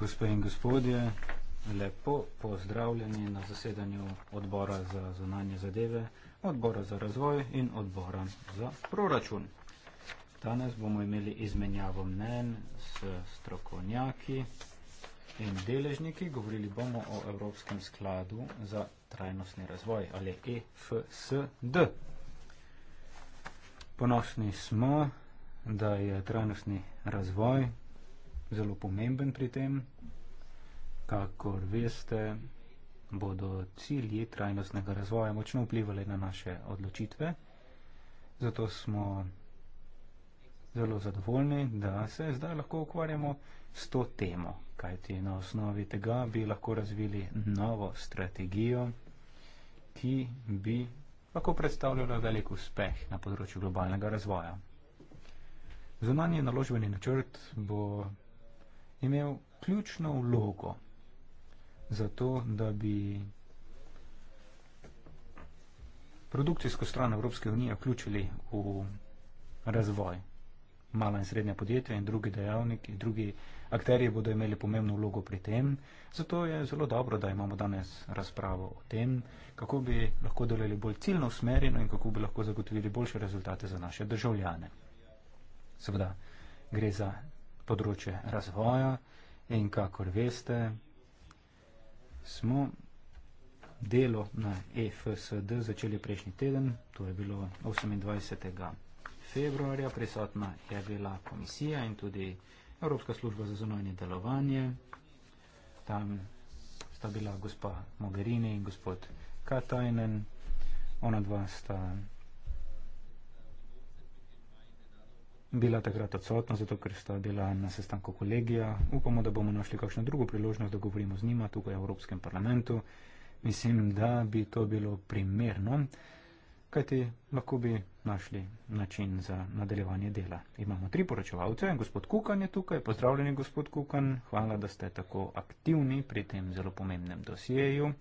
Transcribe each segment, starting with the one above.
Gospe in gospodje, lepo pozdravljeni na zasedanju odbora za zunanje zadeve, odbora za razvoj in odbora za proračun. Danes bomo imeli izmenjavo mnen s strokovnjaki in deležniki. Govorili bomo o Evropskem skladu za trajnostni razvoj ali EFSD. Ponosni smo, da je trajnostni razvoj zelo pomemben pri tem. Kakor veste, bodo cilji trajnostnega razvoja močno vplivali na naše odločitve. Zato smo zelo zadovoljni, da se zdaj lahko ukvarjamo s to temo, kajti na osnovi tega bi lahko razvili novo strategijo, ki bi lahko predstavljala velik uspeh na področju globalnega razvoja. Zunanje naložbeni načrt bo imel ključno vlogo za to, da bi produkcijsko stran Evropske unije vključili v razvoj mala in srednja podjetja in drugi dejavniki, drugi dejavniki, Akterji bodo imeli pomembno vlogo pri tem, zato je zelo dobro, da imamo danes razpravo o tem, kako bi lahko delali bolj ciljno usmerjeno in kako bi lahko zagotovili boljše rezultate za naše državljane. Seveda gre za področje razvoja in kakor veste, smo delo na EFSD začeli prejšnji teden, to je bilo 28. februarja, prisotna je bila komisija in tudi Evropska služba za zunanje delovanje, tam sta bila gospa Mogherini in gospod Katajnen, ona dva sta bila takrat odsotna, zato ker sta bila na sestanku kolegija. Upamo, da bomo našli kakšno drugo priložnost, da govorimo z njima tukaj v Evropskem parlamentu. Mislim, da bi to bilo primerno kajti lahko bi našli način za nadaljevanje dela. Imamo tri poročevalce, gospod Kukan je tukaj, pozdravljeni gospod Kukan, hvala, da ste tako aktivni pri tem zelo pomembnem dosjeju.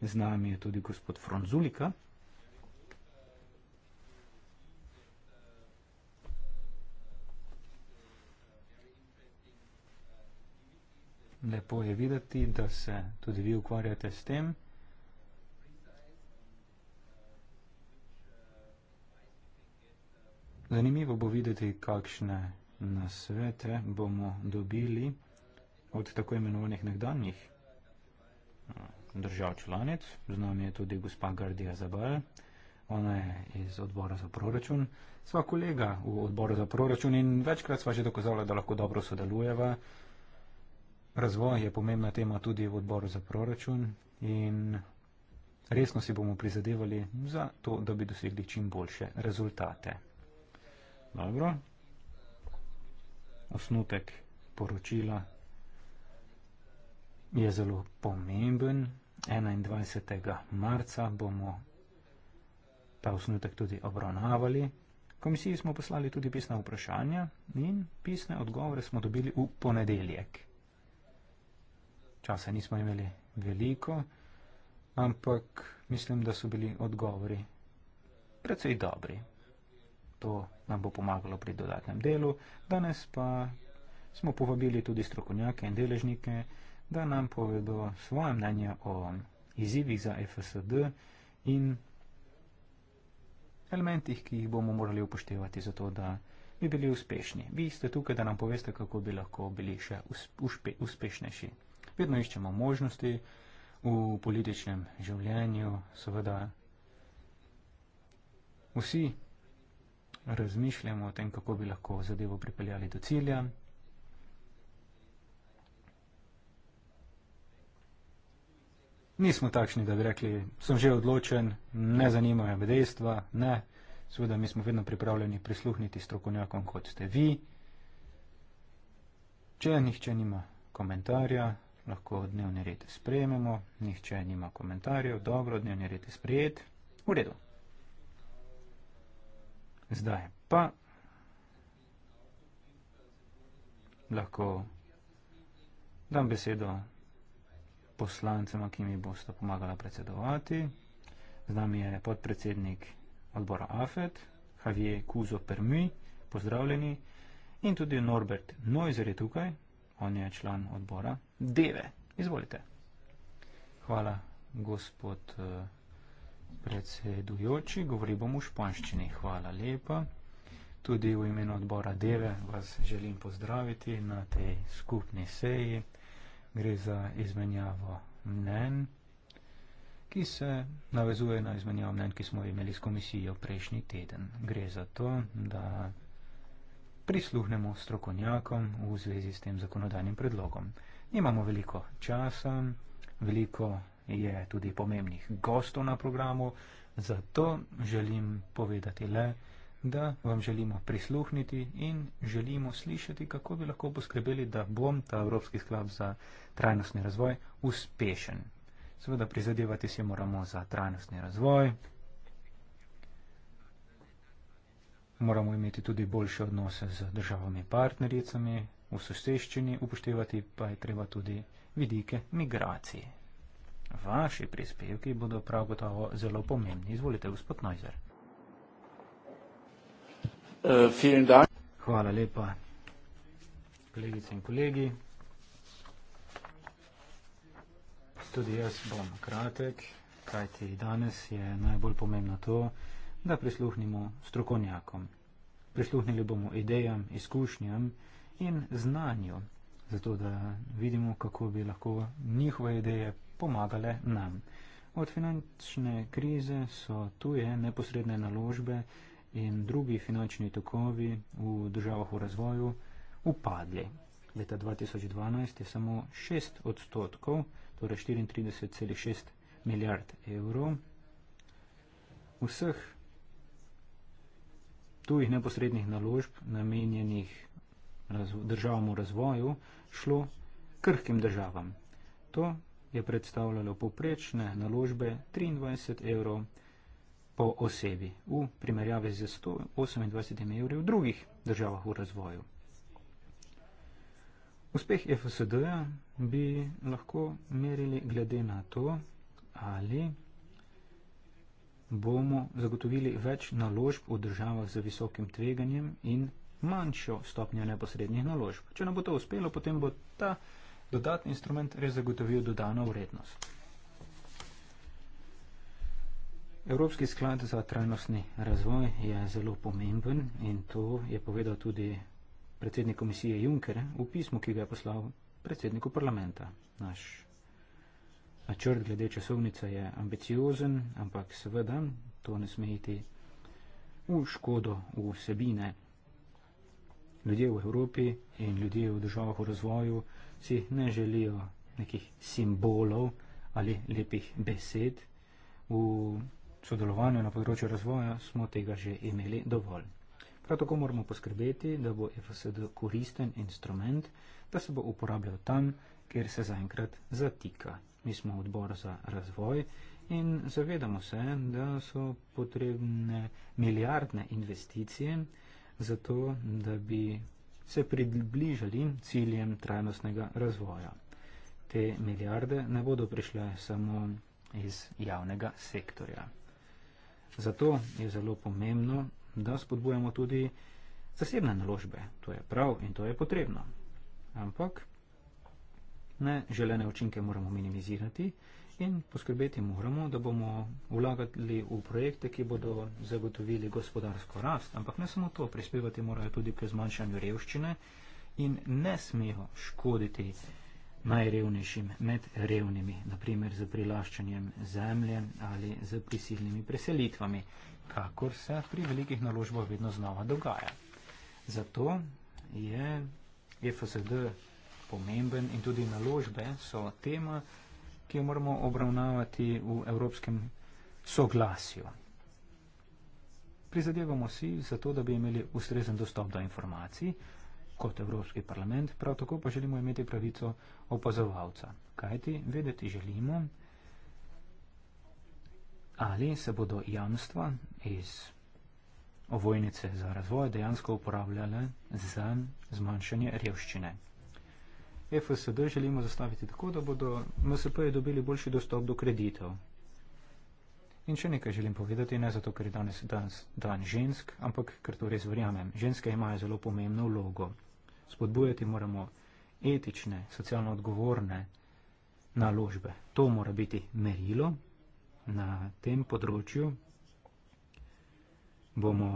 Z nami je tudi gospod Fronzulika. Lepo je videti, da se tudi vi ukvarjate s tem. Zanimivo bo videti, kakšne nasvete bomo dobili od tako imenovanih nekdanjih eh, držav članic. Z nami je tudi gospa Gardija Zabal, ona je iz odbora za proračun. Sva kolega v odboru za proračun in večkrat sva že dokazala, da lahko dobro sodelujeva. Razvoj je pomembna tema tudi v odboru za proračun in resno si bomo prizadevali za to, da bi dosegli čim boljše rezultate. Dobro. Osnutek poročila je zelo pomemben. 21. marca bomo ta osnutek tudi obravnavali. Komisiji smo poslali tudi pisna vprašanja in pisne odgovore smo dobili v ponedeljek. Časa nismo imeli veliko, ampak mislim, da so bili odgovori precej dobri to nam bo pomagalo pri dodatnem delu. Danes pa smo povabili tudi strokovnjake in deležnike, da nam povedo svoje mnenje o izzivih za FSD in elementih, ki jih bomo morali upoštevati za to, da bi bili uspešni. Vi ste tukaj, da nam poveste, kako bi lahko bili še uspe, uspešnejši. Vedno iščemo možnosti v političnem življenju, seveda. Vsi razmišljamo o tem, kako bi lahko zadevo pripeljali do cilja. Nismo takšni, da bi rekli, sem že odločen, ne zanimajo me dejstva, ne. Seveda, mi smo vedno pripravljeni prisluhniti strokovnjakom, kot ste vi. Če nihče nima komentarja, lahko dnevni red sprejmemo. Nihče nima komentarjev, dobro, dnevni red je sprejet. V redu. Zdaj pa lahko dam besedo poslancema, ki mi boste pomagala predsedovati. Z nami je podpredsednik odbora AFED, Javier Kuzo Permi, pozdravljeni, in tudi Norbert Neuser je tukaj, on je član odbora DEVE. Izvolite. Hvala, gospod. Uh, predsedujoči, govori bom v španščini. Hvala lepa. Tudi v imenu odbora Deve vas želim pozdraviti na tej skupni seji. Gre za izmenjavo mnen, ki se navezuje na izmenjavo mnen, ki smo imeli s komisijo prejšnji teden. Gre za to, da prisluhnemo strokovnjakom v zvezi s tem zakonodajnim predlogom. Nimamo veliko časa, veliko je tudi pomembnih gostov na programu, zato želim povedati le, da vam želimo prisluhniti in želimo slišati, kako bi lahko poskrbeli, da bo ta Evropski sklad za trajnostni razvoj uspešen. Seveda prizadevati si moramo za trajnostni razvoj. Moramo imeti tudi boljše odnose z državami partnericami v soseščini, upoštevati pa je treba tudi vidike migracije. Vaši prispevki bodo prav gotovo zelo pomembni. Izvolite, gospod Neuser. Eh, Hvala lepa, kolegice in kolegi. Tudi jaz bom kratek, kajti danes je najbolj pomembno to, da prisluhnimo strokovnjakom. Prisluhnili bomo idejam, izkušnjam in znanju, zato da vidimo, kako bi lahko njihove ideje pomagale nam. Od finančne krize so tuje neposredne naložbe in drugi finančni tokovi v državah v razvoju upadli. Leta 2012 je samo 6 odstotkov, torej 34,6 milijard evrov, vseh tujih neposrednih naložb namenjenih državom v razvoju šlo krhkim državam. To je predstavljalo poprečne naložbe 23 evrov po osebi v primerjavi z 128 evri v drugih državah v razvoju. Uspeh FSD-ja bi lahko merili glede na to, ali bomo zagotovili več naložb v državah z visokim tveganjem in manjšo stopnjo neposrednjih naložb. Če nam bo to uspelo, potem bo ta naložba, dodatni instrument res zagotovil dodano vrednost. Evropski sklad za trajnostni razvoj je zelo pomemben in to je povedal tudi predsednik komisije Juncker v pismu, ki ga je poslal predsedniku parlamenta. Naš načrt glede časovnice je ambiciozen, ampak seveda to ne sme iti v škodo vsebine. Ljudje v Evropi in ljudje v državah v razvoju si ne želijo nekih simbolov ali lepih besed. V sodelovanju na področju razvoja smo tega že imeli dovolj. Prav tako moramo poskrbeti, da bo FSD koristen instrument, da se bo uporabljal tam, kjer se zaenkrat zatika. Mi smo odbor za razvoj in zavedamo se, da so potrebne milijardne investicije, zato da bi se približali ciljem trajnostnega razvoja. Te milijarde ne bodo prišle samo iz javnega sektorja. Zato je zelo pomembno, da spodbujamo tudi zasebne naložbe. To je prav in to je potrebno. Ampak ne želene učinke moramo minimizirati in poskrbeti moramo, da bomo vlagali v projekte, ki bodo zagotovili gospodarsko rast. Ampak ne samo to, prispevati morajo tudi k zmanjšanju revščine in ne smejo škoditi najrevnejšim med revnimi, naprimer z prilaščanjem zemlje ali z prisilnimi preselitvami, kakor se pri velikih naložbah vedno znova dogaja. Zato je FSD pomemben in tudi naložbe so tema, ki jo moramo obravnavati v evropskem soglasju. Prizadevamo si za to, da bi imeli ustrezen dostop do informacij kot Evropski parlament, prav tako pa želimo imeti pravico opazovalca. Kajti vedeti želimo, ali se bodo jamstva iz ovojnice za razvoj dejansko uporabljale za zmanjšanje revščine. FSD želimo zastaviti tako, da bodo MSP-je dobili boljši dostop do kreditev. In še nekaj želim povedati, ne zato, ker je danes dan, dan žensk, ampak ker to res verjamem. Ženske imajo zelo pomembno vlogo. Spodbujati moramo etične, socialno odgovorne naložbe. To mora biti merilo na tem področju. Bomo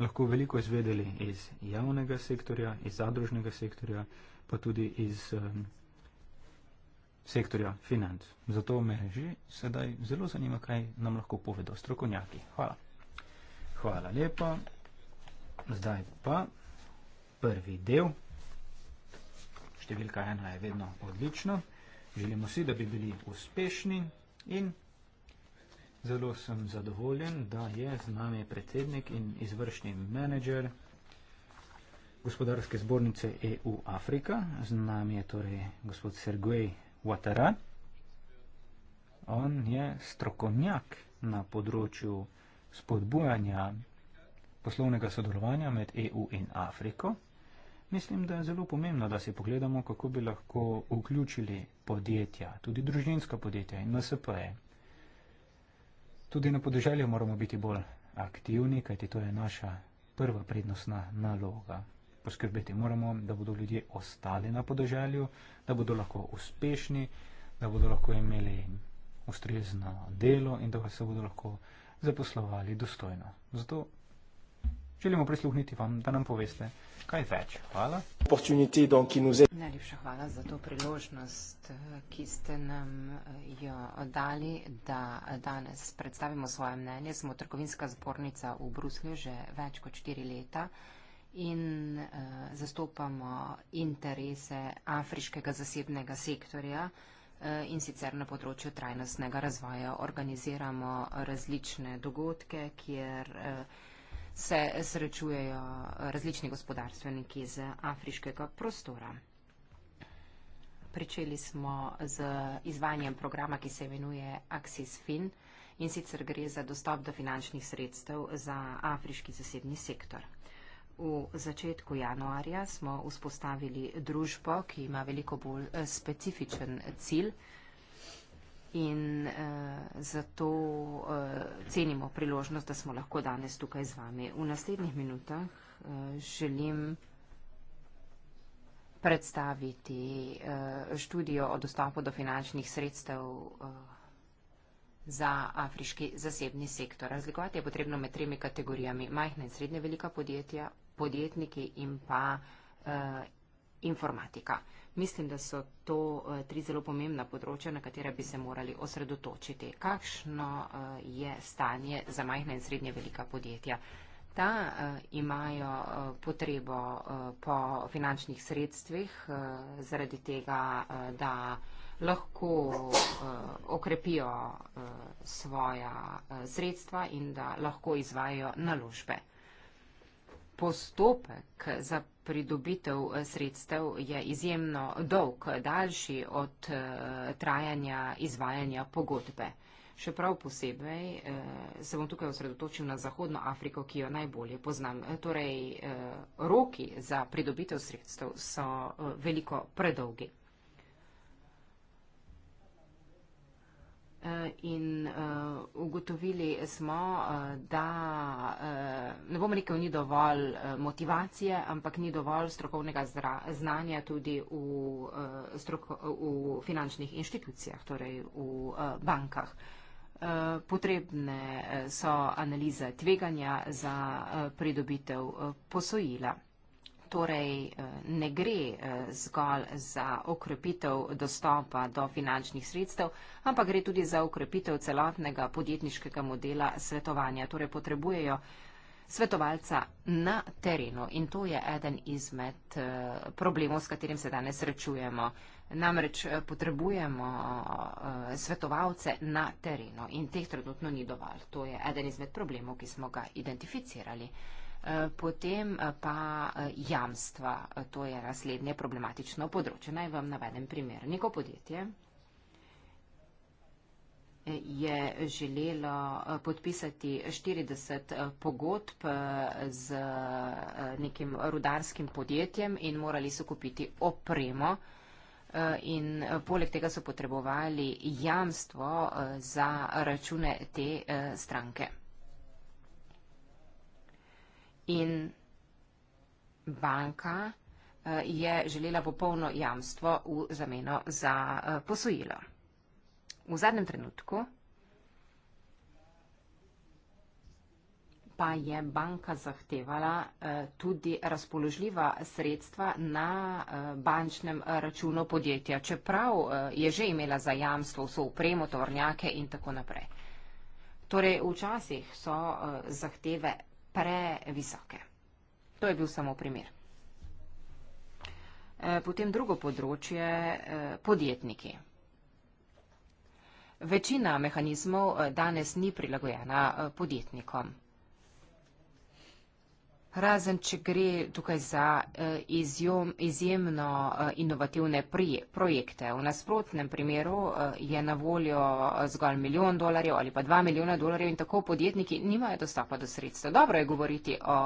lahko veliko izvedeli iz javnega sektorja, iz zadružnega sektorja, pa tudi iz um, sektorja financ. Zato me že sedaj zelo zanima, kaj nam lahko povedo strokovnjaki. Hvala. Hvala lepa. Zdaj pa prvi del. Številka ena je vedno odlična. Želimo si, da bi bili uspešni in Zelo sem zadovoljen, da je z nami predsednik in izvršni menedžer gospodarske zbornice EU Afrika. Z nami je torej gospod Sergej Watara. On je strokovnjak na področju spodbujanja poslovnega sodelovanja med EU in Afriko. Mislim, da je zelo pomembno, da si pogledamo, kako bi lahko vključili podjetja, tudi družinska podjetja in NSP-je Tudi na podeželju moramo biti bolj aktivni, kajti to je naša prva prednostna naloga. Poskrbeti moramo, da bodo ljudje ostali na podeželju, da bodo lahko uspešni, da bodo lahko imeli ustrezno delo in da se bodo lahko zaposlovali dostojno. Zato Želimo prisluhniti vam, da nam poveste kaj več. Hvala. Najlepša hvala za to priložnost, ki ste nam jo dali, da danes predstavimo svoje mnenje. Smo trgovinska zbornica v Bruslju že več kot štiri leta in uh, zastopamo interese afriškega zasebnega sektorja eh, in sicer na področju trajnostnega razvoja organiziramo različne dogodke, kjer uh, se srečujejo različni gospodarstveniki z afriškega prostora. Pričeli smo z izvanjem programa, ki se imenuje Axis Fin in sicer gre za dostop do finančnih sredstev za afriški zasebni sektor. V začetku januarja smo vzpostavili družbo, ki ima veliko bolj eh, specifičen cilj, in uh, zato uh, cenimo priložnost, da smo lahko danes tukaj z vami. V naslednjih minutah uh, želim predstaviti uh, študijo o dostopu do finančnih sredstev uh, za afriški zasebni sektor. Razlikovati je potrebno med tremi kategorijami majhne in srednje velika podjetja, podjetniki in pa uh, informatika. Mislim, da so to eh, tri zelo pomembna področja, na katera bi se morali osredotočiti. Kakšno eh, je stanje za majhna in srednje velika podjetja? Ta eh, imajo potrebo po finančnih sredstvih zaradi tega, da lahko okrepijo svoja sredstva in da lahko izvajo naložbe postopek za pridobitev eh, sredstev je izjemno dolg, daljši od eh, trajanja izvajanja pogodbe. Še prav posebej eh, se bom tukaj osredotočil na Zahodno Afriko, ki jo najbolje poznam. Torej, roki za pridobitev sredstev so veliko predolgi. Eh, in uh, ugotovili smo, uh, da uh, ne bom rekel, ni dovolj motivacije, ampak ni dovolj strokovnega znanja tudi v, uh, stroko v finančnih inštitucijah, torej v uh, bankah. Potrebne so analize tveganja za pridobitev posojila torej eh, ne gre eh, zgolj za okrepitev dostopa do finančnih sredstev, ampak gre tudi za okrepitev celotnega podjetniškega modela svetovanja. Torej potrebujejo svetovalca na terenu in to je eden izmed eh, problemov, s katerim se danes srečujemo. Namreč potrebujemo svetovalce na terenu in teh trenutno ni dovolj. To je eden izmed problemov, ki smo ga identificirali potem eh, pa eh, jamstva. Eh, to je naslednje problematično področje. Naj vam navedem primer. Neko podjetje je želelo podpisati 40 pogodb z nekim rudarskim podjetjem in morali so kupiti opremo in poleg tega so potrebovali jamstvo za račune te stranke in banka eh, je želela popolno jamstvo v zameno za eh, posojilo. V zadnjem trenutku pa je banka zahtevala eh, tudi razpoložljiva sredstva na bančnem računu podjetja, čeprav je že imela za jamstvo vso upremo, tovornjake in tako naprej. Torej, včasih so zahteve previsoke. To je bil samo primer. E, potem drugo področje, e, podjetniki. Večina mehanizmov e, danes ni prilagojena podjetnikom razen če gre tukaj za eh, izjom, izjemno eh, inovativne pri, projekte. V nasprotnem primeru eh, je na voljo zgolj milijon dolarjev ali pa dva milijona dolarjev in tako podjetniki nimajo dostopa do sredstva. Dobro je govoriti o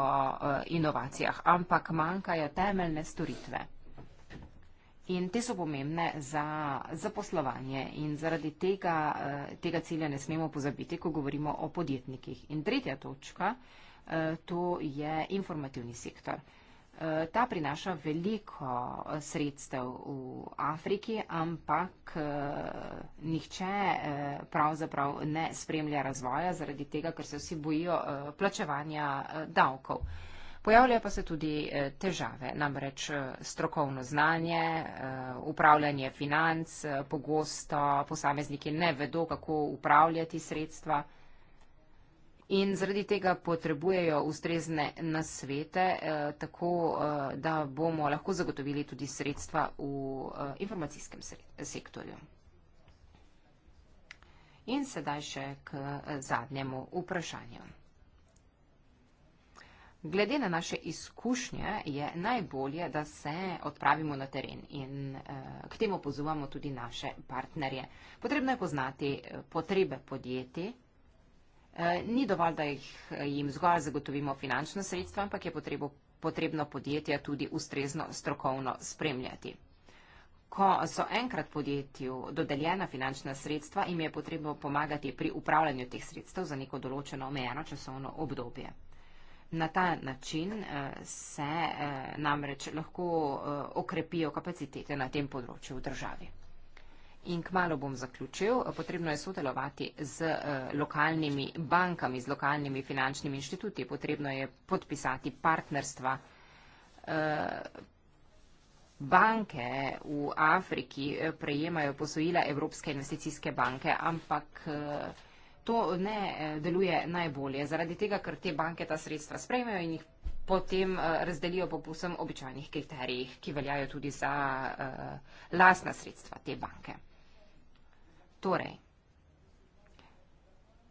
inovacijah, ampak manjkajo temeljne storitve. In te so pomembne za zaposlovanje in zaradi tega, tega cilja ne smemo pozabiti, ko govorimo o podjetnikih. In tretja točka Eh, to je informativni sektor. Eh, ta prinaša veliko eh, sredstev v Afriki, ampak nihče pravzaprav ne spremlja razvoja zaradi tega, ker se vsi bojijo plačevanja davkov. Pojavljajo pa se tudi težave, namreč strokovno znanje, upravljanje financ, pogosto posamezniki ne vedo, kako upravljati sredstva. In zaradi tega potrebujejo ustrezne nasvete, eh, tako eh, da bomo lahko zagotovili tudi sredstva v eh, informacijskem sektorju. In sedaj še k eh, zadnjemu vprašanju. Glede na naše izkušnje je najbolje, da se odpravimo na teren in eh, k temu pozivamo tudi naše partnerje. Potrebno je poznati eh, potrebe podjetij Eh, ni dovolj, da jih, eh, jim zgolj zagotovimo finančno sredstvo, ampak je potrebo, potrebno podjetja tudi ustrezno strokovno spremljati. Ko so enkrat podjetju dodeljena finančna sredstva, jim je potrebno pomagati pri upravljanju teh sredstev za neko določeno omejeno časovno obdobje. Na ta način eh, se namreč lahko okrepijo kapacitete na tem področju v državi. In kmalo bom zaključil, potrebno je sodelovati z eh, lokalnimi bankami, z lokalnimi finančnimi inštituti, potrebno je podpisati partnerstva. Eh, banke v Afriki eh, prejemajo posojila Evropske investicijske banke, ampak to ne deluje najbolje, zaradi tega, ker te banke ta sredstva sprejmejo in jih potem razdelijo po posem običajnih kriterijih, ki veljajo tudi za lasna sredstva te banke. Torej,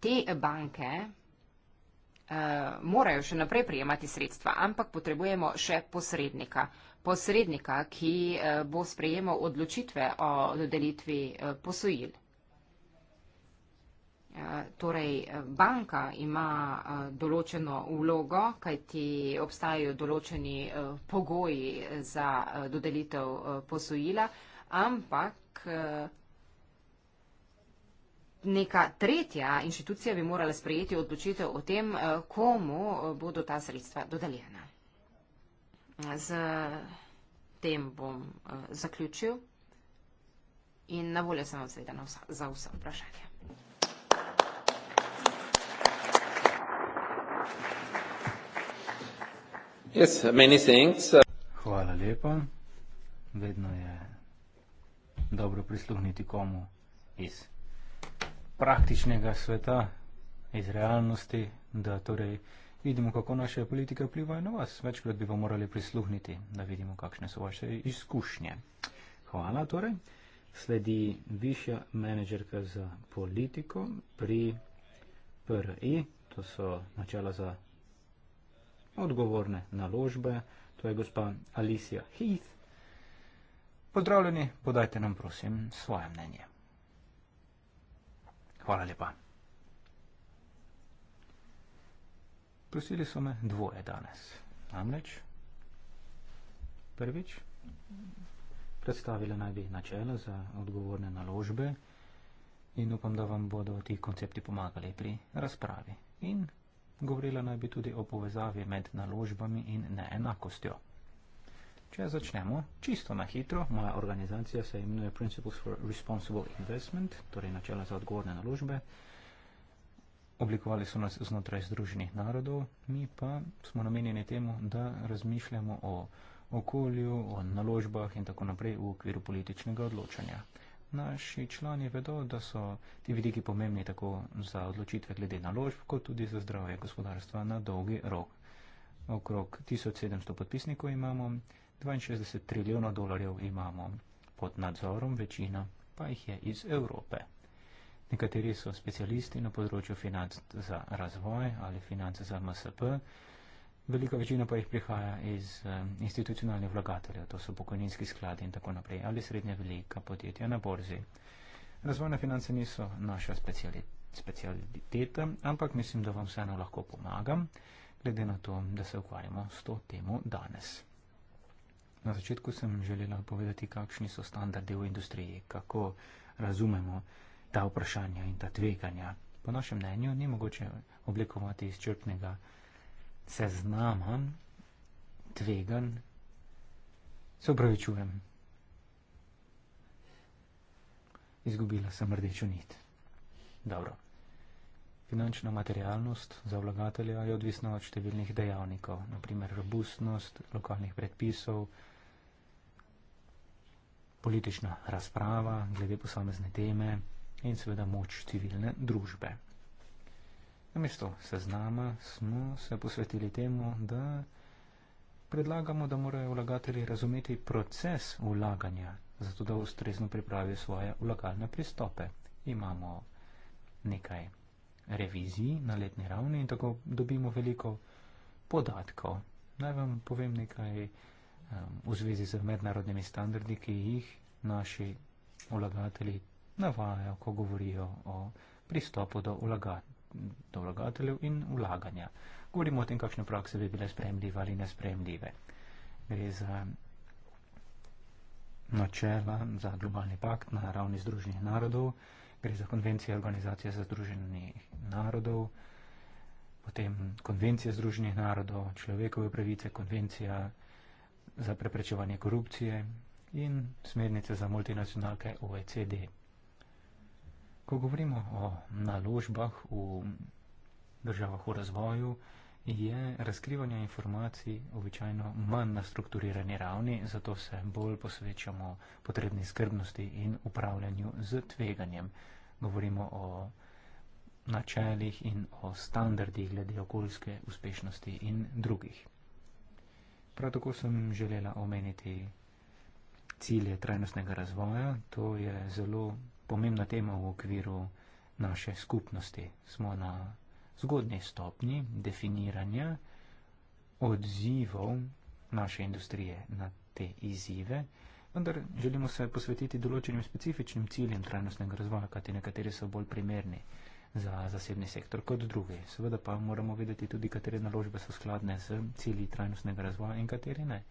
te banke uh, morajo še naprej prijemati sredstva, ampak potrebujemo še posrednika. Posrednika, ki uh, bo sprejemal odločitve o dodelitvi uh, posojil. Torej, banka ima določeno vlogo, kajti obstajajo določeni pogoji za dodelitev posojila, ampak neka tretja inštitucija bi morala sprejeti odločitev o tem, eh, komu eh, bodo ta sredstva dodeljena. Z tem bom eh, zaključil in na voljo sem vam seveda za vse vprašanje. Yes, many thanks. Hvala lepa. Vedno je dobro prisluhniti komu iz. Yes praktičnega sveta, iz realnosti, da torej vidimo, kako naše politike vplivajo na vas. Večkrat bi vam morali prisluhniti, da vidimo, kakšne so vaše izkušnje. Hvala torej. Sledi višja menedžerka za politiko pri PRI, to so načela za odgovorne naložbe, to je gospa Alicia Heath. Pozdravljeni, podajte nam prosim svoje mnenje. Hvala lepa. Prosili so me dvoje danes. Namreč prvič predstavila naj bi načela za odgovorne naložbe in upam, da vam bodo ti koncepti pomagali pri razpravi. In govorila naj bi tudi o povezavi med naložbami in neenakostjo. Če začnemo, čisto na hitro, moja organizacija se imenuje Principles for Responsible Investment, torej načela za odgovorne naložbe. Oblikovali so nas znotraj Združenih narodov, mi pa smo namenjeni temu, da razmišljamo o okolju, o naložbah in tako naprej v okviru političnega odločanja. Naši člani vedo, da so ti vidiki pomembni tako za odločitve glede naložb, kot tudi za zdravje gospodarstva na dolgi rok. Okrog 1700 podpisnikov imamo. 62 trilijona dolarjev imamo pod nadzorom, večina pa jih je iz Evrope. Nekateri so specialisti na področju financ za razvoj ali financ za MSP, velika večina pa jih prihaja iz eh, institucionalnih vlagateljev, to so pokojninski skladi in tako naprej, ali srednje velika podjetja na borzi. Razvojne finance niso naša specialiteta, ampak mislim, da vam vseeno lahko pomagam, glede na to, da se ukvarjamo s to temo danes. Na začetku sem želela povedati, kakšni so standardi v industriji, kako razumemo ta vprašanja in ta tveganja. Po našem mnenju ni mogoče oblikovati izčrpnega seznama tvegan. Se upravičujem. Izgubila sem rdečo nit. Dobro. Finančna materialnost za vlagatelja je odvisna od številnih dejavnikov, naprimer robustnost lokalnih predpisov, politična razprava glede posamezne teme in seveda moč civilne družbe. Na mesto seznama smo se posvetili temu, da predlagamo, da morajo vlagatelji razumeti proces vlaganja, zato da ustrezno pripravijo svoje vlagalne pristope. Imamo nekaj revizij na letni ravni in tako dobimo veliko podatkov. Naj vam povem nekaj v zvezi z mednarodnimi standardi, ki jih naši vlagatelji navajajo, ko govorijo o pristopu do, vlaga, do vlagateljev in vlaganja. Govorimo o tem, kakšne prakse bi bile spremljive ali nespremljive. Gre za načela za globalni pakt na ravni združenih narodov, gre za konvencije organizacije za združenih narodov, potem konvencije združenih narodov, človekove pravice, konvencija za preprečevanje korupcije in smernice za multinacionalke OECD. Ko govorimo o naložbah v državah v razvoju, je razkrivanje informacij običajno manj na strukturirani ravni, zato se bolj posvečamo potrebni skrbnosti in upravljanju z tveganjem. Govorimo o načelih in o standardih glede okoljske uspešnosti in drugih. Prav tako sem želela omeniti cilje trajnostnega razvoja. To je zelo pomembna tema v okviru naše skupnosti. Smo na zgodnji stopni definiranja odzivov naše industrije na te izzive, vendar želimo se posvetiti določenim specifičnim ciljem trajnostnega razvoja, kajti nekateri so bolj primerni za zasebni sektor kot druge. Seveda pa moramo vedeti tudi, katere naložbe so skladne z cilji trajnostnega razvoja in katere ne.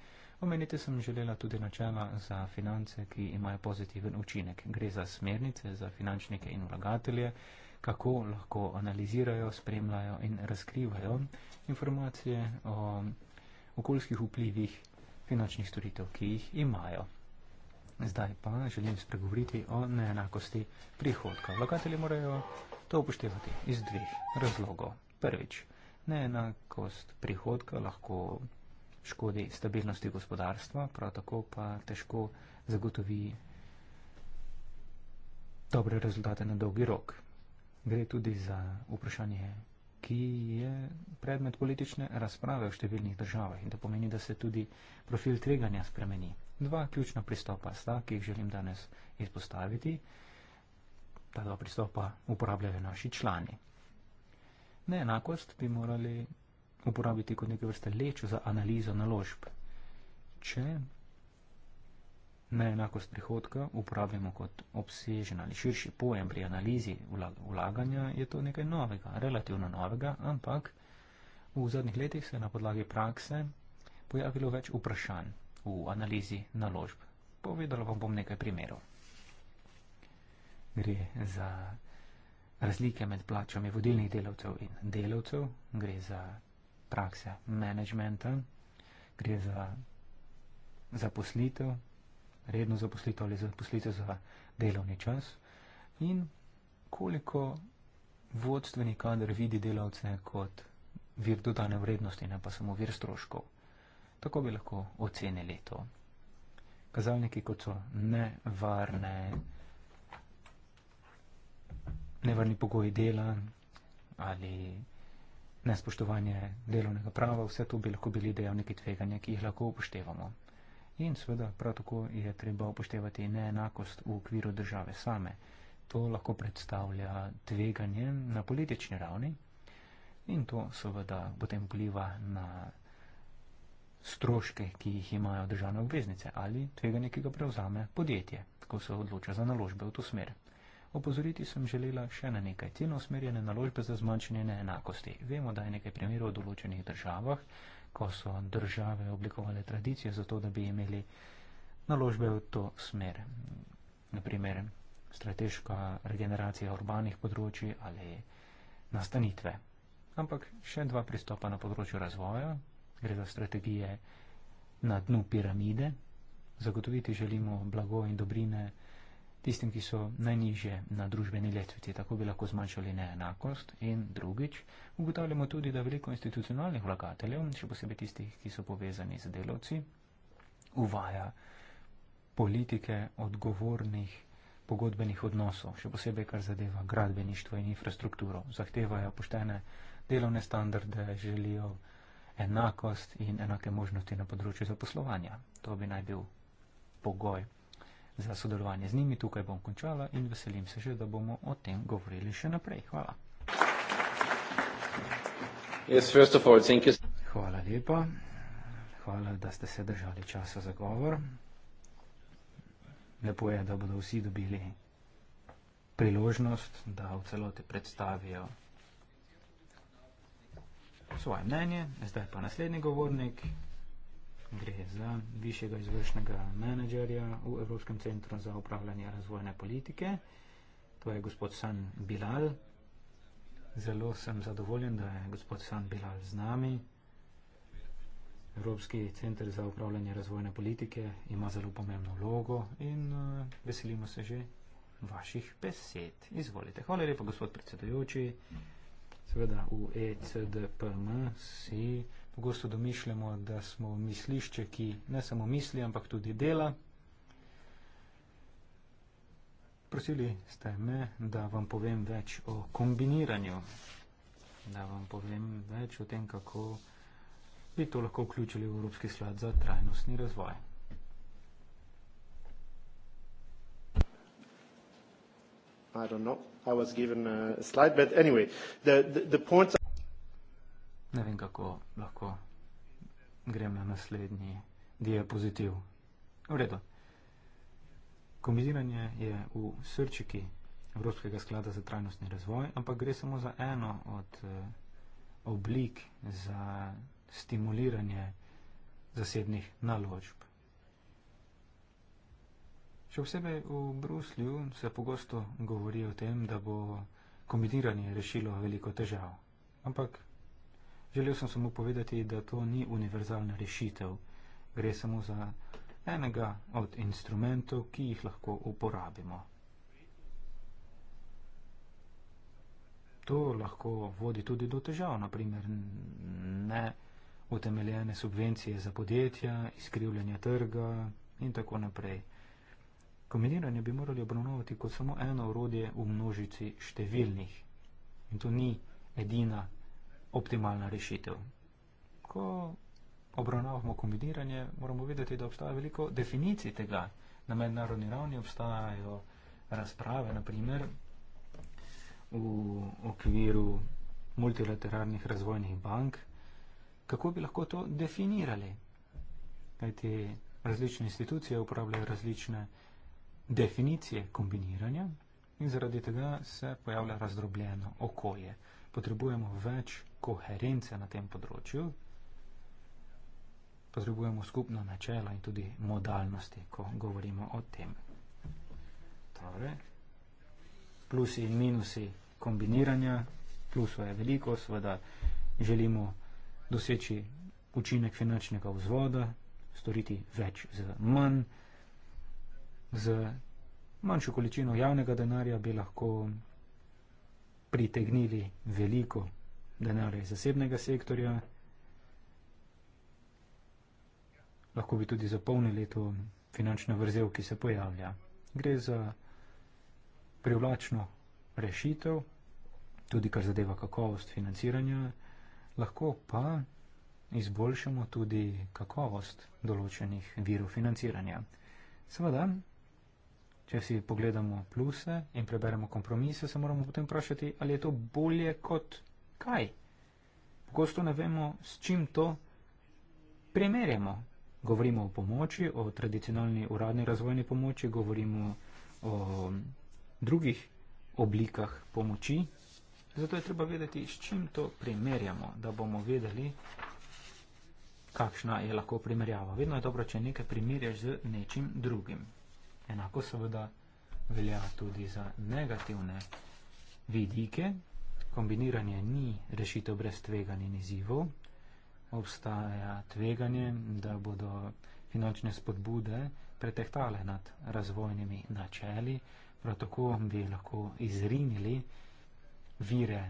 Omeniti sem želela tudi načela za finance, ki imajo pozitiven učinek. Gre za smernice za finančnike in vlagatelje, kako lahko analizirajo, spremljajo in razkrivajo informacije o okoljskih vplivih finančnih storitev, ki jih imajo. Zdaj pa želim spregovoriti o neenakosti prihodka. Vlagatelji morajo To upoštevati iz dveh razlogov. Prvič, neenakost prihodka lahko škodi stabilnosti gospodarstva, prav tako pa težko zagotovi dobre rezultate na dolgi rok. Gre tudi za vprašanje, ki je predmet politične razprave v številnih državah in to pomeni, da se tudi profil tveganja spremeni. Dva ključna pristopa sta, ki jih želim danes izpostaviti ta dva pristopa uporabljajo naši člani. Neenakost bi morali uporabiti kot neke vrste lečo za analizo naložb. Če neenakost prihodka uporabljamo kot obsežen ali širši pojem pri analizi vlaganja, je to nekaj novega, relativno novega, ampak v zadnjih letih se je na podlagi prakse pojavilo več vprašanj v analizi naložb. Povedala vam bom nekaj primerov gre za razlike med plačami vodilnih delavcev in delavcev, gre za prakse menedžmenta, gre za zaposlitev, redno zaposlitev ali zaposlitev za delovni čas in koliko vodstveni kader vidi delavce kot vir dodane vrednosti, ne pa samo vir stroškov. Tako bi lahko ocenili to. Kazalniki, kot so nevarne, nevrni pogoji dela ali nespoštovanje delovnega prava, vse to bi lahko bili dejavniki tveganja, ki jih lahko upoštevamo. In seveda prav tako je treba upoštevati neenakost v okviru države same. To lahko predstavlja tveganje na politični ravni in to seveda potem pliva na stroške, ki jih imajo državne obveznice ali tveganje, ki ga prevzame podjetje, ko se odloča za naložbe v to smer. Opozoriti sem želela še na nekaj ciljno usmerjene naložbe za zmanjšanje neenakosti. Vemo, da je nekaj primerov v določenih državah, ko so države oblikovale tradicijo za to, da bi imeli naložbe v to smer. Naprimer, strateška regeneracija urbanih področji ali nastanitve. Ampak še dva pristopa na področju razvoja. Gre za strategije na dnu piramide. Zagotoviti želimo blago in dobrine tistim, ki so najniže na družbeni letvici. Tako bi lahko zmanjšali neenakost. In drugič, ugotavljamo tudi, da veliko institucionalnih vlagateljev, še posebej tistih, ki so povezani z delavci, uvaja politike odgovornih pogodbenih odnosov, še posebej kar zadeva gradbeništvo in infrastrukturo. Zahtevajo poštene delovne standarde, želijo enakost in enake možnosti na področju zaposlovanja. To bi naj bil pogoj za sodelovanje z njimi. Tukaj bom končala in veselim se že, da bomo o tem govorili še naprej. Hvala. Yes, first of all, thank you. Hvala lepa. Hvala, da ste se držali časa za govor. Lepo je, da bodo vsi dobili priložnost, da v celoti predstavijo svoje mnenje. Zdaj pa naslednji govornik gre za višjega izvršnega menedžerja v Evropskem centru za upravljanje razvojne politike. To je gospod San Bilal. Zelo sem zadovoljen, da je gospod San Bilal z nami. Evropski centr za upravljanje razvojne politike ima zelo pomembno vlogo in uh, veselimo se že vaših besed. Izvolite. Hvala lepa, gospod predsedujoči. Seveda v ECDPM si pogosto domišljamo, da smo mislišče, ki ne samo misli, ampak tudi dela. Prosili ste me, da vam povem več o kombiniranju, da vam povem več o tem, kako bi to lahko vključili v Evropski sklad za trajnostni razvoj. I don't know. I was given uh, a slide, but anyway, the point ne vem, kako lahko grem na naslednji diapozitiv. V redu. Kombiniranje je v srčiki Evropskega sklada za trajnostni razvoj, ampak gre samo za eno od eh, oblik za stimuliranje zasebnih naložb. Še osebej v Bruslju se pogosto govori o tem, da bo kombiniranje rešilo veliko težav. Ampak Želel sem samo povedati, da to ni univerzalna rešitev. Gre samo za enega od instrumentov, ki jih lahko uporabimo. To lahko vodi tudi do težav, naprimer ne utemeljene subvencije za podjetja, izkrivljanje trga in tako naprej. Kombiniranje bi morali obravnavati kot samo eno orodje v množici številnih. In to ni edina optimalna rešitev. Ko obravnavamo kombiniranje, moramo vedeti, da obstaja veliko definicij tega. Na mednarodni ravni obstajajo razprave, naprimer v okviru multilateralnih razvojnih bank, kako bi lahko to definirali. Kajti različne institucije uporabljajo različne definicije kombiniranja in zaradi tega se pojavlja razdrobljeno okolje. Potrebujemo več koherence na tem področju, potrebujemo skupno načelo in tudi modalnosti, ko govorimo o tem. Torej, plusi in minusi kombiniranja, plusov je veliko, seveda želimo doseči učinek finančnega vzvoda, storiti več z manj, z manjšo količino javnega denarja bi lahko pritegnili veliko denar iz zasebnega sektorja. Lahko bi tudi zapolnili to finančno vrzel, ki se pojavlja. Gre za privlačno rešitev, tudi kar zadeva kakovost financiranja, lahko pa izboljšamo tudi kakovost določenih virov financiranja. Seveda, če si pogledamo pluse in preberemo kompromise, se moramo potem vprašati, ali je to bolje kot kaj. Pogosto ne vemo, s čim to primerjamo. Govorimo o pomoči, o tradicionalni uradni razvojni pomoči, govorimo o drugih oblikah pomoči. Zato je treba vedeti, s čim to primerjamo, da bomo vedeli, kakšna je lahko primerjava. Vedno je dobro, če nekaj primerjaš z nečim drugim. Enako seveda velja tudi za negativne vidike, kombiniranje ni rešitev brez tveganja in izzivov. Obstaja tveganje, da bodo finančne spodbude pretehtale nad razvojnimi načeli, prav tako bi lahko izrinili vire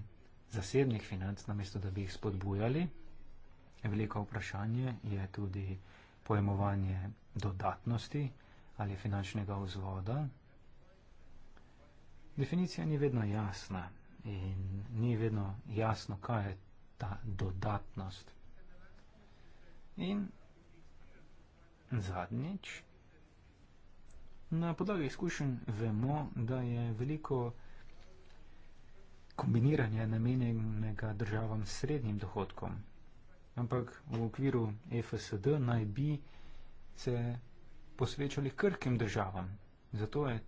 zasebnih financ, namesto da bi jih spodbujali. Veliko vprašanje je tudi pojmovanje dodatnosti ali finančnega vzvoda. Definicija ni vedno jasna in ni vedno jasno, kaj je ta dodatnost. In zadnjič, na podlagi izkušenj vemo, da je veliko kombiniranja namenjenega državam srednjim dohodkom, ampak v okviru e FSD naj bi se posvečali krkim državam. Zato je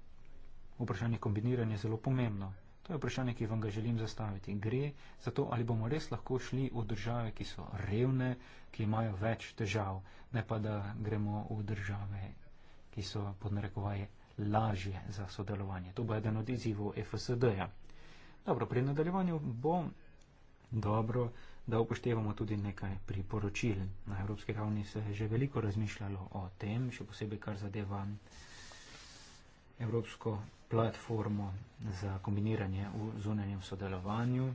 vprašanje kombiniranja zelo pomembno. To je vprašanje, ki vam ga želim zastaviti. Gre za to, ali bomo res lahko šli v države, ki so revne, ki imajo več težav, ne pa da gremo v države, ki so pod narekovaje lažje za sodelovanje. To bo eden od izzivov FSD-ja. Dobro, pri nadaljevanju bo dobro, da upoštevamo tudi nekaj priporočil. Na evropski ravni se je že veliko razmišljalo o tem, še posebej kar zadeva evropsko platformo za kombiniranje v zunanjem sodelovanju.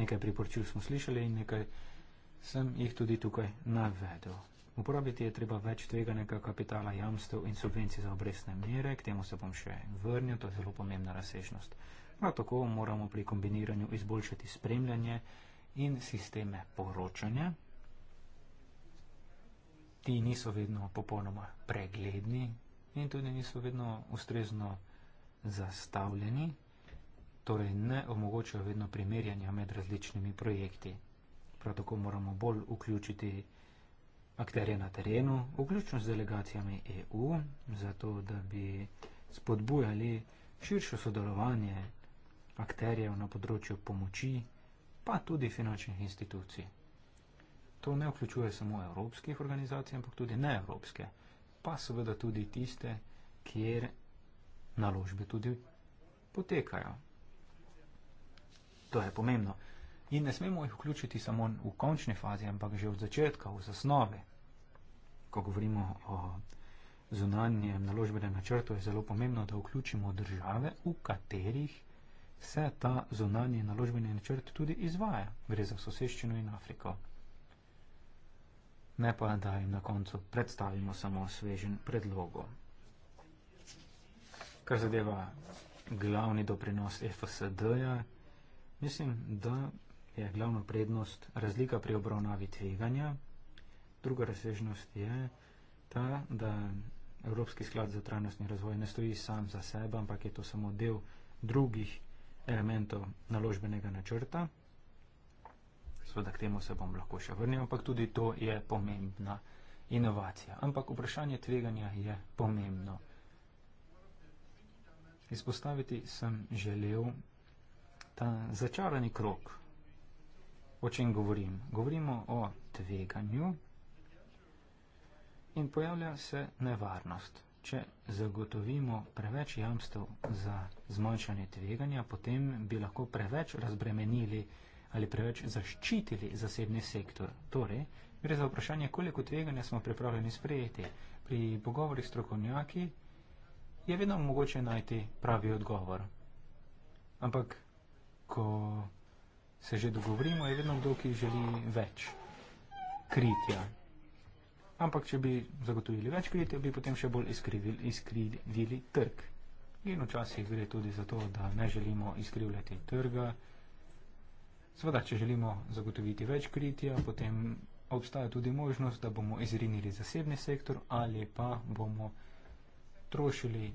Nekaj priporočil smo slišali in nekaj sem jih tudi tukaj navedel. Uporabiti je treba več tveganega kapitala, jamstev in subvencij za obrestne mere, k temu se bom še vrnil, to je zelo pomembna razsežnost. Prav tako moramo pri kombiniranju izboljšati spremljanje in sisteme poročanja. Ti niso vedno popolnoma pregledni, in tudi niso vedno ustrezno zastavljeni, torej ne omogočajo vedno primerjanja med različnimi projekti. Prav tako moramo bolj vključiti akterje na terenu, vključno z delegacijami EU, zato da bi spodbujali širše sodelovanje akterjev na področju pomoči, pa tudi finančnih institucij. To ne vključuje samo evropskih organizacij, ampak tudi neevropske organizacije pa seveda tudi tiste, kjer naložbe tudi potekajo. To je pomembno. In ne smemo jih vključiti samo v končne faze, ampak že od začetka, v zasnove. Ko govorimo o zunanjem naložbenem načrtu, je zelo pomembno, da vključimo države, v katerih se ta zunanji naložbeni načrt tudi izvaja. Gre za soseščino in Afriko ne pa da jim na koncu predstavimo samo svežen predlogo. Kar zadeva glavni doprinos FSD-ja, mislim, da je glavna prednost razlika pri obravnavi tveganja. Druga razsežnost je ta, da Evropski sklad za trajnostni razvoj ne stoji sam za sebe, ampak je to samo del drugih elementov naložbenega načrta. Sveda k temu se bom lahko še vrnil, ampak tudi to je pomembna inovacija. Ampak vprašanje tveganja je pomembno. Izpostaviti sem želel ta začarani krok. O čem govorim? Govorimo o tveganju in pojavlja se nevarnost. Če zagotovimo preveč jamstv za zmanjšanje tveganja, potem bi lahko preveč razbremenili tveganje ali preveč zaščitili zasebni sektor. Torej, gre za vprašanje, koliko tveganja smo pripravljeni sprejeti. Pri pogovorih s strokovnjaki je vedno mogoče najti pravi odgovor. Ampak, ko se že dogovorimo, je vedno kdo, ki želi več kritja. Ampak, če bi zagotovili več kritja, bi potem še bolj iskrivili, iskrivili trg. In včasih gre tudi za to, da ne želimo izkrivljati trga. Sveda, če želimo zagotoviti več kritja, potem obstaja tudi možnost, da bomo izrinili zasebni sektor ali pa bomo trošili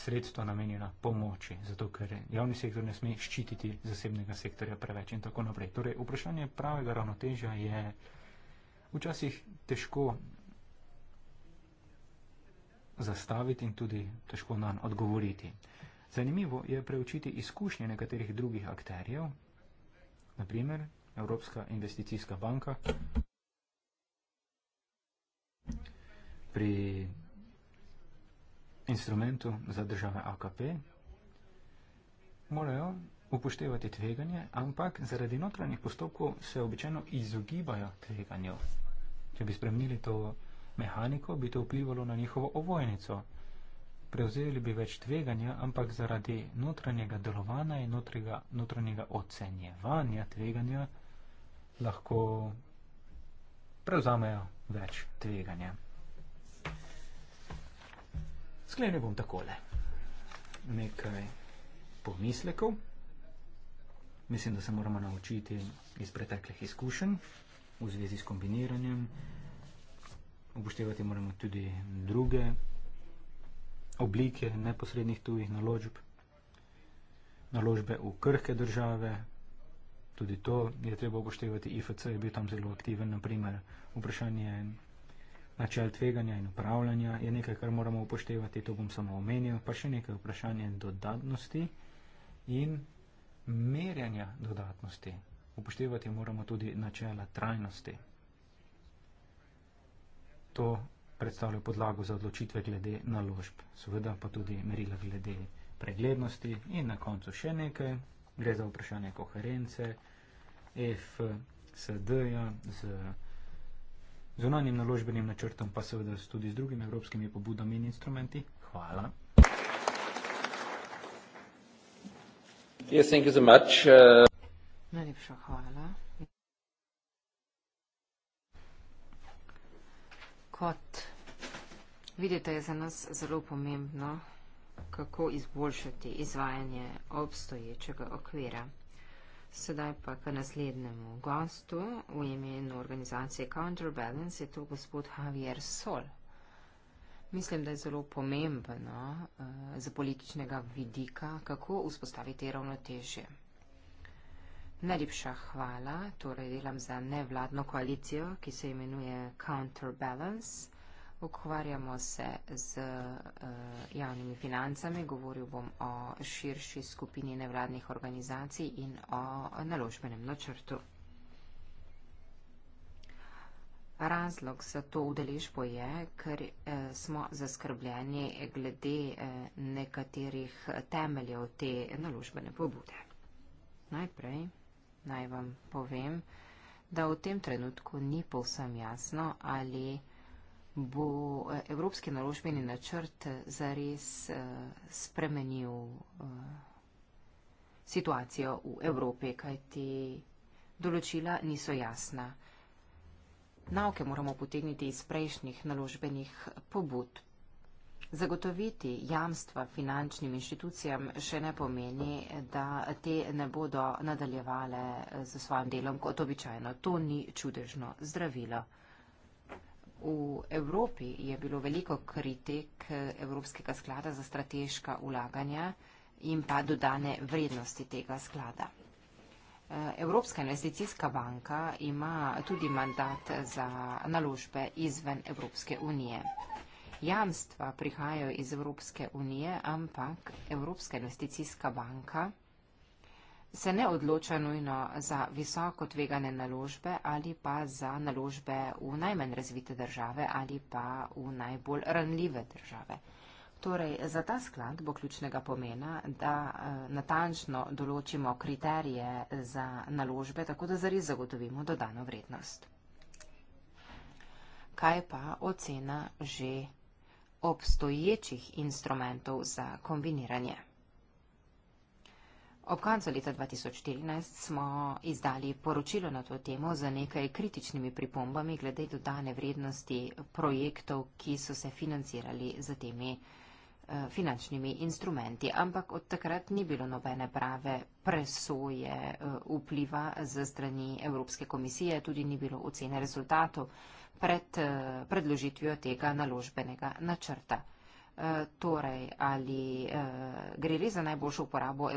sredstva namenjena pomoči, zato ker javni sektor ne sme ščititi zasebnega sektorja preveč in tako naprej. Torej, vprašanje pravega ravnotežja je včasih težko zastaviti in tudi težko nam odgovoriti. Zanimivo je preučiti izkušnje nekaterih drugih akterjev, naprimer Evropska investicijska banka pri instrumentu za države AKP morajo upoštevati tveganje, ampak zaradi notranjih postopkov se običajno izogibajo tveganju. Če bi spremnili to mehaniko, bi to vplivalo na njihovo ovojnico prevzeli bi več tveganja, ampak zaradi notranjega delovanja in notrega, notranjega ocenjevanja tveganja lahko prevzamejo več tveganja. Sklenil bom takole. Nekaj pomislekov. Mislim, da se moramo naučiti iz preteklih izkušenj v zvezi s kombiniranjem. Upoštevati moramo tudi druge oblike neposrednih tujih naložb, naložbe v krhke države, tudi to je treba upoštevati. IFC je bil tam zelo aktiven, naprimer vprašanje načel tveganja in upravljanja je nekaj, kar moramo upoštevati, to bom samo omenil, pa še nekaj vprašanje dodatnosti in merjanja dodatnosti. Upoštevati moramo tudi načela trajnosti. To predstavlja podlago za odločitve glede naložb, seveda pa tudi merila glede preglednosti in na koncu še nekaj, gre za vprašanje koherence FSD-ja z zunanjim naložbenim načrtom, pa seveda tudi z drugimi evropskimi pobudami in instrumenti. Hvala. Yes, thank you so much. Uh... Najlepša hvala. Kot Vidite, je za nas zelo pomembno, kako izboljšati izvajanje obstoječega okvira. Sedaj pa k naslednjemu gostu v imenu organizacije Counterbalance je to gospod Javier Sol. Mislim, da je zelo pomembno eh, za političnega vidika, kako vzpostaviti ravnotežje. Najlepša hvala, torej delam za nevladno koalicijo, ki se imenuje Counterbalance. Pokvarjamo se z uh, javnimi financami, govoril bom o širši skupini nevladnih organizacij in o naložbenem načrtu. Razlog za to udeležbo je, ker eh, smo zaskrbljeni glede eh, nekaterih temeljev te naložbene pobude. Najprej naj vam povem, da v tem trenutku ni povsem jasno, ali eh, bo eh, Evropski naložbeni načrt zares eh, spremenil eh, situacijo v Evropi, kajti določila niso jasna. Nauke moramo potegniti iz prejšnjih naložbenih pobud. Zagotoviti jamstva finančnim inštitucijam še ne pomeni, da te ne bodo nadaljevale z svojim delom kot običajno. To ni čudežno zdravilo. V Evropi je bilo veliko kritik eh, Evropskega sklada za strateška ulaganja in pa dodane vrednosti tega sklada. Eh, Evropska investicijska banka ima tudi mandat za naložbe izven Evropske unije. Jamstva prihajajo iz Evropske unije, ampak Evropska investicijska banka se ne odloča nujno za visoko tvegane naložbe ali pa za naložbe v najmanj razvite države ali pa v najbolj ranljive države. Torej, za ta sklad bo ključnega pomena, da eh, natančno določimo kriterije za naložbe, tako da zari zagotovimo dodano vrednost. Kaj pa ocena že obstoječih instrumentov za kombiniranje? Ob koncu leta 2014 smo izdali poročilo na to temo za nekaj kritičnimi pripombami glede dodane vrednosti projektov, ki so se financirali z temi eh, finančnimi instrumenti. Ampak od takrat ni bilo nobene prave presoje eh, vpliva ze strani Evropske komisije, tudi ni bilo ocene rezultatov pred eh, predložitvijo tega naložbenega načrta. Eh, torej, ali eh, gre res za najboljšo uporabo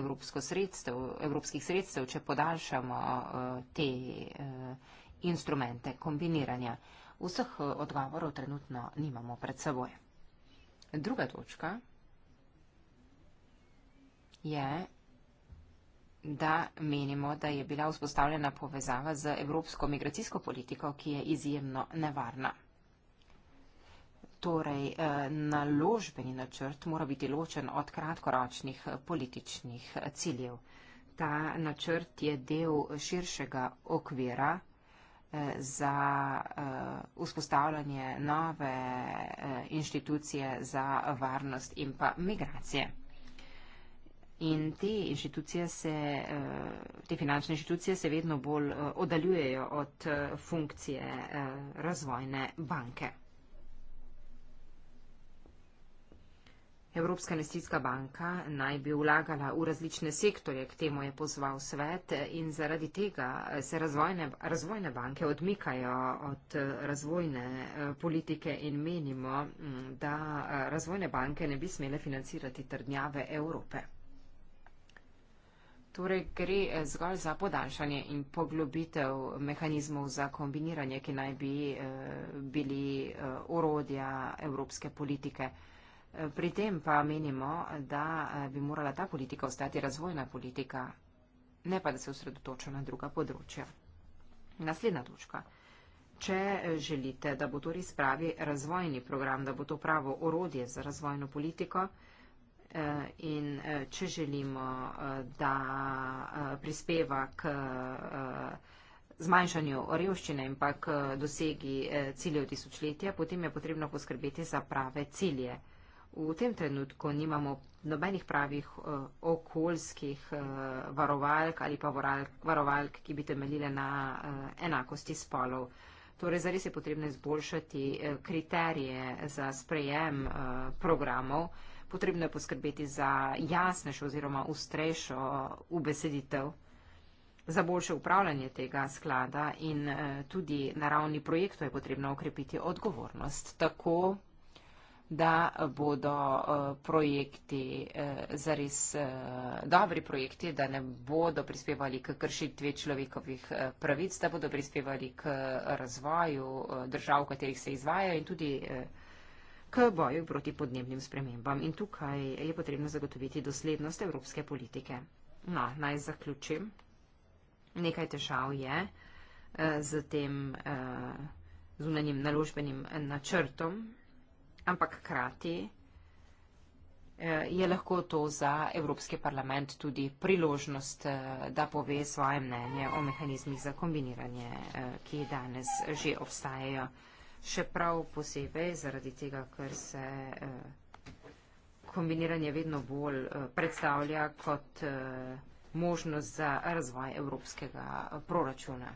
sredstev, evropskih sredstev, če podaljšamo eh, te instrumente kombiniranja. Vseh odgovorov trenutno nimamo pred seboj. Druga točka je, da menimo, da je bila vzpostavljena povezava z evropsko migracijsko politiko, ki je izjemno nevarna. Torej, eh, naložbeni načrt mora biti ločen od kratkoročnih eh, političnih eh, ciljev. Ta načrt je del širšega okvira za vzpostavljanje nove inštitucije za varnost in pa migracije. In te, se, te finančne inštitucije se vedno bolj oddaljujejo od funkcije razvojne banke. Evropska investicijska banka naj bi vlagala v različne sektorje, k temu je pozval svet in zaradi tega se razvojne, razvojne banke odmikajo od razvojne eh, politike in menimo, mm, da eh, razvojne banke ne bi smele financirati trdnjave Evrope. Torej gre eh, zgolj za podaljšanje in poglobitev mehanizmov za kombiniranje, ki naj bi bili orodja evropske politike. Pri tem pa menimo, da eh, bi morala ta politika ostati razvojna politika, ne pa da se osredotoča na druga področja. Naslednja točka. Če želite, da bo to res pravi razvojni program, da bo to pravo orodje za razvojno politiko eh, in eh, če želimo, da prispeva k zmanjšanju revščine in pa k dosegi ciljev tisočletja, potem je potrebno poskrbeti za prave cilje v tem trenutku nimamo nobenih pravih uh, okoljskih uh, varovalk ali pa varalk, varovalk, ki bi temeljile na uh, enakosti spolov. Torej, zares je potrebno izboljšati uh, kriterije za sprejem uh, programov, potrebno je poskrbeti za jasnejšo oziroma ustrejšo ubeseditev, za boljše upravljanje tega sklada in uh, tudi na ravni projektov je potrebno okrepiti odgovornost tako da bodo eh, projekti eh, zares eh, dobri projekti, da ne bodo prispevali k kršitve človekovih pravic, da bodo prispevali k razvoju držav, v katerih se izvajajo in tudi k boju proti podnebnim spremembam. In tukaj je potrebno zagotoviti doslednost evropske politike. No, naj zaključim. Nekaj težav je z tem zunanjim naložbenim načrtom ampak hkrati eh, je lahko to za Evropski parlament tudi priložnost, eh, da pove svoje mnenje o mehanizmih za kombiniranje, eh, ki danes že obstajajo. Še prav posebej zaradi tega, ker se kombiniranje vedno bolj predstavlja kot možnost za razvoj evropskega proračuna.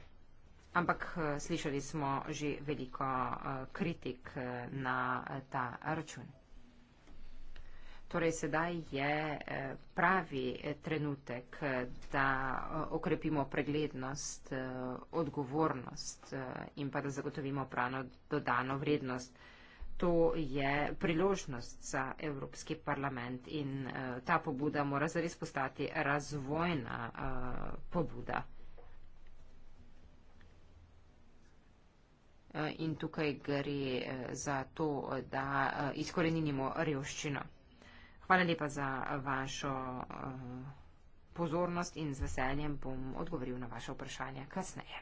Ampak eh, slišali smo že veliko eh, kritik eh, na ta račun. Torej sedaj je pravi trenutek, da okrepimo preglednost, odgovornost in pa da zagotovimo pravno dodano vrednost. To je priložnost za Evropski parlament in ta pobuda mora zares postati razvojna pobuda. Eh, in tukaj gre eh, za to, da eh, izkoreninimo revščino. Hvala lepa za vašo pozornost in z veseljem bom odgovoril na vaše vprašanje kasneje.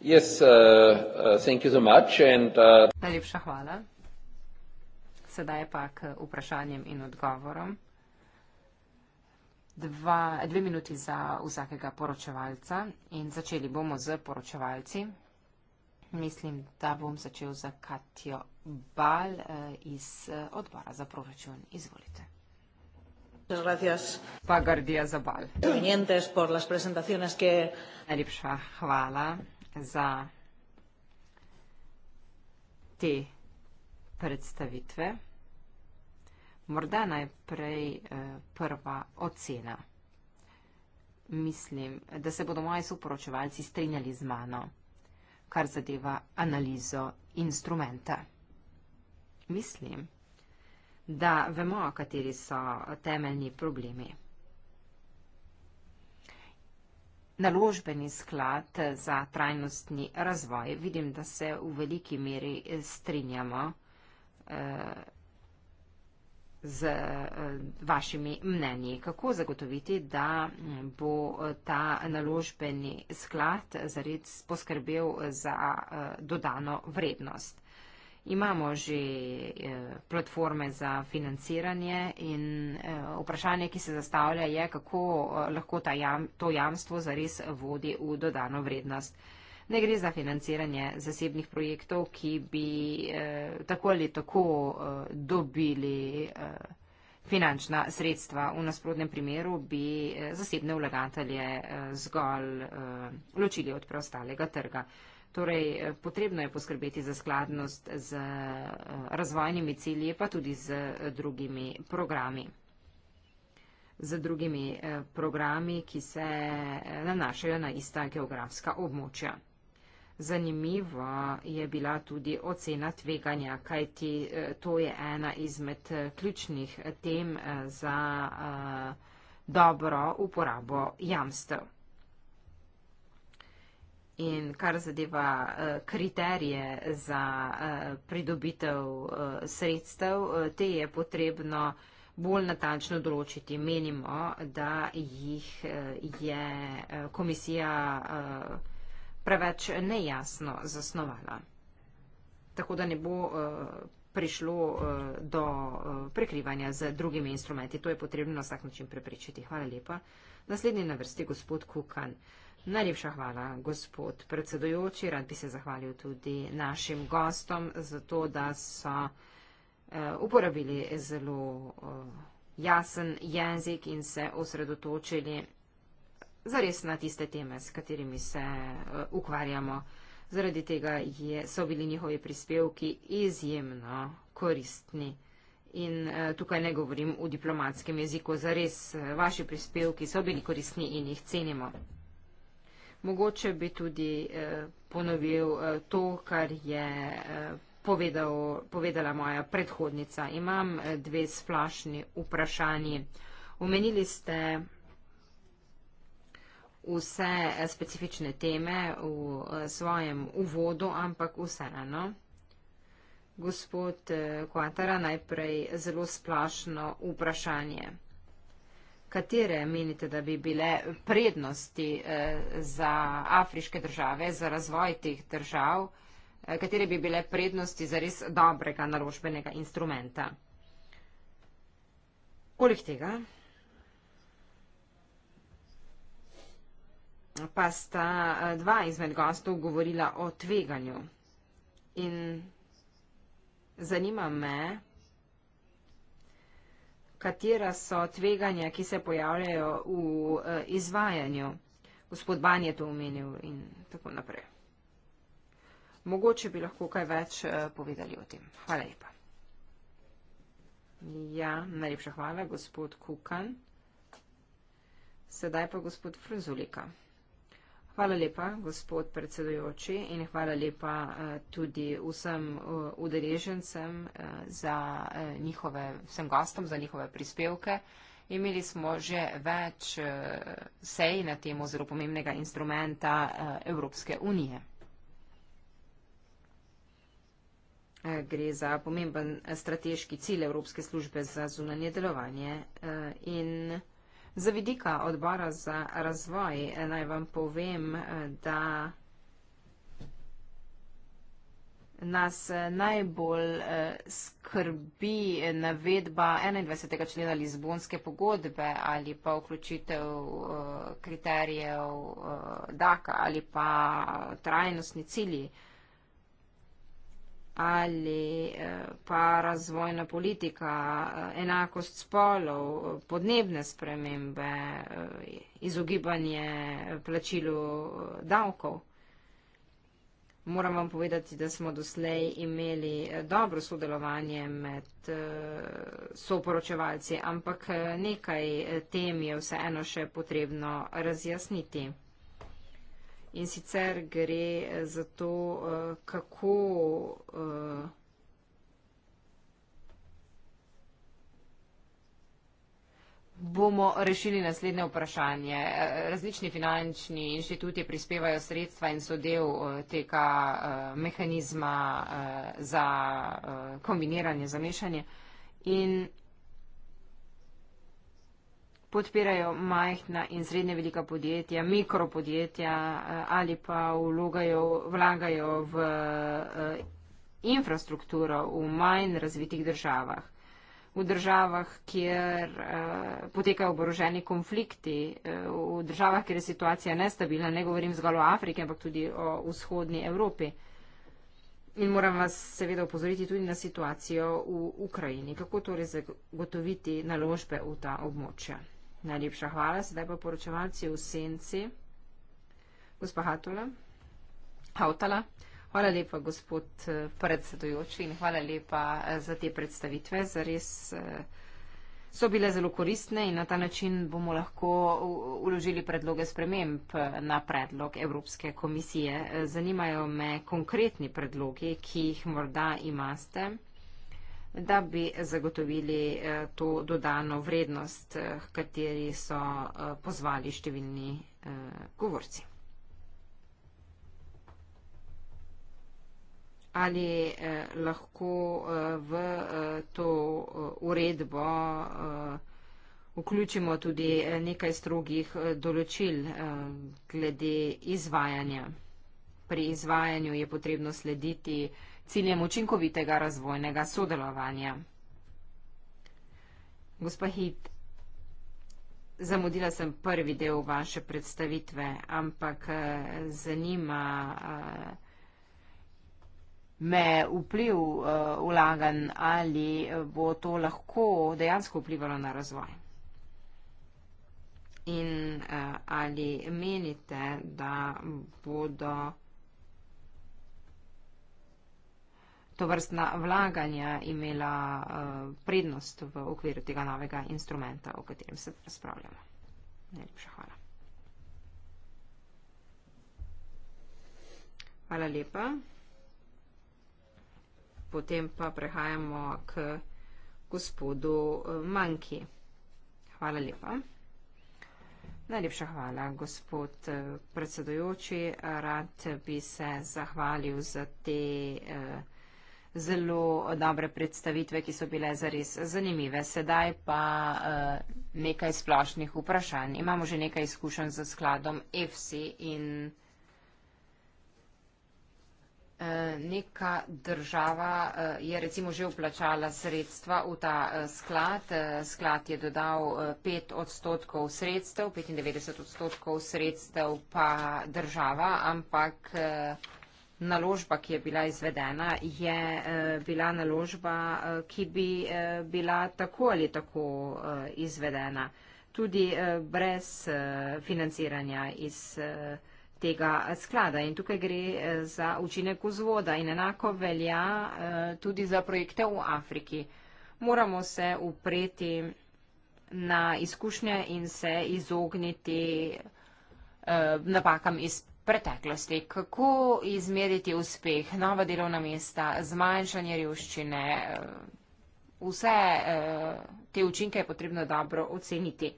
Yes, uh, uh, and, uh... Najlepša hvala. Sedaj pa k vprašanjem in odgovorom dva, dve minuti za vsakega poročevalca in začeli bomo z poročevalci. Mislim, da bom začel za Katjo Bal eh, iz eh, odbora za proračun. Izvolite. Pa gardija za bal. Najlepša hvala za te predstavitve. Morda najprej eh, prva ocena. Mislim, da se bodo moji soporočevalci strinjali z mano, kar zadeva analizo instrumenta. Mislim, da vemo, kateri so temeljni problemi. Naložbeni sklad za trajnostni razvoj. Vidim, da se v veliki meri strinjamo. Eh, z eh, vašimi mnenji. Kako zagotoviti, da mm, bo eh, ta naložbeni sklad zared poskrbel za eh, dodano vrednost? Imamo že platforme za financiranje in vprašanje, ki se zastavlja, je, kako lahko ta jam, to jamstvo zares vodi v dodano vrednost ne gre za financiranje zasebnih projektov, ki bi eh, tako ali tako eh, dobili eh, finančna sredstva. V nasprotnem primeru bi eh, zasebne vlagatelje eh, zgolj eh, ločili od preostalega trga. Torej, eh, potrebno je poskrbeti za skladnost z eh, razvojnimi cilji, pa tudi z drugimi programi. Z drugimi programi, ki se nanašajo na ista geografska območja. Zanimiva je bila tudi ocena tveganja, kajti eh, to je ena izmed eh, ključnih eh, tem za dobro uporabo jamstev. In kar zadeva kriterije za pridobitev sredstev, te je potrebno bolj natančno določiti. Menimo, da jih je komisija preveč nejasno zasnovala. Tako da ne bo eh, prišlo eh, do eh, prekrivanja z drugimi instrumenti. To je potrebno na vsak način preprečiti. Hvala lepa. Naslednji na vrsti gospod Kukan. Najlepša hvala, gospod predsedujoči. Rad bi se zahvalil tudi našim gostom za to, da so uporabili zelo jasen jezik in se osredotočili zares na tiste teme, s katerimi se eh, ukvarjamo. Zaradi tega je, so bili njihovi prispevki izjemno koristni. In eh, tukaj ne govorim v diplomatskem jeziku, zares eh, vaši prispevki so bili koristni in jih cenimo. Mogoče bi tudi ponovil to, kar je povedal, povedala moja predhodnica. Imam dve splašni vprašanji. Omenili ste vse eh, specifične teme v eh, svojem uvodu, ampak vseeno. Gospod Kvatara, eh, najprej zelo splošno vprašanje. Katere menite, da bi bile prednosti za afriške države, za razvoj teh držav, katere bi bile prednosti za res dobrega naložbenega instrumenta? Koliko tega? pa sta eh, dva izmed gostov govorila o tveganju. In zanima me, katera so tveganja, ki se pojavljajo v eh, izvajanju. Gospod Ban je to omenil in tako naprej. Mogoče bi lahko kaj več eh, povedali o tem. Hvala lepa. Ja, najlepša hvala, gospod Kukan. Sedaj pa gospod Frzulika. Hvala lepa, gospod predsedujoči, in hvala lepa eh, tudi vsem eh, udeležencem eh, za njihove, vsem gostom za njihove prispevke. Imeli smo že več sej na temo zelo pomembnega instrumenta Evropske unije. Gre za pomemben strateški cilj Evropske službe za zunanje delovanje in. Za vidika odbora za razvoj eh, naj vam povem, eh, da nas eh, najbolj skrbi navedba 21. člena Lizbonske pogodbe ali pa vključitev kriterijev DAKA ali pa trajnostni cilji ali eh, pa razvojna politika, eh, enakost spolov, podnebne spremembe, eh, izogibanje plačilu davkov. Moram vam povedati, da smo doslej imeli dobro sodelovanje med soporočevalci, ampak nekaj tem je vseeno še potrebno razjasniti. In sicer gre eh, za to, eh, kako eh, bomo rešili naslednje vprašanje. Različni finančni inštituti prispevajo sredstva in so del tega mehanizma za kombiniranje, zamešanje. In podpirajo majhna in zredne velika podjetja, mikropodjetja eh, ali pa vlogajo, vlagajo v eh, infrastrukturo v manj razvitih državah. V državah, kjer eh, potekajo oboroženi konflikti, v državah, kjer je situacija nestabilna, ne govorim zgolj o Afriki, ampak tudi o vzhodni Evropi. In moram vas seveda upozoriti tudi na situacijo v Ukrajini. Kako torej zagotoviti naložbe v ta območja? Najlepša hvala. Sedaj pa poročevalci v senci. Gospa Hatula, Hautala, hvala lepa, gospod eh, predsedujoči in hvala lepa eh, za te predstavitve. Zares eh, so bile zelo koristne in na ta način bomo lahko uložili predloge sprememb na predlog Evropske komisije. Zanimajo me konkretni predlogi, ki jih morda imate da bi zagotovili eh, to dodano vrednost, k eh, kateri so eh, pozvali številni govorci. Ali lahko v to uredbo vključimo tudi nekaj strogih določil glede izvajanja. Pri izvajanju je potrebno slediti ciljem učinkovitega razvojnega sodelovanja. Gospa Hit, zamudila sem prvi del vaše predstavitve, ampak eh, zanima eh, me vpliv eh, vlagan, ali bo to lahko dejansko vplivalo na razvoj. In ali menite, da bodo to vrstna vlaganja imela eh, prednost v okviru tega novega instrumenta, o katerem se razpravljamo. Najlepša hvala. Hvala lepa. Potem pa prehajamo k gospodu eh, Manki. Hvala lepa. Najlepša hvala, gospod eh, predsedojoči. Rad bi se zahvalil za te eh, zelo dobre predstavitve, ki so bile zares zanimive. Sedaj pa eh, nekaj splošnih vprašanj. Imamo že nekaj izkušenj z skladom EFSI in eh, neka država eh, je recimo že vplačala sredstva v ta sklad. Sklad je dodal 5 odstotkov sredstev, 95 odstotkov sredstev pa država, ampak naložba, ki je bila izvedena, je eh, bila naložba, eh, ki bi eh, bila tako ali tako izvedena, tudi brez financiranja iz tega sklada. In tukaj gre za učinek vzvoda in enako velja tudi za projekte v Afriki. Moramo se upreti na izkušnje in se izogniti napakam iz preteklosti. Kako izmeriti uspeh, nova delovna mesta, zmanjšanje revščine, eh, vse eh, te učinke je potrebno dobro oceniti.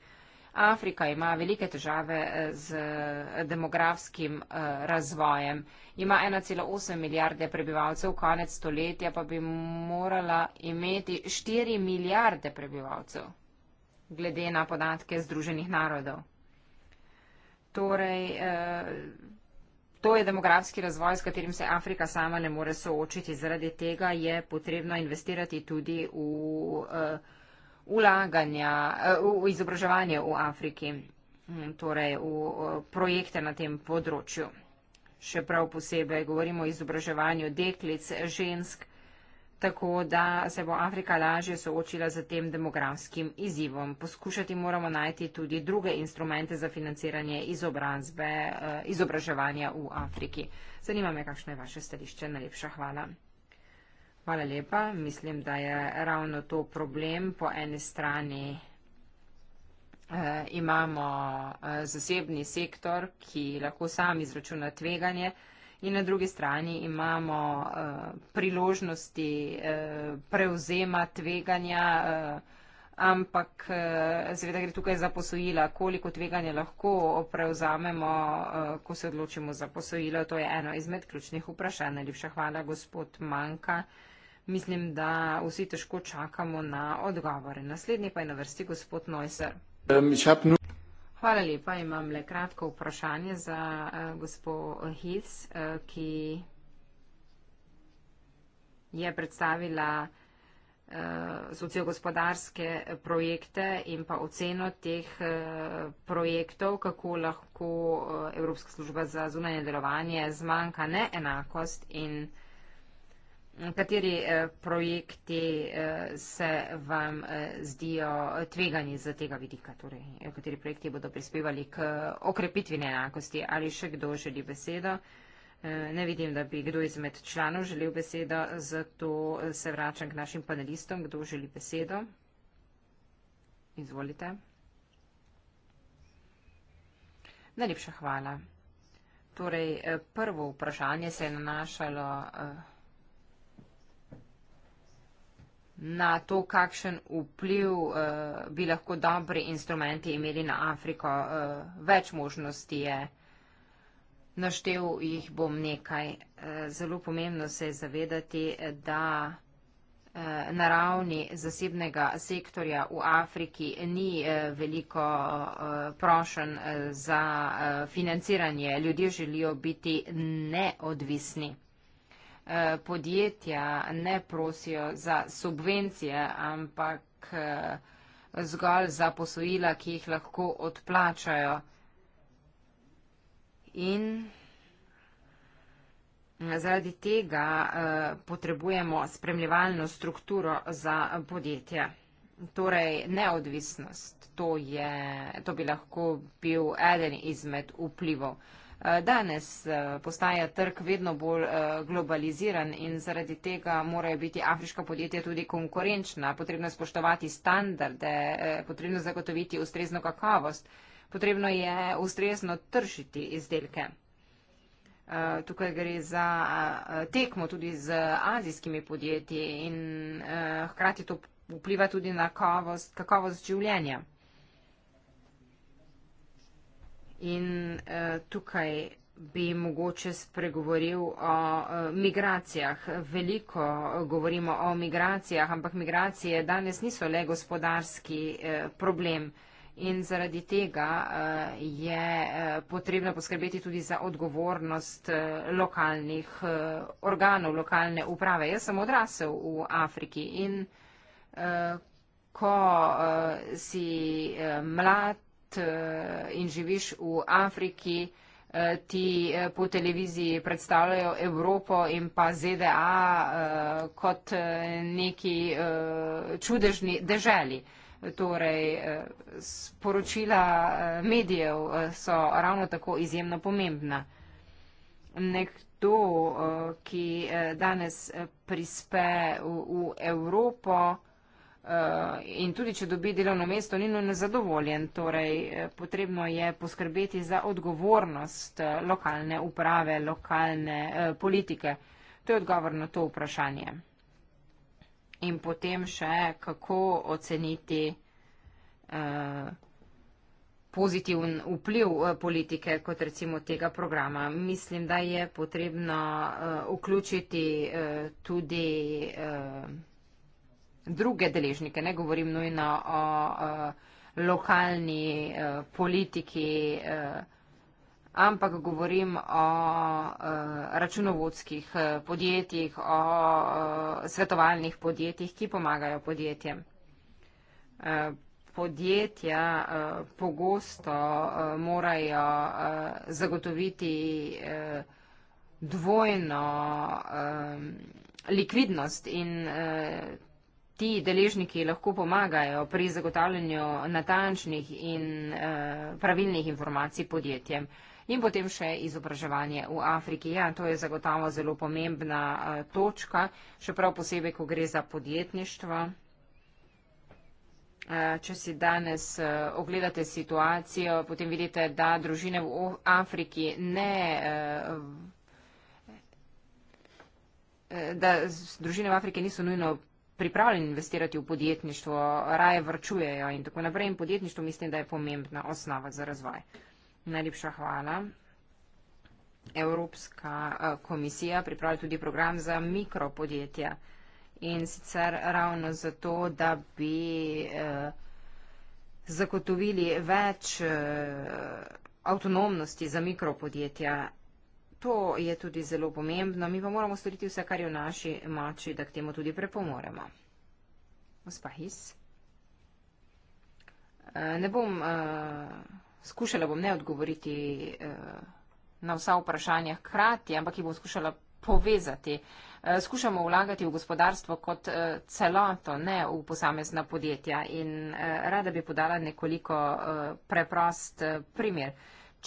Afrika ima velike težave eh, z demografskim razvojem. Ima 1,8 milijarde prebivalcev, konec stoletja pa bi morala imeti 4 milijarde prebivalcev, glede na podatke Združenih narodov. Torej, To je demografski razvoj, s katerim se Afrika sama ne more soočiti. Zaradi tega je potrebno investirati tudi v uh, ulaganja, uh, v izobraževanje v Afriki, hm, torej v uh, projekte na tem področju. Še prav posebej govorimo o izobraževanju deklic, žensk, tako da se bo Afrika lažje soočila z tem demografskim izzivom. Poskušati moramo najti tudi druge instrumente za financiranje izobrazbe, eh, izobraževanja v Afriki. Zanima me, kakšno je vaše stališče. Najlepša hvala. Hvala lepa. Mislim, da je ravno to problem. Po eni strani eh, imamo eh, zasebni sektor, ki lahko sam izračuna tveganje in na drugi strani imamo uh, priložnosti uh, prevzema tveganja, uh, ampak uh, seveda gre tukaj za posojila, koliko tveganja lahko prevzamemo, uh, ko se odločimo za posojilo. To je eno izmed ključnih vprašanj. Najlepša hvala, gospod Manka. Mislim, da vsi težko čakamo na odgovore. Naslednji pa je na vrsti gospod Neusser. Um, Hvala lepa. Imam le kratko vprašanje za uh, gospo Heath, uh, ki je predstavila uh, sociogospodarske projekte in pa oceno teh uh, projektov, kako lahko uh, Evropska služba za zunanje delovanje zmanjka neenakost in uh, Kateri eh, projekti eh, se vam eh, zdijo tvegani z tega vidika? Torej, kateri projekti bodo prispevali k okrepitvi neenakosti? Ali še kdo želi besedo? Ne vidim, da bi kdo izmed članov želel besedo, zato se vračam k našim panelistom. Kdo želi besedo? Izvolite. Najlepša hvala. Torej, prvo vprašanje se je nanašalo na to, kakšen vpliv uh, bi lahko dobri instrumenti imeli na Afriko. Uh, več možnosti je. Naštel jih bom nekaj. Eh, zelo pomembno se je zavedati, da na ravni zasebnega sektorja v Afriki ni veliko prošen za financiranje. Ljudje želijo biti neodvisni. Eh, podjetja ne prosijo za subvencije, ampak eh, zgolj za posojila, ki jih lahko odplačajo. In eh, zaradi tega potrebujemo spremljevalno strukturo za podjetje. Torej, neodvisnost, to, je, to bi lahko bil eden izmed vplivov. Eh, danes eh, postaja trg vedno bolj eh, globaliziran in zaradi tega morajo biti afriška podjetja tudi konkurenčna. Potrebno je spoštovati standarde, potrebno je zagotoviti ustrezno kakovost, potrebno je ustrezno tržiti izdelke. Tukaj gre za tekmo tudi z azijskimi podjetji in hkrati to vpliva tudi na kakovost, kakovost življenja in uh, tukaj bi mogoče spregovoril o uh, migracijah. Veliko eh, govorimo o migracijah, ampak migracije danes niso le gospodarski uh, problem. In zaradi tega je potrebno poskrbeti tudi za odgovornost lokalnih organov, lokalne uprave. Jaz sem odrasel v Afriki in ko si mlad, Eh, in živiš v Afriki, eh, ti eh, po televiziji predstavljajo Evropo in pa ZDA kot neki čudežni deželi. Torej, sporočila medijev so ravno tako izjemno pomembna. Nekdo, ki danes prispe v Evropo, Eh, in tudi, če dobi delovno mesto, ni nujno zadovoljen. Torej, eh, potrebno je poskrbeti za odgovornost eh, lokalne uprave, lokalne politike. To je odgovor na to vprašanje. In potem še, kako oceniti pozitiven vpliv politike kot recimo tega programa. Mislim, da je potrebno vključiti tudi druge deležnike, ne govorim nujno o, o lokalni o, e, politiki, o, e, ampak govorim o, o e, računovodskih podjetjih, o, o svetovalnih podjetjih, ki pomagajo podjetjem. O, podjetja o, pogosto o, morajo o, zagotoviti o, dvojno um, likvidnost in uh, ti deležniki lahko pomagajo pri zagotavljanju natančnih in eh, pravilnih informacij podjetjem. In potem še izobraževanje v Afriki. Ja, to je zagotovo zelo pomembna eh, točka, še prav posebej, ko gre za podjetništvo. Eh, če si danes ogledate situacijo, potem vidite, da družine v Afriki ne. Da družine v Afriki niso nujno pripravljeni investirati v podjetništvo, raje vrčujejo in tako naprej. In podjetništvo mislim, da je pomembna osnova za razvoj. Najlepša hvala. Evropska eh, komisija pripravlja tudi program za mikropodjetja in sicer ravno zato, da bi eh, zagotovili več eh, avtonomnosti za mikropodjetja to je tudi zelo pomembno. Mi pa moramo storiti vse, kar je v naši mači, da k temu tudi prepomoremo. Gospa His. Eh, ne bom, eh, skušala bom ne odgovoriti eh, na vsa vprašanja hkrati, ampak jih bom skušala povezati. Skušamo vlagati v gospodarstvo kot celoto, ne v posamezna podjetja. In rada bi podala nekoliko preprost primer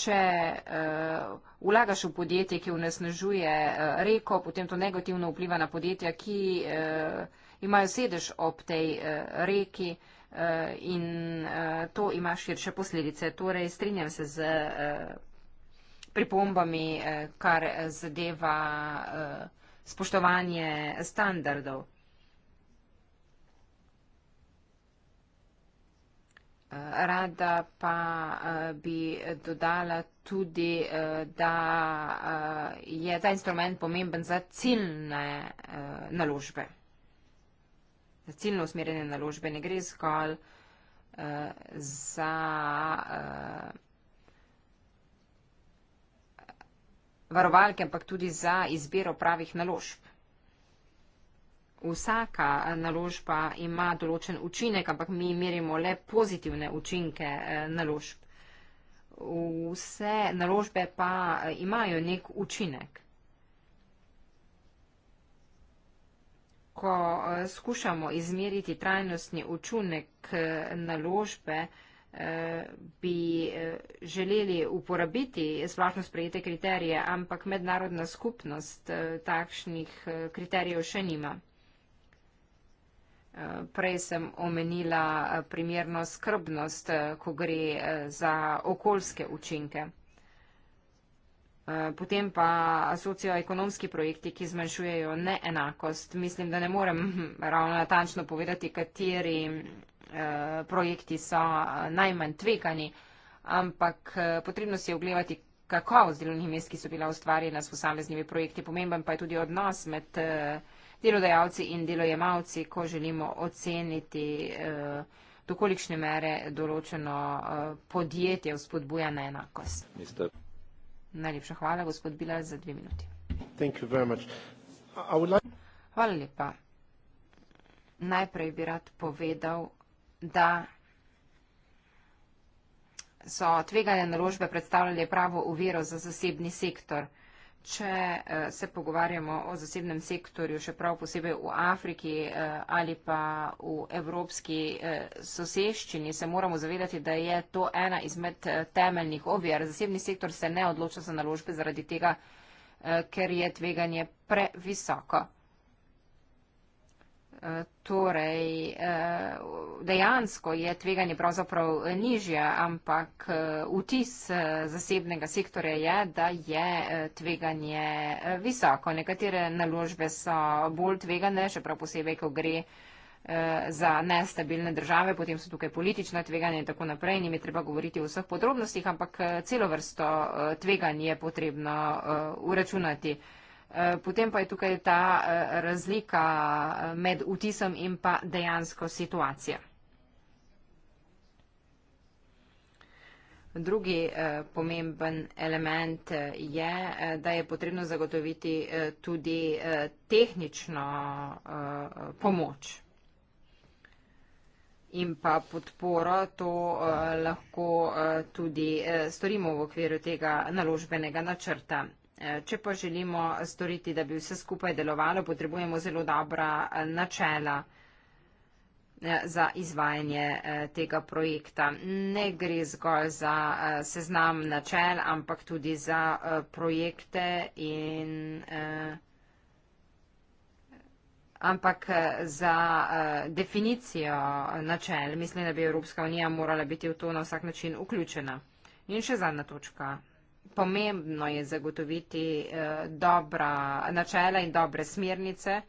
če uh, vlagaš v podjetje, ki unesnažuje uh, eh, reko, potem to negativno vpliva na podjetja, ki uh, imajo sedež ob tej uh, reki uh, in uh, to ima širše posledice. Torej, strinjam se z uh, pripombami, uh, kar zadeva uh, spoštovanje standardov. Rada pa eh, bi dodala tudi, eh, da eh, je ta instrument pomemben za ciljne naložbe. Za ciljno usmerjene naložbe ne gre zgolj za varovalke, ampak tudi za izbiro pravih naložb vsaka naložba ima določen učinek, ampak mi merimo le pozitivne učinke eh, naložb. Vse naložbe pa imajo nek učinek. Ko eh, skušamo izmeriti trajnostni učinek eh, naložbe, bi želeli uporabiti splošno sprejete kriterije, ampak mednarodna skupnost takšnih kriterijev še nima. Prej sem omenila eh, primerno skrbnost, eh, ko gre eh, za okoljske učinke. Potem pa socioekonomski projekti, ki zmanjšujejo neenakost. Mislim, da ne morem hm, ravno natančno povedati, kateri projekti so najmanj tvekani, ampak potrebno si je ogledati, kako z delovnih mest, ki so bila ustvarjena s posameznimi projekti. Pomemben pa je tudi odnos med projekti delodajalci in delojemalci, ko želimo oceniti, eh, do kolikšne mere določeno eh, podjetje vzpodbuja na enakost. Mister. Najlepša hvala, gospod Bila, za dve minuti. Like... Hvala lepa. Najprej bi rad povedal, da so tvegane naložbe predstavljale pravo uvero za zasebni sektor če eh, se pogovarjamo o zasebnem sektorju, še prav posebej v Afriki eh, ali pa v evropski eh, soseščini, se moramo zavedati, da je to ena izmed temeljnih ovir. Zasebni sektor se ne odloča za naložbe zaradi tega, ker je tveganje previsoko. Eh, torej eh, dejansko je tveganje pravzaprav eh, nižje, ampak vtis zasebnega sektorja je, da je tveganje visoko. Nekatere naložbe so bolj tvegane, še prav posebej, ko gre za nestabilne države, potem so tukaj politična tveganja in tako naprej, njim je treba govoriti o vseh podrobnostih, ampak celo vrsto tveganj je potrebno uračunati. Uh, Eh, potem pa je tukaj ta eh, razlika eh, med vtisem in pa dejansko situacijo. Drugi pomemben element je, da je potrebno zagotoviti tudi tehnično pomoč in pa podporo. To lahko tudi storimo v okviru tega naložbenega načrta. Eh, če pa želimo storiti, da bi vse skupaj delovalo, potrebujemo zelo dobra eh, načela eh, za izvajanje tega projekta. Ne gre zgolj za seznam načel, ampak tudi za projekte in ampak za definicijo načel. Mislim, da bi Evropska unija morala biti v to na vsak način vključena. In še zadnja točka pomembno je zagotoviti eh, dobra načela in dobre smernice,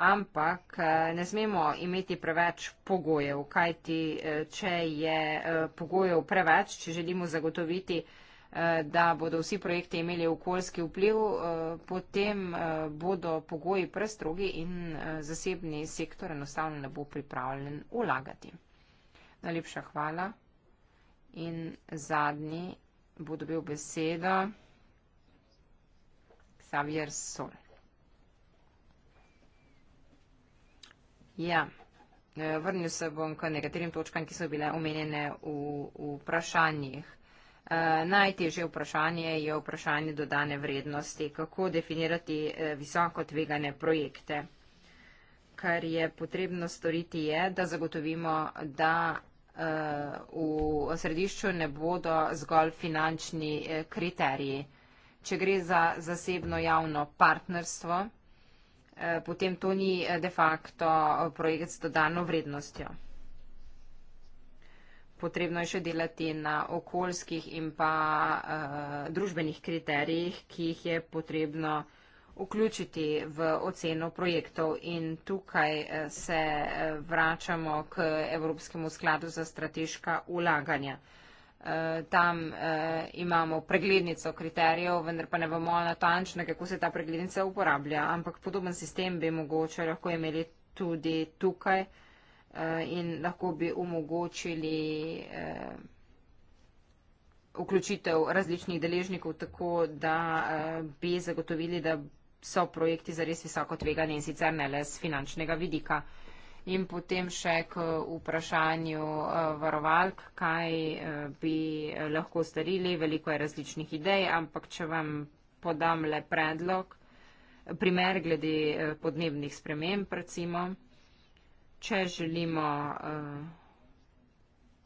ampak eh, ne smemo imeti preveč pogojev, kajti eh, če je eh, pogojev preveč, če želimo zagotoviti, eh, da bodo vsi projekti imeli okoljski vpliv, eh, potem eh, bodo pogoji prestrogi in eh, zasebni sektor enostavno ne bo pripravljen ulagati. Najlepša hvala. In zadnji bo dobil besedo Xavier Sol. Ja, e, vrnil se bom k nekaterim točkam, ki so bile omenjene v, v vprašanjih. E, najtežje vprašanje je vprašanje dodane vrednosti, kako definirati e, visoko tvegane projekte. Kar je potrebno storiti je, da zagotovimo, da v središču ne bodo zgolj finančni eh, kriteriji. Če gre za zasebno javno partnerstvo, eh, potem to ni eh, de facto projekt s dodano vrednostjo. Potrebno je še delati na okoljskih in pa uh, družbenih kriterijih, ki jih je potrebno uh, vključiti v oceno projektov in tukaj eh, se eh, vračamo k Evropskemu skladu za strateška ulaganja. Eh, tam imamo preglednico kriterijev, vendar pa ne vemo natančno, kako se ta preglednica uporablja, ampak podoben sistem bi mogoče lahko imeli tudi tukaj in lahko bi omogočili vključitev različnih deležnikov tako, da bi zagotovili, da so projekti za res visoko tveganje in sicer ne le z finančnega vidika. In potem še k uh, vprašanju uh, varovalk, kaj uh, bi lahko starili. Veliko je različnih idej, ampak če vam podam le predlog, primer glede podnebnih sprememb, recimo, če želimo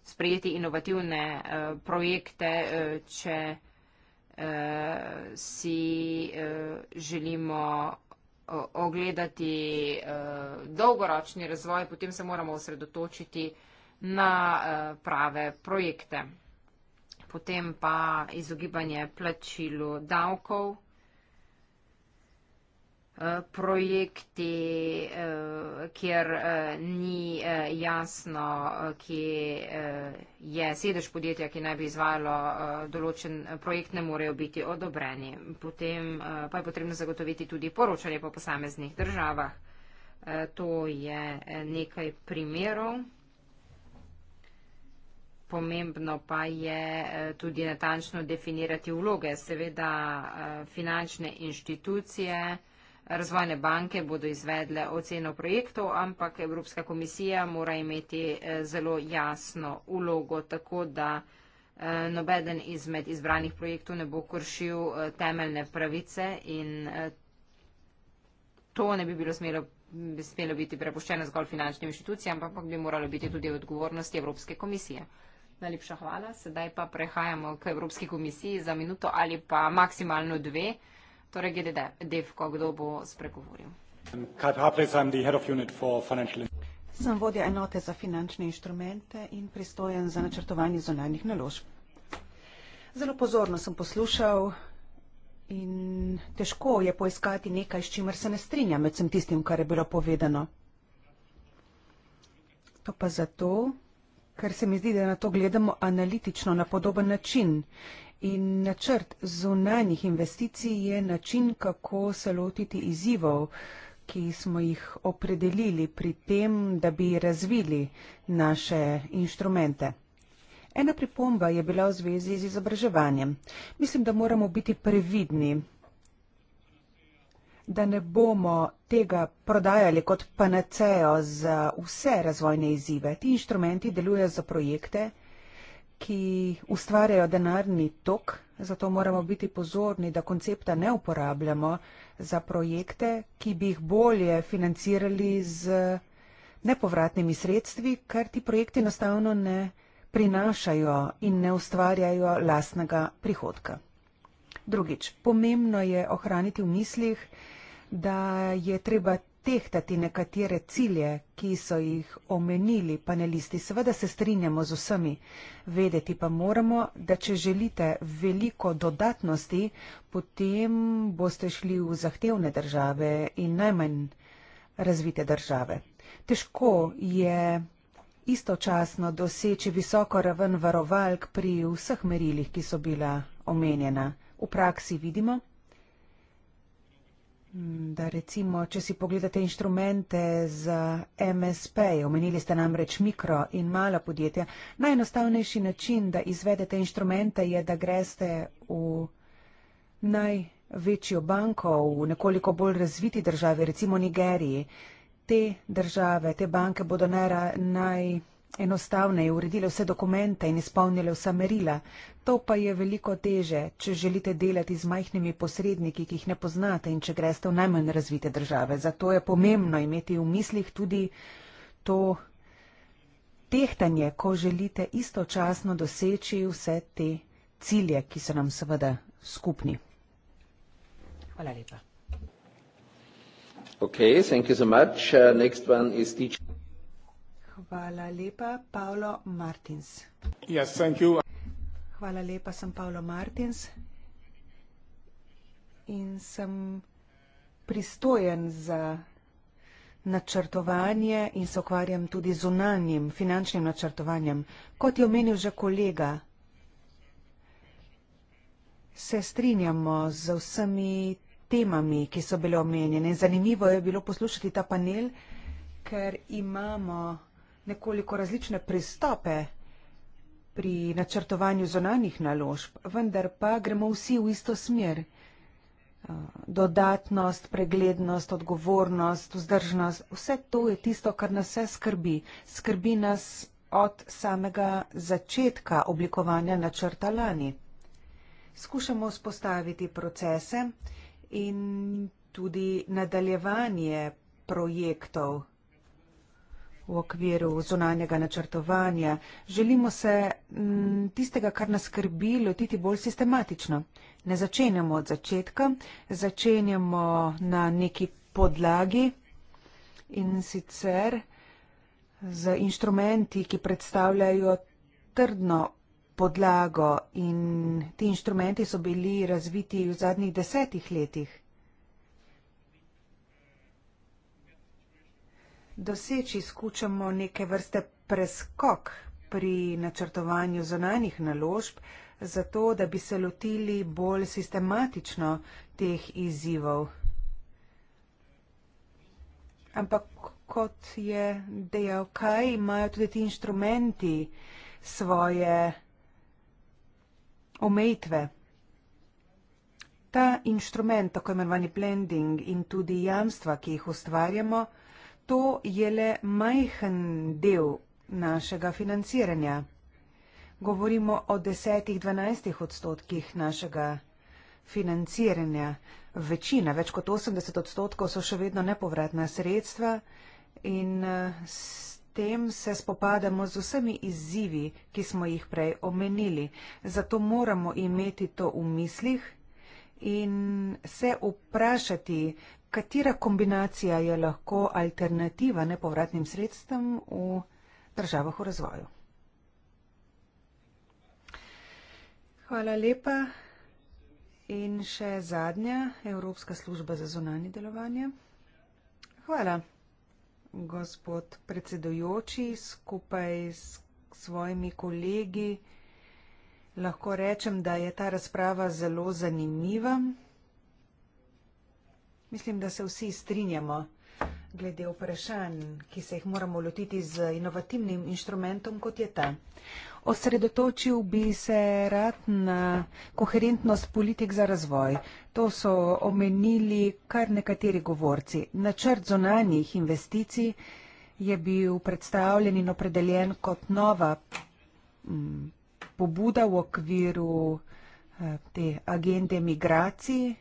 sprejeti inovativne projekte, če želimo uh, si uh, želimo uh, ogledati uh, dolgoročni razvoj, potem se moramo osredotočiti na uh, prave projekte. Potem pa izogibanje plačilu davkov projekti, eh, kjer eh, ni eh, jasno, ki je sedež podjetja, ki naj bi izvajalo določen projekt, ne morejo biti odobreni. Potem pa je potrebno zagotoviti tudi poročanje po posameznih državah. To je nekaj primerov. Pomembno pa je tudi natančno definirati vloge. Seveda finančne inštitucije, Razvojne banke bodo izvedle oceno projektov, ampak Evropska komisija mora imeti eh, zelo jasno ulogo, tako da eh, nobeden izmed izbranih projektov ne bo kršil eh, temeljne pravice in to ne bi bilo smelo, bi smelo biti prepuščeno zgolj finančnim inštitucijam, ampak bi moralo biti tudi odgovornosti Evropske komisije. Najlepša hvala. Sedaj pa prehajamo k Evropski komisiji za minuto ali pa maksimalno dve. Torej, glede Defko, kdo bo spregovoril. Sem vodja enote za finančne inštrumente in pristojen za načrtovanje zonalnih naložb. Zelo pozorno sem poslušal in težko je poiskati nekaj, s čimer se ne strinja med sem tistim, kar je bilo povedano. To pa zato, ker se mi zdi, da na to gledamo analitično, na podoben način In načrt zunanjih investicij je način, kako se lotiti izzivov, ki smo jih opredelili pri tem, da bi razvili naše inštrumente. Ena pripomba je bila v zvezi z izobraževanjem. Mislim, da moramo biti previdni, da ne bomo tega prodajali kot panacejo za vse razvojne izzive. Ti inštrumenti delujejo za projekte, ki ustvarjajo denarni tok, zato moramo biti pozorni, da koncepta ne uporabljamo za projekte, ki bi jih bolje financirali z nepovratnimi sredstvi, ker ti projekti enostavno ne prinašajo in ne ustvarjajo lastnega prihodka. Drugič, pomembno je ohraniti v mislih, da je treba tehtati nekatere cilje, ki so jih omenili panelisti. Seveda se strinjamo z vsemi. Vedeti pa moramo, da če želite veliko dodatnosti, potem boste šli v zahtevne države in najmanj razvite države. Težko je istočasno doseči visoko raven varovalk pri vseh merilih, ki so bila omenjena. V praksi vidimo, Da recimo, če si pogledate inštrumente z MSP, omenili ste namreč mikro in mala podjetja, najenostavnejši način, da izvedete inštrumente, je, da greste v največjo banko v nekoliko bolj razviti državi, recimo Nigeriji. Te države, te banke bodo najra, naj enostavneje uredile vse dokumente in izpolnile vsa merila. To pa je veliko teže, če želite delati z majhnimi posredniki, ki jih ne poznate in če greste v najmanj razvite države. Zato je pomembno imeti v mislih tudi to tehtanje, ko želite istočasno doseči vse te cilje, ki so nam seveda skupni. Hvala lepa. Okay, thank you so much. Uh, next one is teaching. Hvala lepa, Paolo Martins. Yes, Hvala lepa, sem Paolo Martins in sem pristojen za načrtovanje in se ukvarjam tudi z unanjem finančnim načrtovanjem. Kot je omenil že kolega, se strinjamo z vsemi temami, ki so bile omenjene. Zanimivo je bilo poslušati ta panel, ker imamo nekoliko različne pristope pri načrtovanju zonanih naložb, vendar pa gremo vsi v isto smer. Eh, dodatnost, preglednost, odgovornost, vzdržnost, vse to je tisto, kar nas vse skrbi. Skrbi nas od samega začetka oblikovanja načrta lani. Skušamo spostaviti procese in tudi nadaljevanje projektov v okviru zunanjega načrtovanja. Želimo se m, mm, tistega, kar nas skrbi, lotiti bolj sistematično. Ne začenjamo od začetka, začenjamo na neki podlagi in sicer z inštrumenti, ki predstavljajo trdno podlago in ti inštrumenti so bili razviti v zadnjih desetih letih. doseči skušamo neke vrste preskok pri načrtovanju zonanih naložb, zato da bi se lotili bolj sistematično teh izzivov. Ampak kot je dejal Kaj, imajo tudi ti inštrumenti svoje omejitve. Ta inštrument, tako imenovani blending in tudi jamstva, ki jih ustvarjamo, to je le majhen del našega financiranja. Govorimo o 10-12 odstotkih našega financiranja. Večina, več kot 80 odstotkov, so še vedno nepovratna sredstva in eh, s tem se spopadamo z vsemi izzivi, ki smo jih prej omenili. Zato moramo imeti to v mislih in se vprašati, katera kombinacija je lahko alternativa nepovratnim sredstvom v državah v razvoju? Hvala lepa. In še zadnja, Evropska služba za zunanje delovanje. Hvala, gospod predsedujoči, skupaj s svojimi kolegi. Lahko rečem, da je ta razprava zelo zanimiva. Mislim, da se vsi strinjamo glede vprašanj, ki se jih moramo lotiti z inovativnim inštrumentom, kot je ta. Osredotočil bi se rad na koherentnost politik za razvoj. To so omenili kar nekateri govorci. Načrt zonanjih investicij je bil predstavljen in opredeljen kot nova m, mm, pobuda v okviru eh, te agende migracije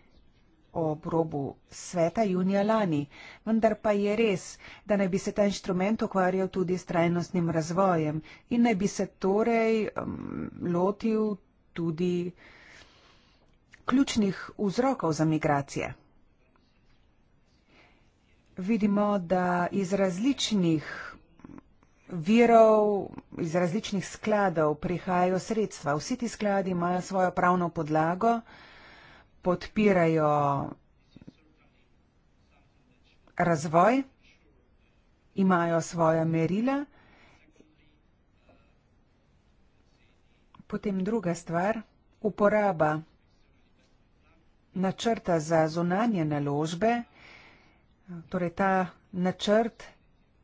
o obrobu sveta junija lani, vendar pa je res, da naj bi se ta inštrument ukvarjal tudi s trajnostnim razvojem in naj bi se torej um, lotil tudi ključnih vzrokov za migracije. Vidimo, da iz različnih virov, iz različnih skladov prihajajo sredstva. Vsi ti skladi imajo svojo pravno podlago, podpirajo razvoj, imajo svoja merila. Potem druga stvar, uporaba načrta za zunanje naložbe. Torej ta načrt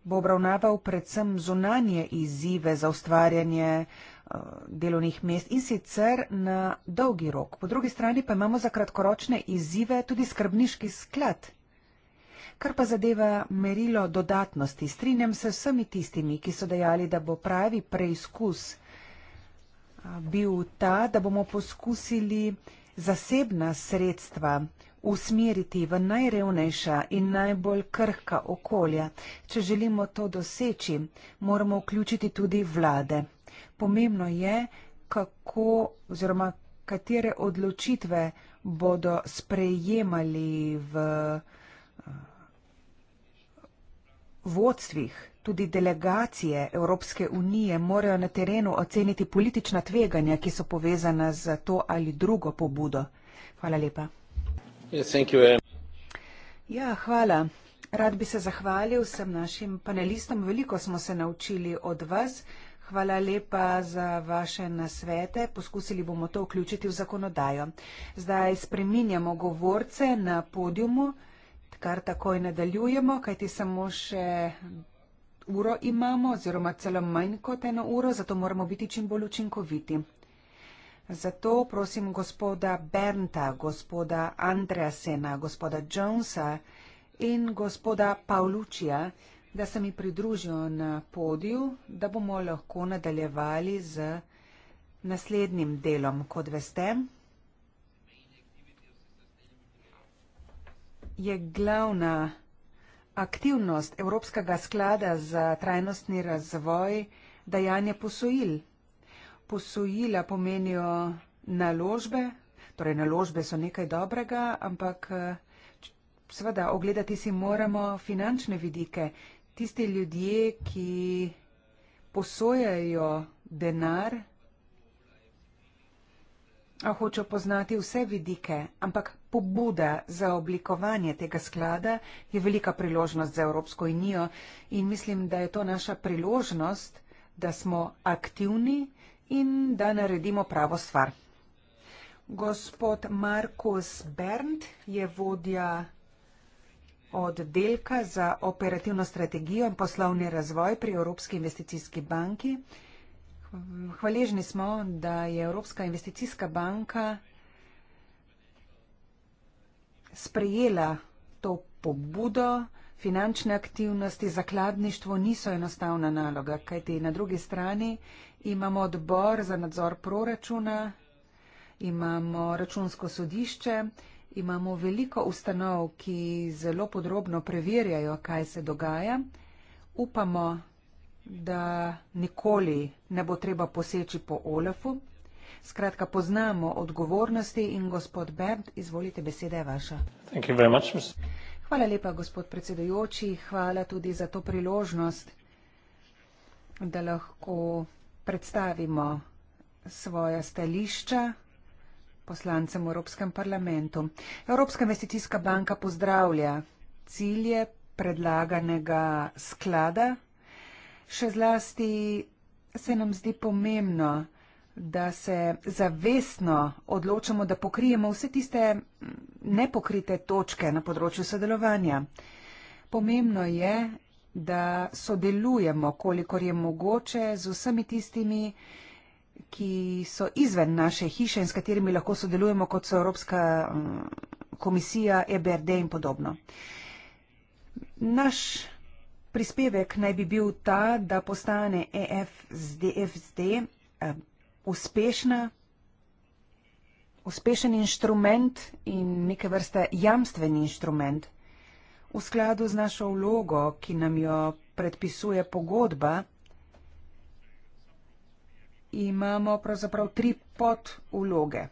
bo obravnaval predvsem zunanje izzive za ustvarjanje Eh, delovnih mest in sicer na dolgi rok. Po drugi strani pa imamo za kratkoročne izzive tudi skrbniški sklad. Kar pa zadeva merilo dodatnosti, strinjam se vsemi tistimi, ki so dejali, da bo pravi preizkus eh, bil ta, da bomo poskusili zasebna sredstva usmeriti v najrevnejša in najbolj krhka okolja. Če želimo to doseči, moramo vključiti tudi vlade. Pomembno je, kako oziroma katere odločitve bodo sprejemali v eh, vodstvih. Tudi delegacije Evropske unije morajo na terenu oceniti politična tveganja, ki so povezana z to ali drugo pobudo. Hvala lepa. Ja, hvala. Rad bi se zahvalil vsem našim panelistom. Veliko smo se naučili od vas. Hvala lepa za vaše nasvete. Poskusili bomo to vključiti v zakonodajo. Zdaj spreminjamo govorce na podiumu, kar takoj nadaljujemo, kajti samo še uro imamo oziroma celo manj kot eno uro, zato moramo biti čim bolj učinkoviti. Zato prosim gospoda Bernta, gospoda Andreasena, gospoda Jonesa in gospoda Paulučija, da se mi pridružijo na podiju, da bomo lahko nadaljevali z naslednjim delom. Kot veste, je glavna aktivnost Evropskega sklada za trajnostni razvoj dajanje posojil. Posojila pomenijo naložbe, torej naložbe so nekaj dobrega, ampak eh, seveda ogledati si moramo finančne vidike, tisti ljudje, ki posojajo denar, a hočejo poznati vse vidike, ampak pobuda za oblikovanje tega sklada je velika priložnost za Evropsko unijo in mislim, da je to naša priložnost, da smo aktivni in da naredimo pravo stvar. Gospod Markus Bernd je vodja oddelka za operativno strategijo in poslovni razvoj pri Evropski investicijski banki. Hvaležni smo, da je Evropska investicijska banka sprejela to pobudo. Finančne aktivnosti, zakladništvo niso enostavna naloga, kajti na drugi strani imamo odbor za nadzor proračuna, imamo računsko sodišče. Imamo veliko ustanov, ki zelo podrobno preverjajo, kaj se dogaja. Upamo, da nikoli ne bo treba poseči po Olafu. Skratka, poznamo odgovornosti in gospod Bernd, izvolite, beseda je vaša. Much, hvala lepa, gospod predsedujoči, hvala tudi za to priložnost, da lahko predstavimo svoja stališča poslancem v Evropskem parlamentu. Evropska investicijska banka pozdravlja cilje predlaganega sklada. Še zlasti se nam zdi pomembno, da se zavestno odločamo, da pokrijemo vse tiste nepokrite točke na področju sodelovanja. Pomembno je, da sodelujemo, kolikor je mogoče, z vsemi tistimi, ki so izven naše hiše in s katerimi lahko sodelujemo, kot so Evropska mm, komisija, EBRD in podobno. Naš prispevek naj bi bil ta, da postane EFSD, EFSD eh, uspešna, uspešen inštrument in neke vrste jamstveni inštrument v skladu z našo vlogo, ki nam jo predpisuje pogodba imamo pravzaprav tri podloge.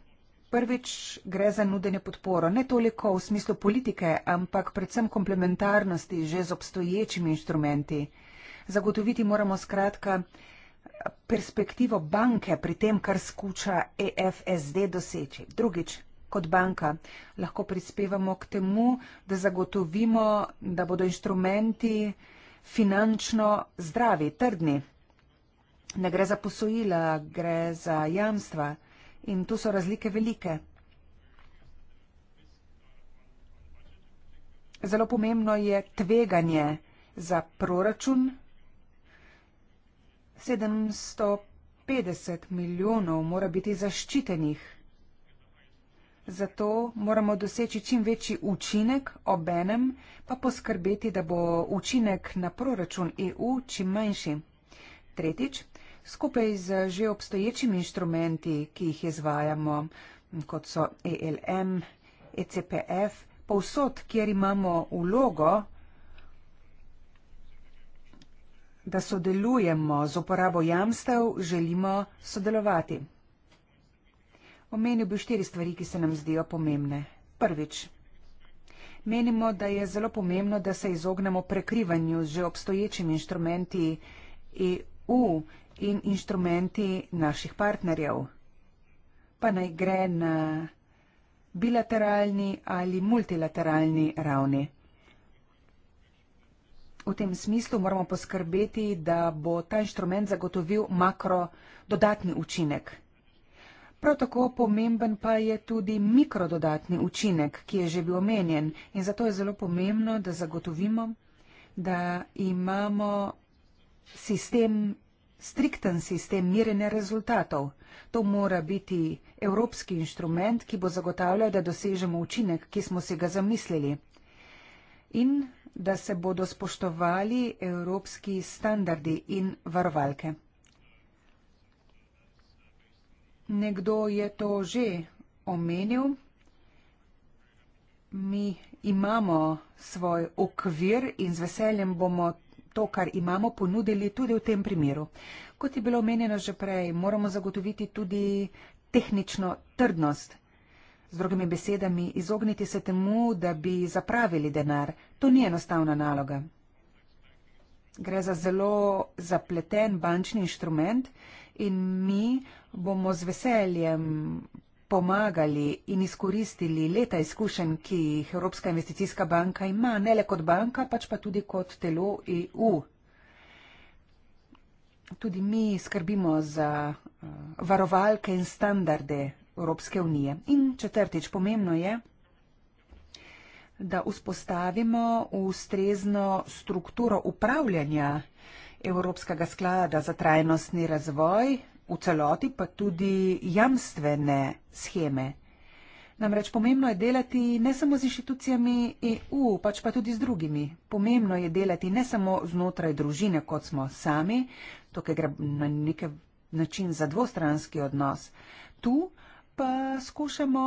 Prvič gre za nudenje podporo, ne toliko v smislu politike, ampak predvsem komplementarnosti že z obstoječimi inštrumenti. Zagotoviti moramo skratka perspektivo banke pri tem, kar skuča EFSD doseči. Drugič, kot banka lahko prispevamo k temu, da zagotovimo, da bodo inštrumenti finančno zdravi, trdni ne gre za posojila, gre za jamstva in tu so razlike velike. Zelo pomembno je tveganje za proračun 750 milijonov mora biti zaščitenih. Zato moramo doseči čim večji učinek, obenem pa poskrbeti, da bo učinek na proračun EU čim manjši. Tretjič, skupaj z že obstoječimi inštrumenti, ki jih izvajamo, kot so ELM, ECPF, povsod, kjer imamo ulogo, da sodelujemo z uporabo jamstev, želimo sodelovati. Omenil bi štiri stvari, ki se nam zdijo pomembne. Prvič. Menimo, da je zelo pomembno, da se izognemo prekrivanju z že obstoječimi inštrumenti EU in inštrumenti naših partnerjev, pa naj gre na bilateralni ali multilateralni ravni. V tem smislu moramo poskrbeti, da bo ta inštrument zagotovil makro dodatni učinek. Prav tako pomemben pa je tudi mikro dodatni učinek, ki je že bil omenjen in zato je zelo pomembno, da zagotovimo, da imamo sistem strikten sistem mirenja rezultatov. To mora biti evropski inštrument, ki bo zagotavljal, da dosežemo učinek, ki smo si ga zamislili. In da se bodo spoštovali evropski standardi in varovalke. Nekdo je to že omenil. Mi imamo svoj okvir in z veseljem bomo to, kar imamo ponudili tudi v tem primeru. Kot je bilo omenjeno že prej, moramo zagotoviti tudi tehnično trdnost. Z drugimi besedami, izogniti se temu, da bi zapravili denar. To ni enostavna naloga. Gre za zelo zapleten bančni inštrument in mi bomo z veseljem pomagali in izkoristili leta izkušenj, ki jih Evropska investicijska banka ima, ne le kot banka, pač pa tudi kot telo EU. Tudi mi skrbimo za eh, varovalke in standarde Evropske unije. In četrtič, pomembno je, da vzpostavimo ustrezno strukturo upravljanja Evropskega sklada za trajnostni razvoj, v celoti pa tudi jamstvene scheme. Namreč pomembno je delati ne samo z inštitucijami EU, pač pa tudi z drugimi. Pomembno je delati ne samo znotraj družine, kot smo sami, tukaj gre na nek način za dvostranski odnos. Tu pa skušamo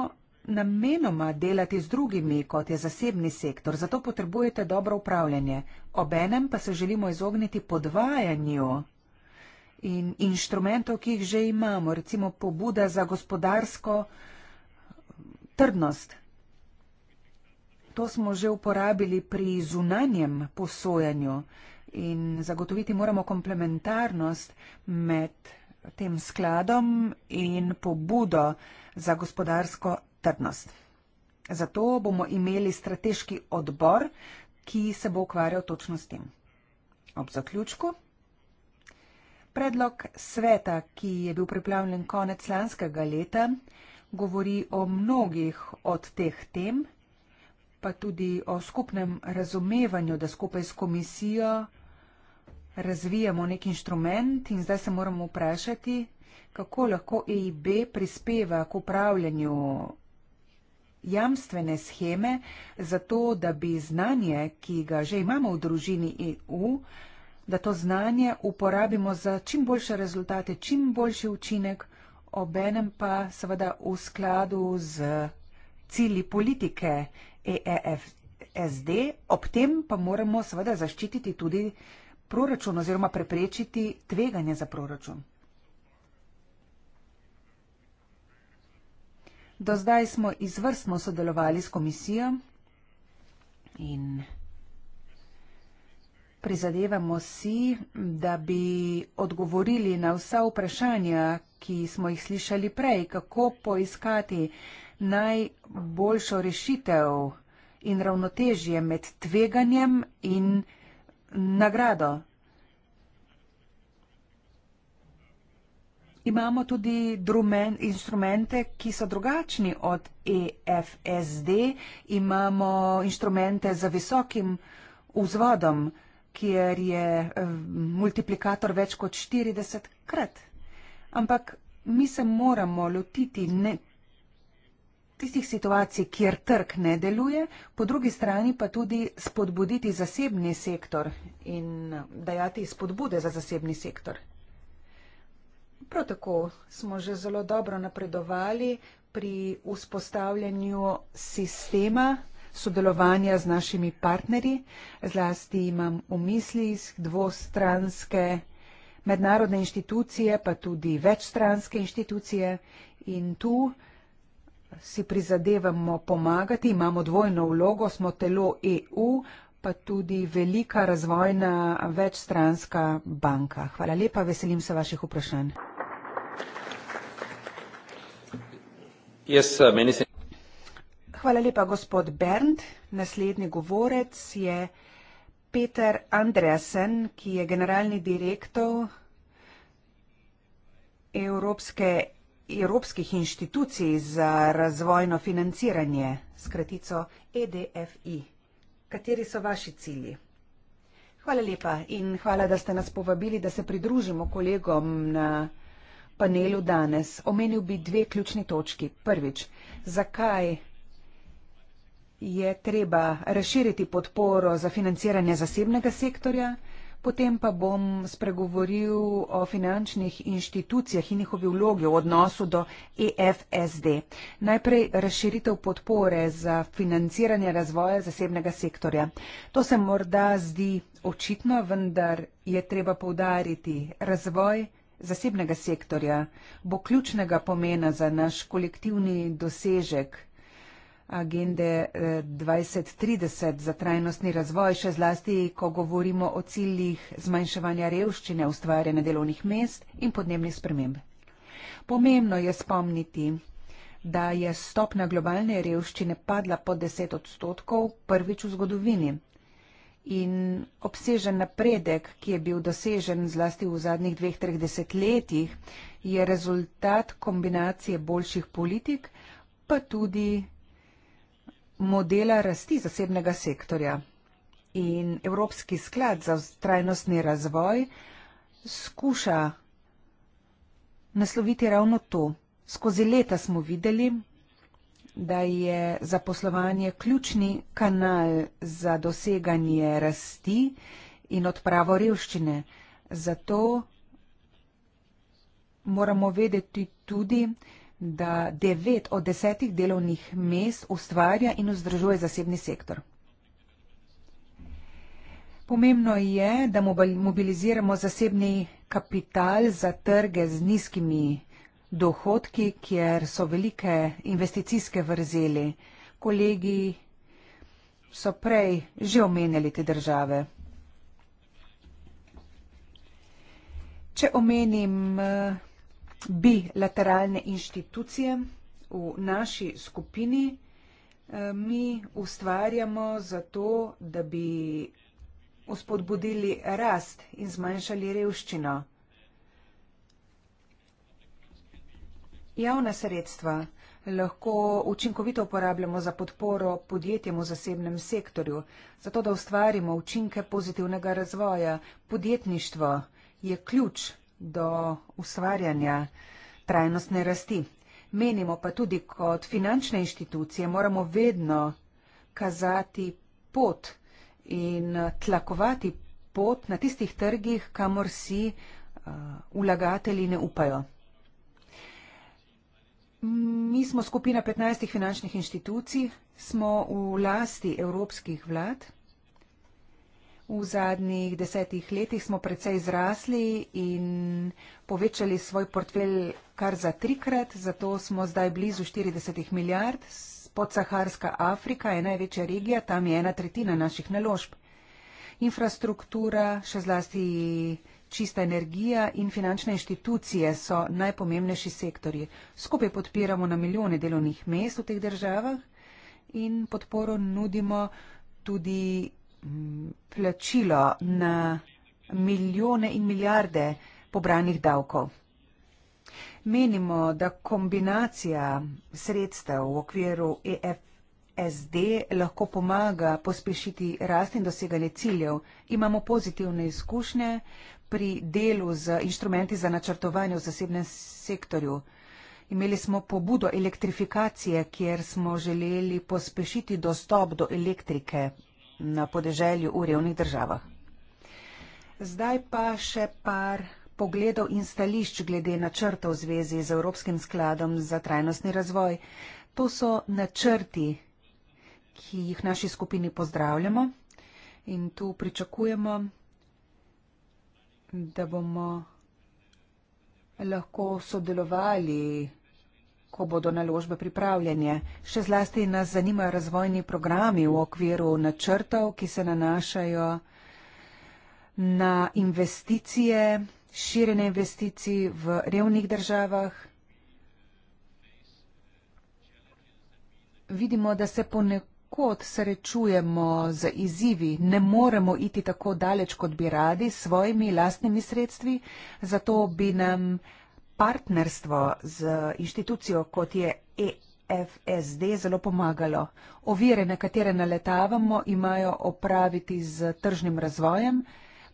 namenoma delati z drugimi, kot je zasebni sektor, zato potrebujete dobro upravljanje. Obenem pa se želimo izogniti podvajanju in inštrumentov, ki jih že imamo, recimo pobuda za gospodarsko trdnost. To smo že uporabili pri zunanjem posojanju in zagotoviti moramo komplementarnost med tem skladom in pobudo za gospodarsko trdnost. Zato bomo imeli strateški odbor, ki se bo ukvarjal točno s tem. Ob zaključku. Predlog sveta, ki je bil pripravljen konec lanskega leta, govori o mnogih od teh tem, pa tudi o skupnem razumevanju, da skupaj s komisijo razvijamo nek inštrument in zdaj se moramo vprašati, kako lahko EIB prispeva k upravljanju jamstvene scheme, zato da bi znanje, ki ga že imamo v družini EU, da to znanje uporabimo za čim boljše rezultate, čim boljši učinek, obenem pa seveda v skladu z cilji politike EEFSD, ob tem pa moramo seveda zaščititi tudi proračun oziroma preprečiti tveganje za proračun. Do zdaj smo izvrstno sodelovali s komisijo in Prizadevamo si, da bi odgovorili na vsa vprašanja, ki smo jih slišali prej, kako poiskati najboljšo rešitev in ravnotežje med tveganjem in nagrado. Imamo tudi drumen, instrumente, ki so drugačni od EFSD, imamo inštrumente za visokim vzvodom kjer je eh, multiplikator več kot 40 krat. Ampak mi se moramo lotiti ne tistih situacij, kjer trg ne deluje, po drugi strani pa tudi spodbuditi zasebni sektor in eh, dajati spodbude za zasebni sektor. Prav tako smo že zelo dobro napredovali pri vzpostavljanju sistema sodelovanja z našimi partnerji. Zlasti imam v mislih dvostranske mednarodne inštitucije, pa tudi večstranske inštitucije in tu si prizadevamo pomagati, imamo dvojno vlogo, smo telo EU, pa tudi velika razvojna večstranska banka. Hvala lepa, veselim se vaših vprašanj. Yes, eh, sir, Hvala lepa, gospod Bernd. Naslednji govorec je Peter Andresen, ki je generalni direktor Evropske, Evropskih inštitucij za razvojno financiranje, skratico EDFI. Kateri so vaši cilji? Hvala lepa in hvala, da ste nas povabili, da se pridružimo kolegom na panelu danes. Omenil bi dve ključni točki. Prvič, zakaj je treba razširiti podporo za financiranje zasebnega sektorja, potem pa bom spregovoril o finančnih inštitucijah in njihovi vlogi v odnosu do EFSD. Najprej razširitev podpore za financiranje razvoja zasebnega sektorja. To se morda zdi očitno, vendar je treba povdariti razvoj zasebnega sektorja bo ključnega pomena za naš kolektivni dosežek agende 2030 eh, za trajnostni razvoj, še zlasti, ko govorimo o ciljih zmanjševanja revščine, ustvarjanja delovnih mest in podnebnih sprememb. Pomembno je spomniti, da je stopna globalne revščine padla pod 10 odstotkov prvič v zgodovini. In obsežen napredek, ki je bil dosežen zlasti v zadnjih dveh, treh desetletjih, je rezultat kombinacije boljših politik, pa tudi modela rasti zasebnega sektorja in Evropski sklad za trajnostni razvoj skuša nasloviti ravno to. Skozi leta smo videli, da je zaposlovanje ključni kanal za doseganje rasti in odpravo revščine. Zato moramo vedeti tudi, da devet od desetih delovnih mest ustvarja in vzdržuje zasebni sektor. Pomembno je, da mobiliziramo zasebni kapital za trge z nizkimi dohodki, kjer so velike investicijske vrzeli. Kolegi so prej že omenjali te države. Če omenim bilateralne inštitucije v naši skupini eh, mi ustvarjamo zato, da bi uspodbudili rast in zmanjšali revščino. Javna sredstva lahko učinkovito uporabljamo za podporo podjetjem v zasebnem sektorju, zato da ustvarimo učinke pozitivnega razvoja. Podjetništvo je ključ do ustvarjanja trajnostne rasti. Menimo pa tudi kot finančne inštitucije moramo vedno kazati pot in eh, tlakovati pot na tistih trgih, kamor si eh, vlagatelji ne upajo. Mi smo skupina 15 finančnih inštitucij, smo v lasti evropskih vlad V zadnjih desetih letih smo precej zrasli in povečali svoj portfelj kar za trikrat, zato smo zdaj blizu 40 milijard. Podsaharska Afrika je največja regija, tam je ena tretjina naših naložb. Infrastruktura, še zlasti čista energija in finančne inštitucije so najpomembnejši sektori. Skupaj podpiramo na milijone delovnih mest v teh državah in podporo nudimo tudi plačilo na milijone in milijarde pobranih davkov. Menimo, da kombinacija sredstev v okviru EFSD lahko pomaga pospešiti rast in doseganje ciljev. Imamo pozitivne izkušnje pri delu z inštrumenti za načrtovanje v zasebnem sektorju. Imeli smo pobudo elektrifikacije, kjer smo želeli pospešiti dostop do elektrike na podeželju v revnih državah. Zdaj pa še par pogledov in stališč glede načrta v zvezi z Evropskim skladom za trajnostni razvoj. To so načrti, ki jih v naši skupini pozdravljamo in tu pričakujemo, da bomo lahko sodelovali ko bodo naložbe pripravljene. Še zlasti nas zanimajo razvojni programi v okviru načrtov, ki se nanašajo na investicije, širjene investicije v revnih državah. Vidimo, da se ponekod srečujemo z izzivi, ne moremo iti tako daleč, kot bi radi, s svojimi lastnimi sredstvi, zato bi nam partnerstvo z inštitucijo, kot je EFSD, zelo pomagalo. Ovire, na katere naletavamo, imajo opraviti z tržnim razvojem,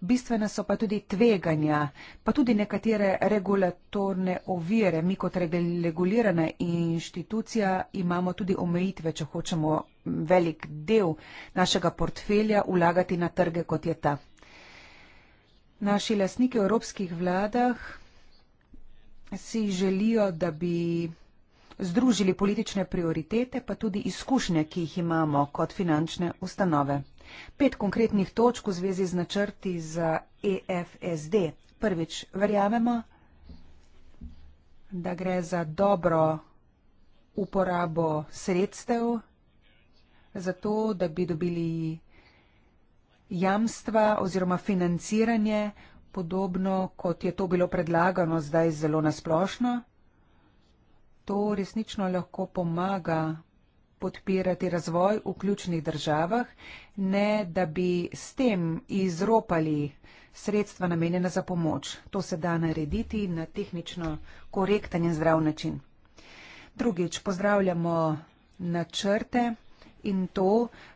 bistvena so pa tudi tveganja, pa tudi nekatere regulatorne ovire. Mi kot regulirana inštitucija imamo tudi omejitve, če hočemo velik del našega portfelja vlagati na trge, kot je ta. Naši lasniki v evropskih vladah si želijo, da bi združili politične prioritete, pa tudi izkušnje, ki jih imamo kot finančne ustanove. Pet konkretnih točk v zvezi z načrti za EFSD. Prvič, verjamemo, da gre za dobro uporabo sredstev, zato da bi dobili jamstva oziroma financiranje podobno, kot je to bilo predlagano zdaj zelo nasplošno. To resnično lahko pomaga podpirati razvoj v ključnih državah, ne da bi s tem izropali sredstva namenjena za pomoč. To se da narediti na tehnično korektan in zdrav način. Drugič, pozdravljamo načrte in to,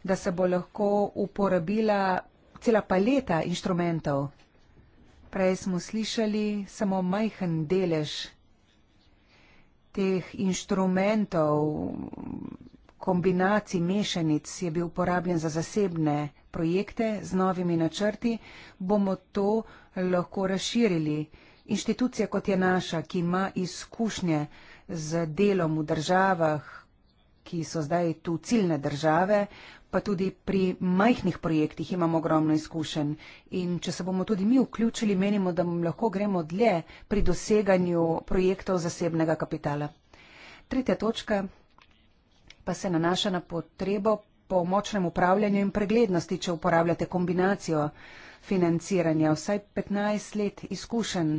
da se bo lahko uporabila cela paleta inštrumentov, Prej smo slišali samo majhen delež teh inštrumentov, kombinacij mešanic je bil uporabljen za zasebne projekte z novimi načrti, bomo to lahko razširili. Inštitucija kot je naša, ki ima izkušnje z delom v državah, ki so zdaj tu ciljne države, pa tudi pri majhnih projektih imamo ogromno izkušenj. In če se bomo tudi mi vključili, menimo, da lahko gremo dlje pri doseganju projektov zasebnega kapitala. Tretja točka pa se nanaša na potrebo po močnem upravljanju in preglednosti, če uporabljate kombinacijo financiranja. Vsaj 15 let izkušenj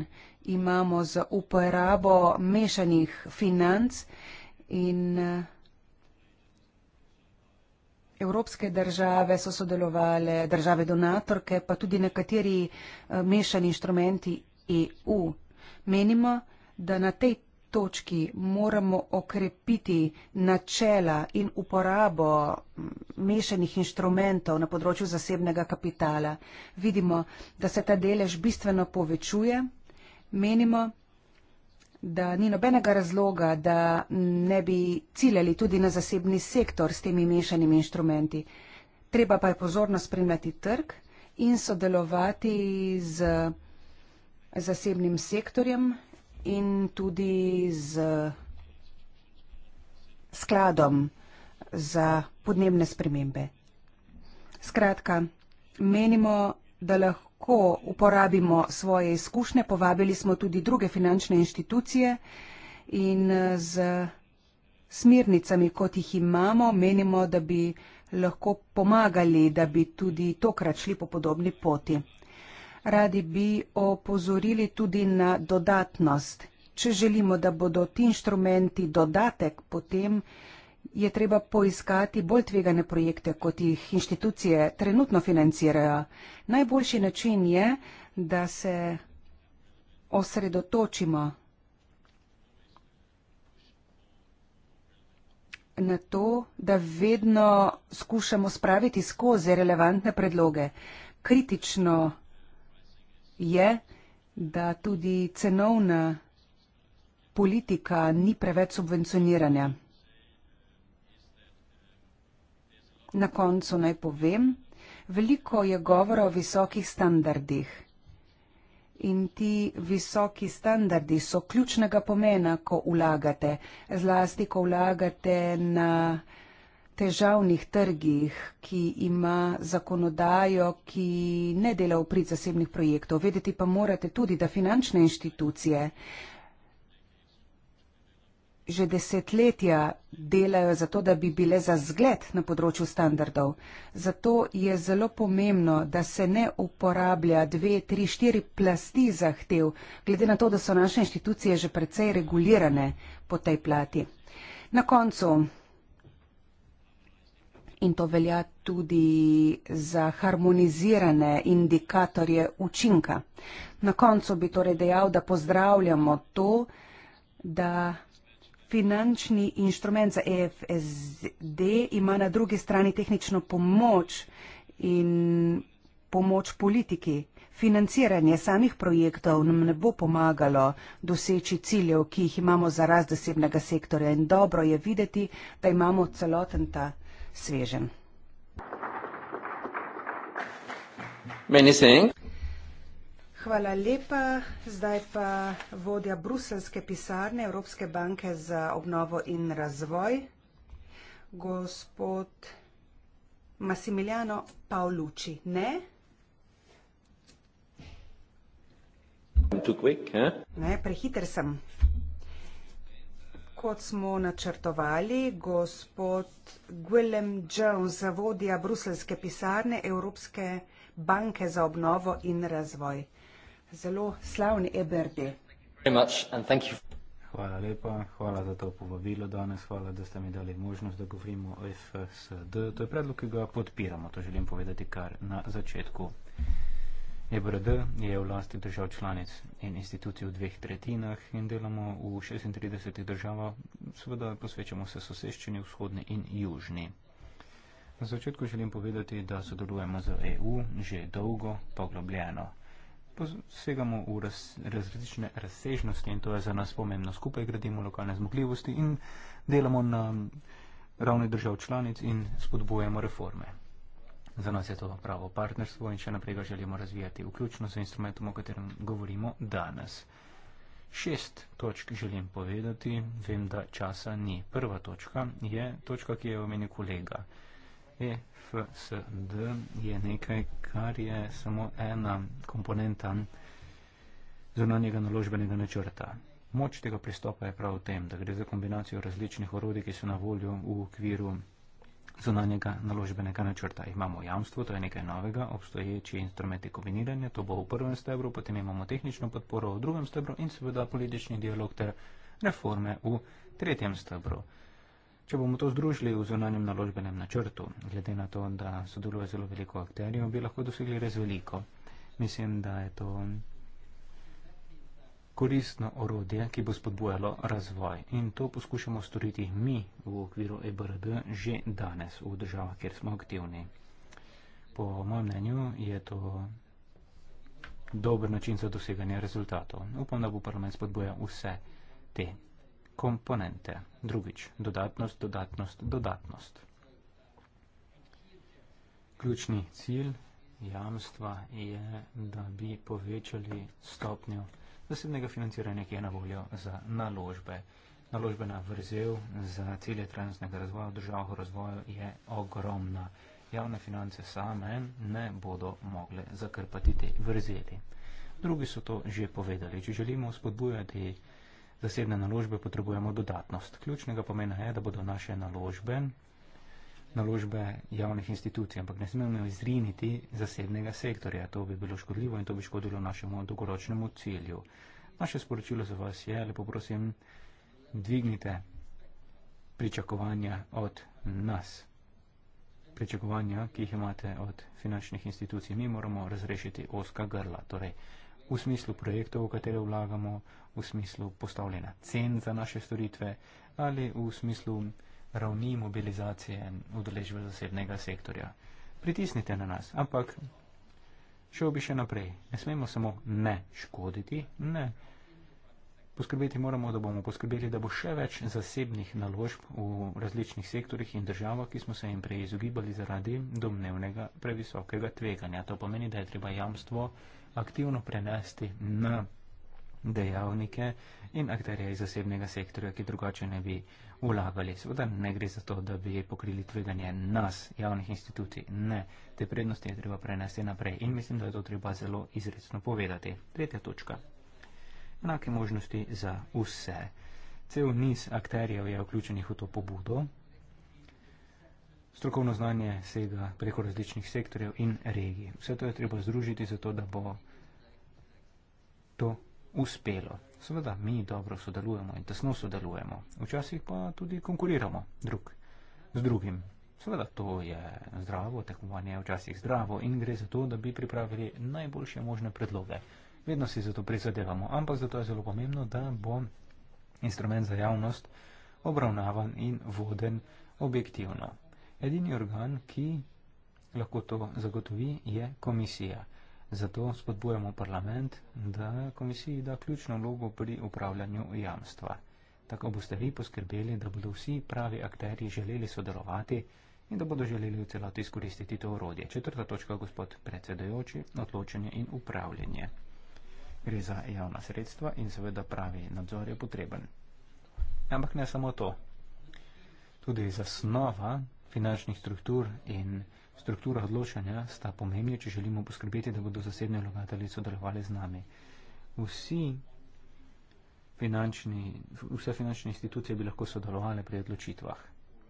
imamo z uporabo mešanih financ in eh, Evropske države so sodelovali, države donatorke, pa tudi nekateri eh, mešani inštrumenti EU. Menimo, da na tej točki moramo okrepiti načela in uporabo mm, mešanih inštrumentov na področju zasebnega kapitala. Vidimo, da se ta delež bistveno povečuje. Menimo, da ni nobenega razloga, da ne bi ciljali tudi na zasebni sektor s temi mešanimi inštrumenti. Treba pa je pozorno spremljati trg in sodelovati z zasebnim sektorjem in tudi z skladom za podnebne spremembe. Skratka, menimo, da lahko lahko uporabimo svoje izkušnje. Povabili smo tudi druge finančne inštitucije in z smirnicami, kot jih imamo, menimo, da bi lahko pomagali, da bi tudi tokrat šli po podobni poti. Radi bi opozorili tudi na dodatnost. Če želimo, da bodo ti inštrumenti dodatek, potem je treba poiskati bolj tvegane projekte, kot jih inštitucije trenutno financirajo. Najboljši način je, da se osredotočimo na to, da vedno skušamo spraviti skozi relevantne predloge. Kritično je, da tudi cenovna politika ni preveč subvencioniranja. Na koncu naj povem, veliko je govora o visokih standardih. In ti visoki standardi so ključnega pomena, ko vlagate, zlasti ko vlagate na težavnih trgih, ki ima zakonodajo, ki ne dela v prid zasebnih projektov. Vedeti pa morate tudi, da finančne inštitucije že desetletja delajo za to, da bi bile za zgled na področju standardov. Zato je zelo pomembno, da se ne uporablja dve, tri, štiri plasti zahtev, glede na to, da so naše inštitucije že precej regulirane po tej plati. Na koncu, in to velja tudi za harmonizirane indikatorje učinka, na koncu bi torej dejal, da pozdravljamo to, da finančni inštrument za EFSD ima na drugi strani tehnično pomoč in pomoč politiki. Financiranje samih projektov nam ne bo pomagalo doseči ciljev, ki jih imamo za rast zasebnega sektorja in dobro je videti, da imamo celoten ta svežen. Hvala lepa. Zdaj pa vodja bruselske pisarne Evropske banke za obnovo in razvoj, gospod Massimiliano Paoluči. Ne? Ne, prehiter sem. Kot smo načrtovali, gospod Guillem Jones, vodja bruselske pisarne Evropske banke za obnovo in razvoj zelo slavni EBRD. Hvala lepa, hvala za to povabilo danes, hvala, da ste mi dali možnost, da govorimo o FSD. To je predlog, ki ga podpiramo, to želim povedati kar na začetku. EBRD je v lasti držav članic in institucij v dveh tretjinah in delamo v 36 državah, seveda posvečamo se soseščini vzhodni in južni. Na začetku želim povedati, da sodelujemo z EU že dolgo, poglobljeno posegamo v raz, različne razsežnosti in to je za nas pomembno. Skupaj gradimo lokalne zmogljivosti in delamo na ravni držav članic in spodbujamo reforme. Za nas je to pravo partnerstvo in še naprej ga želimo razvijati, vključno z instrumentom, o katerem govorimo danes. Šest točk želim povedati, vem, da časa ni. Prva točka je točka, ki je omenil kolega. E, F, S, D je nekaj, kar je samo ena komponenta zunanjega naložbenega načrta. Moč tega pristopa je prav v tem, da gre za kombinacijo različnih orodij, ki so na voljo v okviru zunanjega naložbenega načrta. Imamo jamstvo, to je nekaj novega, obstoječi instrumenti kombiniranja, to bo v prvem stebru, potem imamo tehnično podporo v drugem stebru in seveda politični dialog ter reforme v tretjem stebru. Če bomo to združili v zunanjem naložbenem načrtu, glede na to, da sodeluje zelo veliko akterjev, bi lahko dosegli res veliko. Mislim, da je to koristno orodje, ki bo spodbujalo razvoj. In to poskušamo storiti mi v okviru EBRD že danes v državah, kjer smo aktivni. Po mojem mnenju je to dober način za doseganje rezultatov. Upam, da bo parlament spodbujal vse te komponente. Drugič, dodatnost, dodatnost, dodatnost. Ključni cilj jamstva je, da bi povečali stopnjo zasebnega financiranja, ki je na voljo za naložbe. Naložbena vrzel za cilje trenutnega razvoja v državah razvoju je ogromna. Javne finance same ne bodo mogle zakrpati te vrzeli. Drugi so to že povedali. Če želimo spodbujati zasebne naložbe potrebujemo dodatnost. Ključnega pomena je, da bodo naše naložbe, naložbe javnih institucij, ampak ne smemo izriniti zasebnega sektorja. To bi bilo škodljivo in to bi škodilo našemu dolgoročnemu cilju. Naše sporočilo za vas je, lepo prosim, dvignite pričakovanja od nas. Pričakovanja, ki jih imate od finančnih institucij, mi moramo razrešiti oska grla. Torej, v smislu projektov, v katere vlagamo, v smislu postavljena cen za naše storitve ali v smislu ravni mobilizacije in udeležbe zasebnega sektorja. Pritisnite na nas, ampak šel bi še naprej. Ne smemo samo ne škoditi, ne. Poskrbeti moramo, da bomo poskrbeli, da bo še več zasebnih naložb v različnih sektorjih in državah, ki smo se jim prej izogibali zaradi domnevnega previsokega tveganja. To pomeni, da je treba jamstvo aktivno prenesti na dejavnike in akterje iz zasebnega sektorja, ki drugače ne bi vlagali. Seveda ne gre za to, da bi pokrili tveganje nas, javnih institucij. Ne, te prednosti je treba prenesti naprej in mislim, da je to treba zelo izredno povedati. Tretja točka. Enake možnosti za vse. Cel niz akterjev je vključenih v to pobudo, strokovno znanje sega preko različnih sektorjev in regij. Vse to je treba združiti, zato da bo to uspelo. Seveda, mi dobro sodelujemo in tesno sodelujemo, včasih pa tudi konkuriramo drug z drugim. Seveda, to je zdravo, tekmovanje je včasih zdravo in gre za to, da bi pripravili najboljše možne predloge. Vedno si za to prizadevamo, ampak zato je zelo pomembno, da bo instrument za javnost obravnavan in voden objektivno. Edini organ, ki lahko to zagotovi, je komisija. Zato spodbujamo parlament, da komisiji da ključno vlogo pri upravljanju jamstva. Tako boste vi poskrbeli, da bodo vsi pravi akteri želeli sodelovati in da bodo želeli v celoti izkoristiti to urodje. Četrta točka, gospod predsedojoči, odločenje in upravljanje. Gre za javna sredstva in seveda pravi nadzor je potreben. Ampak ne samo to. Tudi zasnova finančnih struktur in strukturah odločanja sta pomembni, če želimo poskrbeti, da bodo zasebne vlagatelje sodelovali z nami. Vsi finančni, vse finančne institucije bi lahko sodelovali pri odločitvah.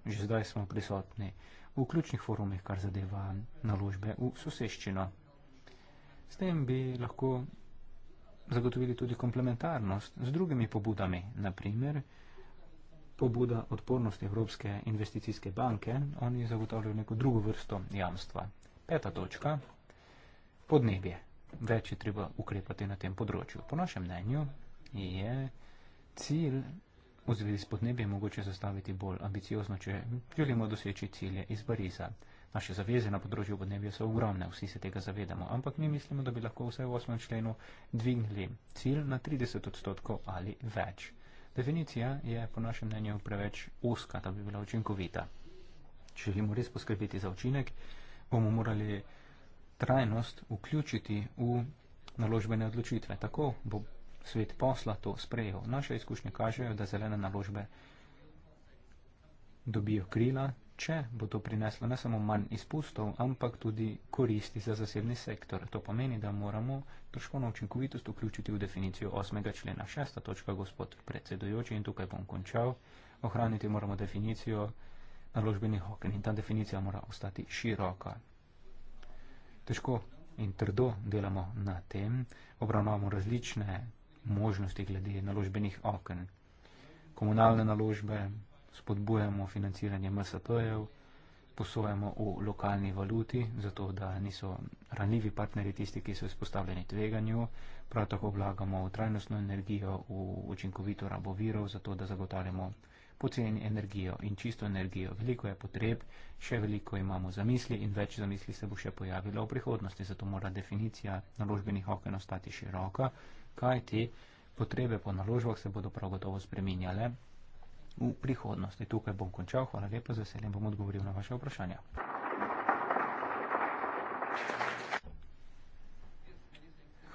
Že zdaj smo prisotni v ključnih forumih, kar zadeva naložbe v soseščino. S tem bi lahko zagotovili tudi komplementarnost z drugimi pobudami, naprimer pobuda odpornosti Evropske investicijske banke, oni zagotavljajo neko drugo vrsto jamstva. Peta točka, podnebje. Več je treba ukrepati na tem področju. Po našem mnenju je cilj v zvezi s podnebjem mogoče zastaviti bolj ambiciozno, če želimo doseči cilje iz Bariza. Naše zaveze na področju podnebja so ogromne, vsi se tega zavedamo, ampak mi mislimo, da bi lahko vsaj v osmem členu dvignili cilj na 30 odstotkov ali več. Definicija je po našem mnenju preveč uska, da bi bila učinkovita. Če želimo res poskrbeti za učinek, bomo morali trajnost vključiti v naložbene odločitve. Tako bo svet posla to sprejel. Naše izkušnje kažejo, da zelene naložbe dobijo krila, če bo to prineslo ne samo manj izpustov, ampak tudi koristi za zasebni sektor. To pomeni, da moramo troškovno učinkovitost vključiti v definicijo 8. člena 6. točka, gospod predsedujoči, in tukaj bom končal. Ohraniti moramo definicijo naložbenih okn in ta definicija mora ostati široka. Težko in trdo delamo na tem, obravnavamo različne možnosti glede naložbenih okn. Komunalne naložbe, spodbujamo financiranje MSP-jev, posojamo v lokalni valuti, zato da niso ranljivi partneri tisti, ki so izpostavljeni tveganju. Prav tako vlagamo v trajnostno energijo, v učinkovito rabo virov, zato da zagotavljamo poceni energijo in čisto energijo. Veliko je potreb, še veliko imamo zamisli in več zamisli se bo še pojavilo v prihodnosti, zato mora definicija naložbenih oken ostati široka, kaj ti potrebe po naložbah se bodo prav gotovo spreminjale v prihodnosti. Tukaj bom končal. Hvala lepa, z veseljem bom odgovoril na vaše vprašanja.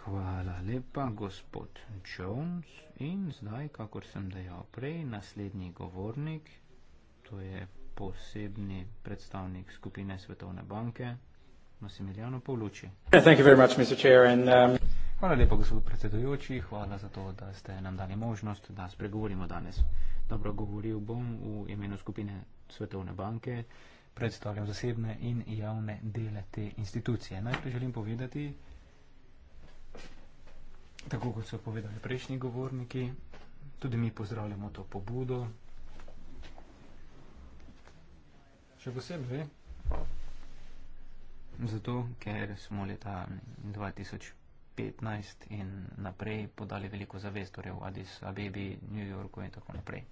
Hvala lepa, gospod Jones. In zdaj, kakor sem dejal prej, naslednji govornik, to je posebni predstavnik skupine Svetovne banke, Masimiliano Pavluči. Um, hvala lepa, gospod predsedujoči, hvala za to, da ste nam dali možnost, da spregovorimo danes. Dobro, govoril bom v imenu skupine Svetovne banke. Predstavljam zasebne in javne dele te institucije. Najprej želim povedati, tako kot so povedali prejšnji govorniki, tudi mi pozdravljamo to pobudo. Še posebej, zato ker smo leta 2015 15 in naprej podali veliko zavez, torej v Addis Abebi, New Yorku in tako naprej.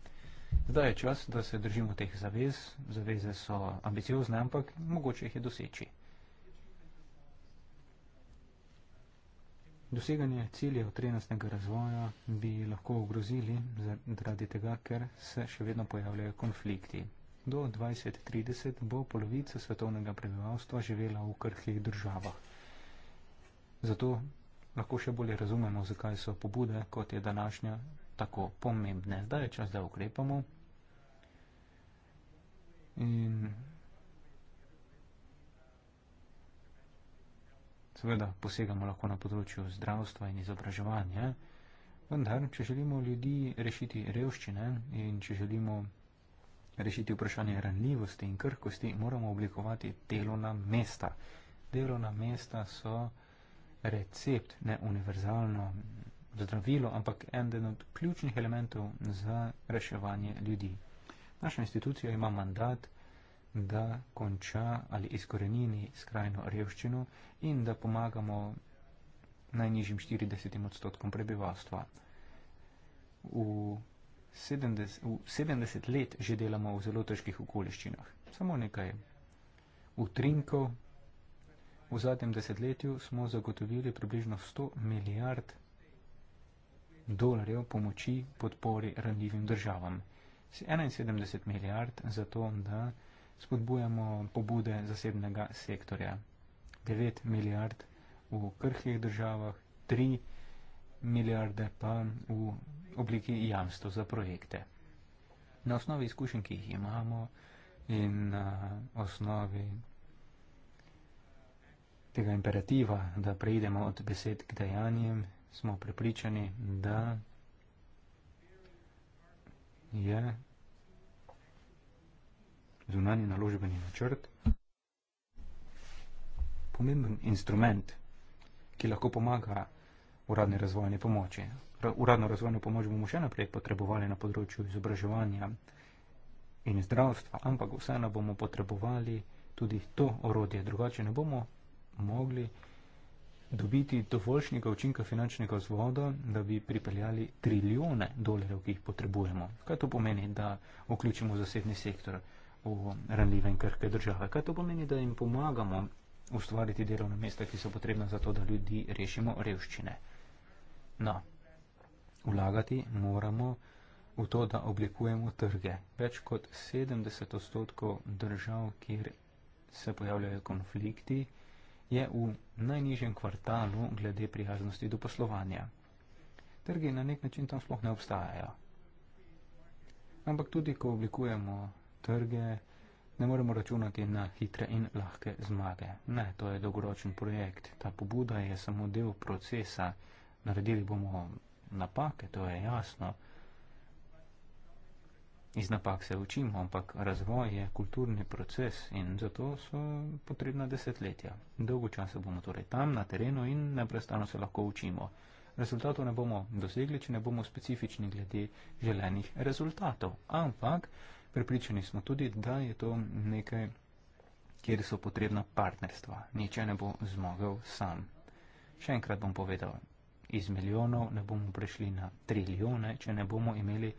Zdaj je čas, da se držimo teh zavez. Zaveze so ambiciozne, ampak mogoče jih je doseči. Doseganje ciljev 13. razvoja bi lahko ogrozili zaradi tega, ker se še vedno pojavljajo konflikti. Do 2030 bo polovica svetovnega prebivalstva živela v krhlih državah. Zato lahko še bolje razumemo, zakaj so pobude, kot je današnja, tako pomembne. Zdaj je čas, da ukrepamo. In seveda posegamo lahko na področju zdravstva in izobraževanja, vendar, če želimo ljudi rešiti revščine in če želimo rešiti vprašanje ranljivosti in krhkosti, moramo oblikovati delovna mesta. Delovna mesta so recept, ne univerzalno zdravilo, ampak eden od ključnih elementov za reševanje ljudi. Naša institucija ima mandat, da konča ali izkorenini skrajno revščino in da pomagamo najnižjim 40 odstotkom prebivalstva. V 70, v 70 let že delamo v zelo težkih okoliščinah. Samo nekaj utrinkov, V zadnjem desetletju smo zagotovili približno 100 milijard dolarjev pomoči podpori ranljivim državam. 71 milijard za to, da spodbujamo pobude zasebnega sektorja. 9 milijard v krhkih državah, 3 milijarde pa v obliki jamstva za projekte. Na osnovi izkušenj, ki jih imamo in na uh, osnovi tega imperativa, da preidemo od besed k dejanjem, smo prepričani, da je zunanji naložbeni načrt pomemben instrument, ki lahko pomaga uradni razvojni pomoči. Uradno razvojno pomoč bomo še naprej potrebovali na področju izobraževanja in zdravstva, ampak vseeno bomo potrebovali tudi to orodje. Drugače ne bomo mogli dobiti dovoljšnjega učinka finančnega vzvoda, da bi pripeljali trilijone dolarjev, ki jih potrebujemo. Kaj to pomeni, da vključimo zasebni sektor v ranljive in krhke države? Kaj to pomeni, da jim pomagamo ustvariti delovna mesta, ki so potrebna za to, da ljudi rešimo revščine? No, vlagati moramo v to, da oblikujemo trge. Več kot 70 odstotkov držav, kjer se pojavljajo konflikti, je v najnižjem kvartalu glede prijaznosti do poslovanja. Trgi na nek način tam sploh ne obstajajo. Ampak tudi, ko oblikujemo trge, ne moremo računati na hitre in lahke zmage. Ne, to je dolgoročen projekt. Ta pobuda je samo del procesa. Naredili bomo napake, to je jasno. Iz napak se učimo, ampak razvoj je kulturni proces in zato so potrebna desetletja. Dolgo časa bomo torej tam, na terenu in neprestano se lahko učimo. Rezultatov ne bomo dosegli, če ne bomo specifični glede želenih rezultatov. Ampak prepričani smo tudi, da je to nekaj, kjer so potrebna partnerstva. Niče ne bo zmogel sam. Še enkrat bom povedal, iz milijonov ne bomo prešli na trilijone, če ne bomo imeli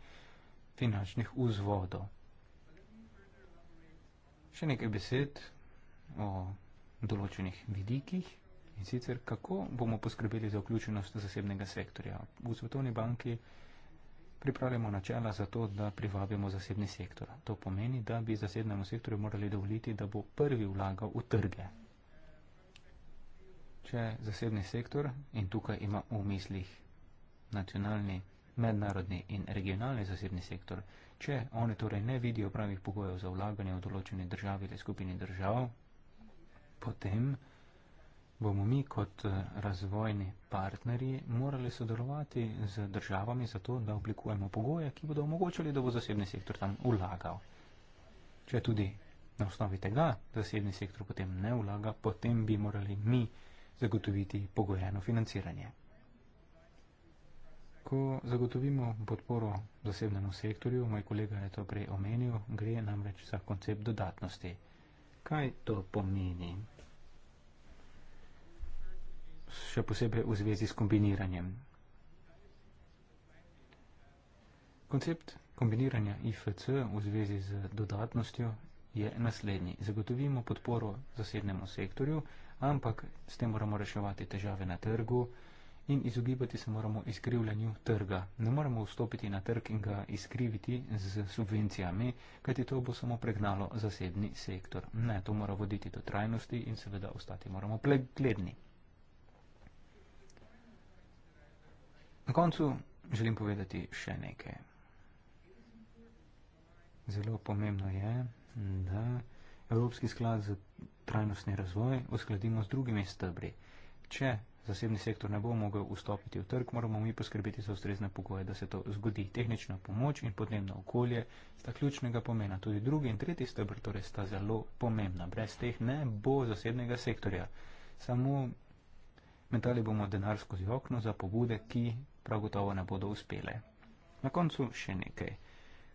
finančnih vzvodov. Še nekaj besed o določenih vidikih in sicer kako bomo poskrbeli za vključenost zasebnega sektorja. V Svetovni banki pripravljamo načela za to, da privabimo zasebni sektor. To pomeni, da bi zasebnemu sektorju morali dovoliti, da bo prvi vlagal v trge. Če zasebni sektor in tukaj ima v mislih nacionalni mednarodni in regionalni zasebni sektor, če one torej ne vidijo pravih pogojev za vlaganje v določeni državi ali skupini držav, potem bomo mi kot eh, razvojni partnerji morali sodelovati z državami za to, da oblikujemo pogoje, ki bodo omogočali, da bo zasebni sektor tam vlagal. Če tudi na osnovi tega zasebni sektor potem ne vlaga, potem bi morali mi zagotoviti pogojeno financiranje ko zagotovimo podporo zasebnemu sektorju, moj kolega je to prej omenil, gre namreč za koncept dodatnosti. Kaj to pomeni? Še posebej v zvezi s kombiniranjem. Koncept kombiniranja IFC v zvezi z dodatnostjo je naslednji. Zagotovimo podporo zasebnemu sektorju, ampak s tem moramo reševati težave na trgu, in izogibati se moramo izkrivljanju trga. Ne moremo vstopiti na trg in ga izkriviti z subvencijami, kajti to bo samo pregnalo zasebni sektor. Ne, to mora voditi do trajnosti in seveda ostati moramo pregledni. Na koncu želim povedati še nekaj. Zelo pomembno je, da Evropski sklad za trajnostni razvoj uskladimo z drugimi stebri. Če zasebni sektor ne bo mogel vstopiti v trg, moramo mi poskrbeti za ustrezne pogoje, da se to zgodi. Tehnična pomoč in podnebno okolje sta ključnega pomena. Tudi drugi in tretji stebr torej sta zelo pomembna. Brez teh ne bo zasebnega sektorja. Samo metali bomo denar skozi okno za pobude, ki prav gotovo ne bodo uspele. Na koncu še nekaj.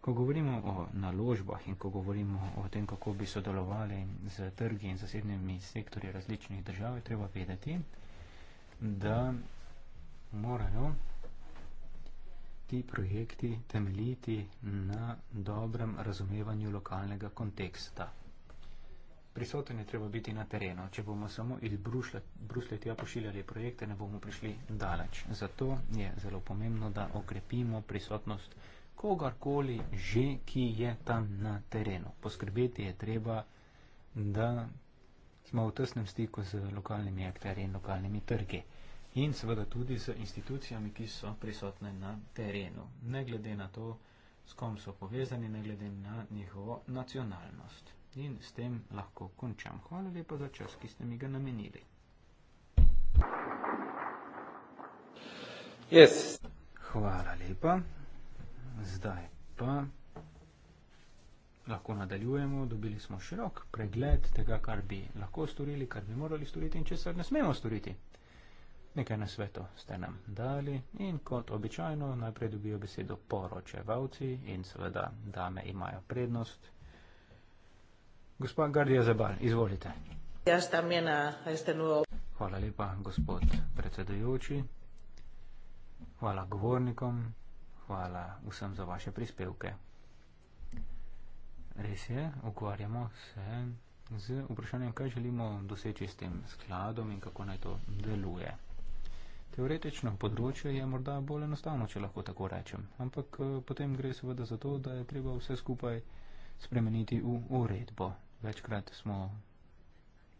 Ko govorimo o naložbah in ko govorimo o tem, kako bi sodelovali z trgi in zasebnimi sektorji različnih držav, je treba vedeti, da morajo ti projekti temeljiti na dobrem razumevanju lokalnega konteksta. Prisoten je treba biti na terenu. Če bomo samo iz Bruslja tja pošiljali projekte, ne bomo prišli daleč. Zato je zelo pomembno, da okrepimo prisotnost kogarkoli že, ki je tam na terenu. Poskrbeti je treba, da smo v tesnem stiku z lokalnimi akterji in lokalnimi trgi. In seveda tudi z institucijami, ki so prisotne na terenu, ne glede na to, s kom so povezani, ne glede na njihovo nacionalnost. In s tem lahko končam. Hvala lepa za čas, ki ste mi ga namenili. Yes. Hvala lepa. Zdaj pa lahko nadaljujemo, dobili smo širok pregled tega, kar bi lahko storili, kar bi morali storiti in česar ne smemo storiti. Nekaj nasvetov ste nam dali in kot običajno najprej dobijo besedo poročevalci in seveda dame imajo prednost. Gospa Gardija Zabal, izvolite. Hvala lepa, gospod predsedujoči. Hvala govornikom. Hvala vsem za vaše prispevke. Res je, ukvarjamo se z vprašanjem, kaj želimo doseči s tem skladom in kako naj to deluje. Teoretično področje je morda bolj enostavno, če lahko tako rečem, ampak eh, potem gre seveda za to, da je treba vse skupaj spremeniti v uredbo. Večkrat smo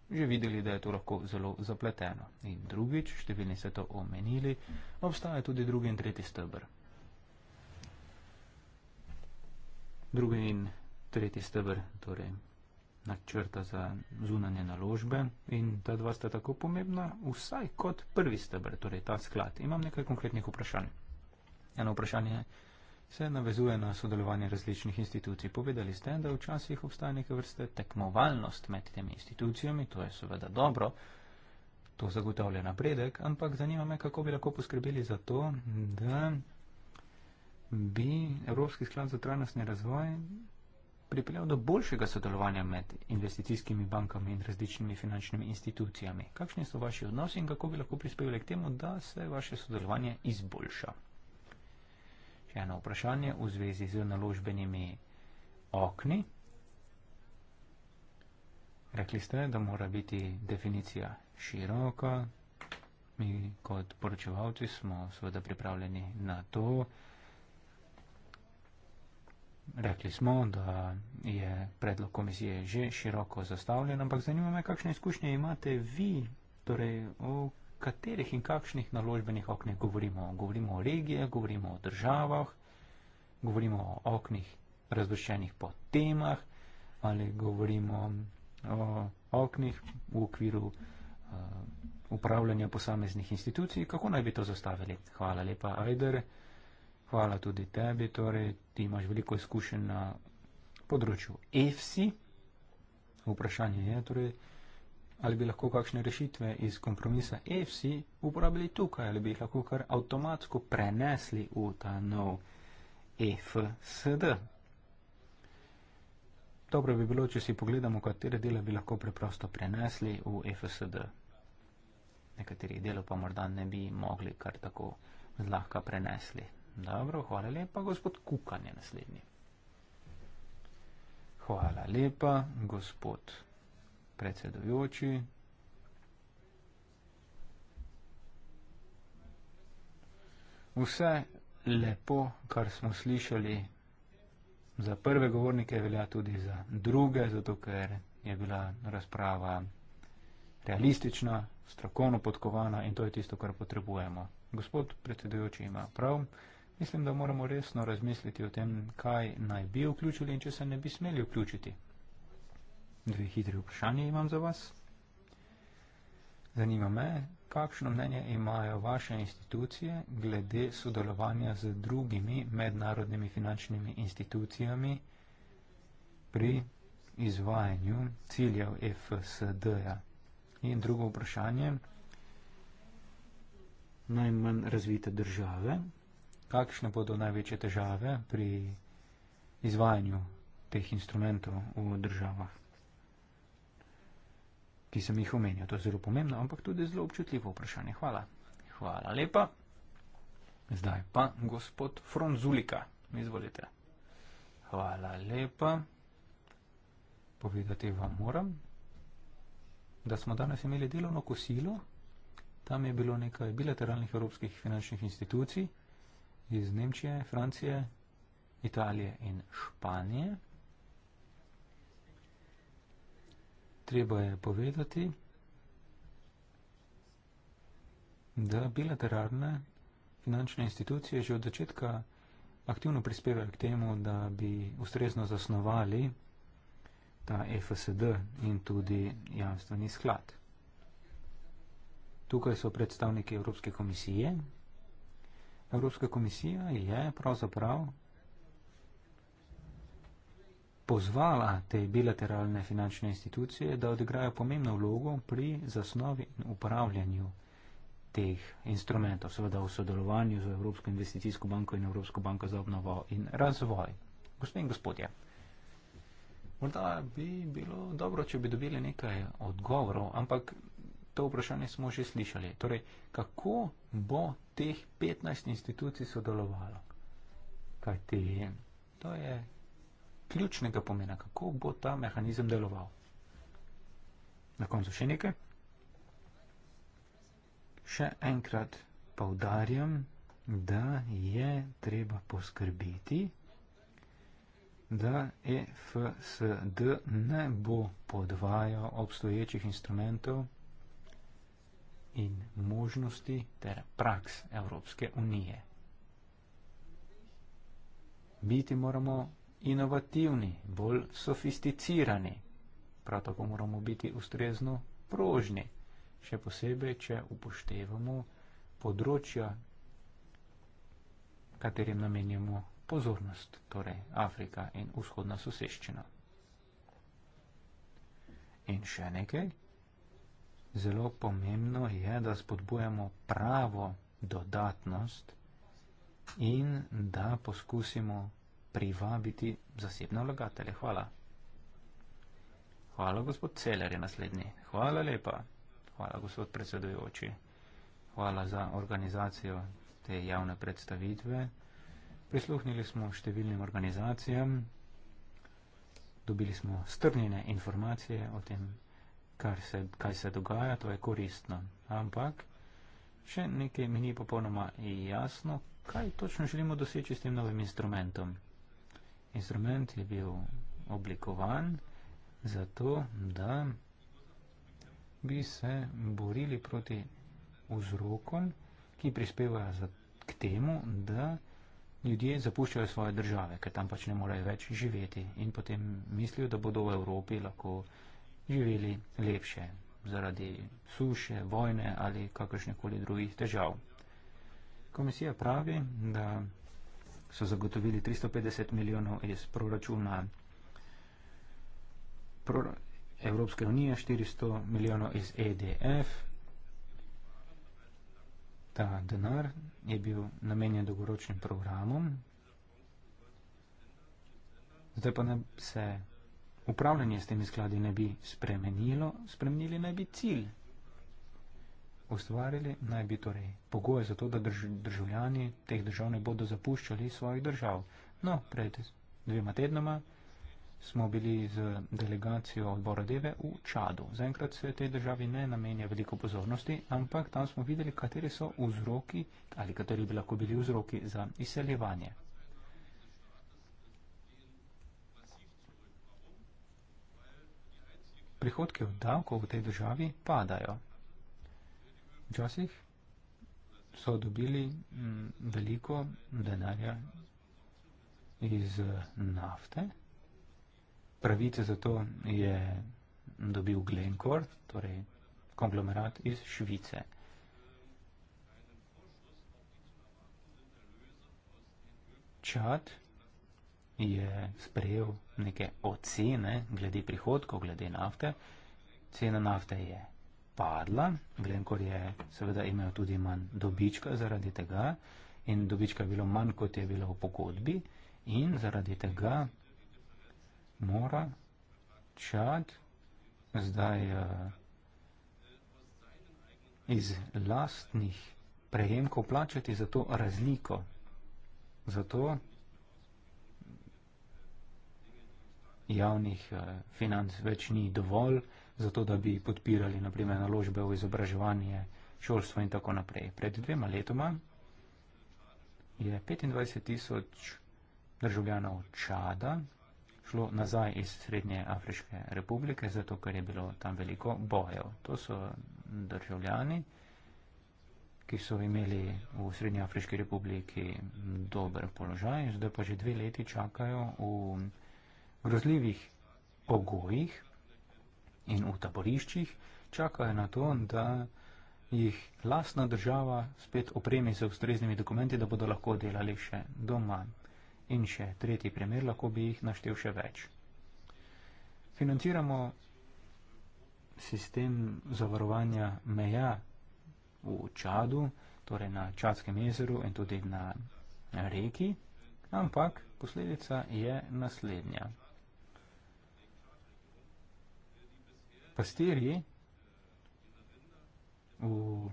že videli, da je to lahko zelo zapleteno. In drugič, številni ste to omenili, obstaja tudi drugi in tretji stebr. Drugi in tretji stebr, torej načrta za zunanje naložbe in ta dva sta tako pomembna, vsaj kot prvi stebr, torej ta sklad. Imam nekaj konkretnih vprašanj. Eno vprašanje se navezuje na sodelovanje različnih institucij. Povedali ste, da včasih obstaja neke vrste tekmovalnost med temi institucijami, to je seveda dobro, to zagotavlja napredek, ampak zanima me, kako bi lahko poskrbeli za to, da bi Evropski sklad za trajnostni razvoj pripeljal do boljšega sodelovanja med investicijskimi bankami in različnimi finančnimi institucijami. Kakšni so vaši odnosi in kako bi lahko prispevali k temu, da se vaše sodelovanje izboljša? Še eno vprašanje v zvezi z naložbenimi okni. Rekli ste, da mora biti definicija široka. Mi kot poročevalci smo seveda pripravljeni na to, da Rekli smo, da je predlog komisije že široko zastavljen, ampak zanima me, kakšne izkušnje imate vi, torej v katerih in kakšnih naložbenih oknih govorimo. Govorimo o regije, govorimo o državah, govorimo o oknih razvrščenih po temah ali govorimo o oknih v okviru uh, upravljanja posameznih institucij. Kako naj bi to zastavili? Hvala lepa, Ajder. Hvala tudi tebi, torej ti imaš veliko izkušenj na področju EFSI. Vprašanje je torej, ali bi lahko kakšne rešitve iz kompromisa EFSI uporabili tukaj, ali bi jih lahko kar avtomatsko prenesli v ta nov EFSD. Dobro bi bilo, če si pogledamo, katere dele bi lahko preprosto prenesli v EFSD. Nekaterih delov pa morda ne bi mogli kar tako zlahka prenesli. Dobro, hvala lepa. Gospod Kukan je naslednji. Hvala lepa, gospod predsedujoči. Vse lepo, kar smo slišali za prve govornike, velja tudi za druge, zato ker je bila razprava realistična, strokovno podkovana in to je tisto, kar potrebujemo. Gospod predsedujoči ima prav. Mislim, da moramo resno razmisliti o tem, kaj naj bi vključili in če se ne bi smeli vključiti. Dve hitri vprašanje imam za vas. Zanima me, kakšno mnenje imajo vaše institucije glede sodelovanja z drugimi mednarodnimi finančnimi institucijami pri izvajanju ciljev FSD-ja. In drugo vprašanje. Najmanj razvite države, kakšne bodo največje težave pri izvajanju teh instrumentov v državah, ki sem jih omenil. To je zelo pomembno, ampak tudi zelo občutljivo vprašanje. Hvala. Hvala lepa. Zdaj pa gospod Fronzulika. Izvolite. Hvala lepa. Povedati vam moram, da smo danes imeli delovno kosilo. Tam je bilo nekaj bilateralnih evropskih finančnih institucij iz Nemčije, Francije, Italije in Španije. Treba je povedati, da bilateralne finančne institucije že od začetka aktivno prispevajo k temu, da bi ustrezno zasnovali ta FSD in tudi jamstveni sklad. Tukaj so predstavniki Evropske komisije, Evropska komisija je pravzaprav pozvala te bilateralne finančne institucije, da odigrajo pomembno vlogo pri zasnovi in upravljanju teh instrumentov, seveda v sodelovanju z Evropsko investicijsko banko in Evropsko banko za obnovo in razvoj. Gospod in gospodje, morda bi bilo dobro, če bi dobili nekaj odgovorov, ampak to vprašanje smo že slišali. Torej, kako bo teh 15 institucij sodelovalo? Kaj ti je? To je ključnega pomena, kako bo ta mehanizem deloval. Na koncu še nekaj. Še enkrat povdarjam, da je treba poskrbeti, da EFSD ne bo podvajal obstoječih instrumentov in možnosti ter praks Evropske unije. Biti moramo inovativni, bolj sofisticirani, prav tako moramo biti ustrezno prožni, še posebej, če upoštevamo področja, katerim namenjamo pozornost, torej Afrika in vzhodna soseščina. In še nekaj zelo pomembno je, da spodbujamo pravo dodatnost in da poskusimo privabiti zasebne vlagatelje. Hvala. Hvala, gospod Celer je naslednji. Hvala lepa. Hvala, gospod predsedujoči. Hvala za organizacijo te javne predstavitve. Prisluhnili smo številnim organizacijam, dobili smo strnjene informacije o tem kar se, kaj se dogaja, to je koristno. Ampak še nekaj mi ni popolnoma jasno, kaj točno želimo doseči s tem novim instrumentom. Instrument je bil oblikovan zato, da bi se borili proti vzrokom, ki prispevajo k temu, da ljudje zapuščajo svoje države, ker tam pač ne morejo več živeti in potem mislijo, da bodo v Evropi lahko živeli lepše zaradi suše, vojne ali kakršnekoli drugih težav. Komisija pravi, da so zagotovili 350 milijonov iz proračuna Pro Evropske unije, 400 milijonov iz EDF. Ta denar je bil namenjen dolgoročnim programom. Zdaj pa ne se upravljanje s temi skladi ne bi spremenilo, spremenili naj bi cilj. Ustvarili naj bi torej pogoje za to, da drž državljani teh držav ne bodo zapuščali svojih držav. No, pred dvema tednoma smo bili z delegacijo odbora Deve v Čadu. Zaenkrat se tej državi ne namenja veliko pozornosti, ampak tam smo videli, kateri so vzroki ali kateri bi lahko bili vzroki za izseljevanje. prihodke od davkov v tej državi padajo. Včasih so dobili mm, veliko denarja iz eh, nafte. Pravice za to je dobil Glencore, torej konglomerat iz Švice. Čad je sprejel neke ocene glede prihodkov, glede nafte. Cena nafte je padla, Glenkor je seveda imel tudi manj dobička zaradi tega in dobička je bilo manj, kot je bilo v pogodbi in zaradi tega mora čad zdaj uh, iz lastnih prejemkov plačati za to razliko. Zato javnih eh, financ več ni dovolj, zato da bi podpirali naprimer naložbe v izobraževanje, šolstvo in tako naprej. Pred dvema letoma je 25 tisoč državljanov Čada šlo nazaj iz Srednje Afriške republike, zato ker je bilo tam veliko bojev. To so državljani, ki so imeli v Srednje Afriški republiki dober položaj, zdaj pa že dve leti čakajo v Srednje Afriške republike grozljivih pogojih in v taboriščih čakajo na to, da jih lasna država spet opremi z ustreznimi dokumenti, da bodo lahko delali še doma. In še tretji primer, lahko bi jih naštel še več. Financiramo sistem zavarovanja meja v Čadu, torej na Čadskem jezeru in tudi na reki, ampak posledica je naslednja. pastirji v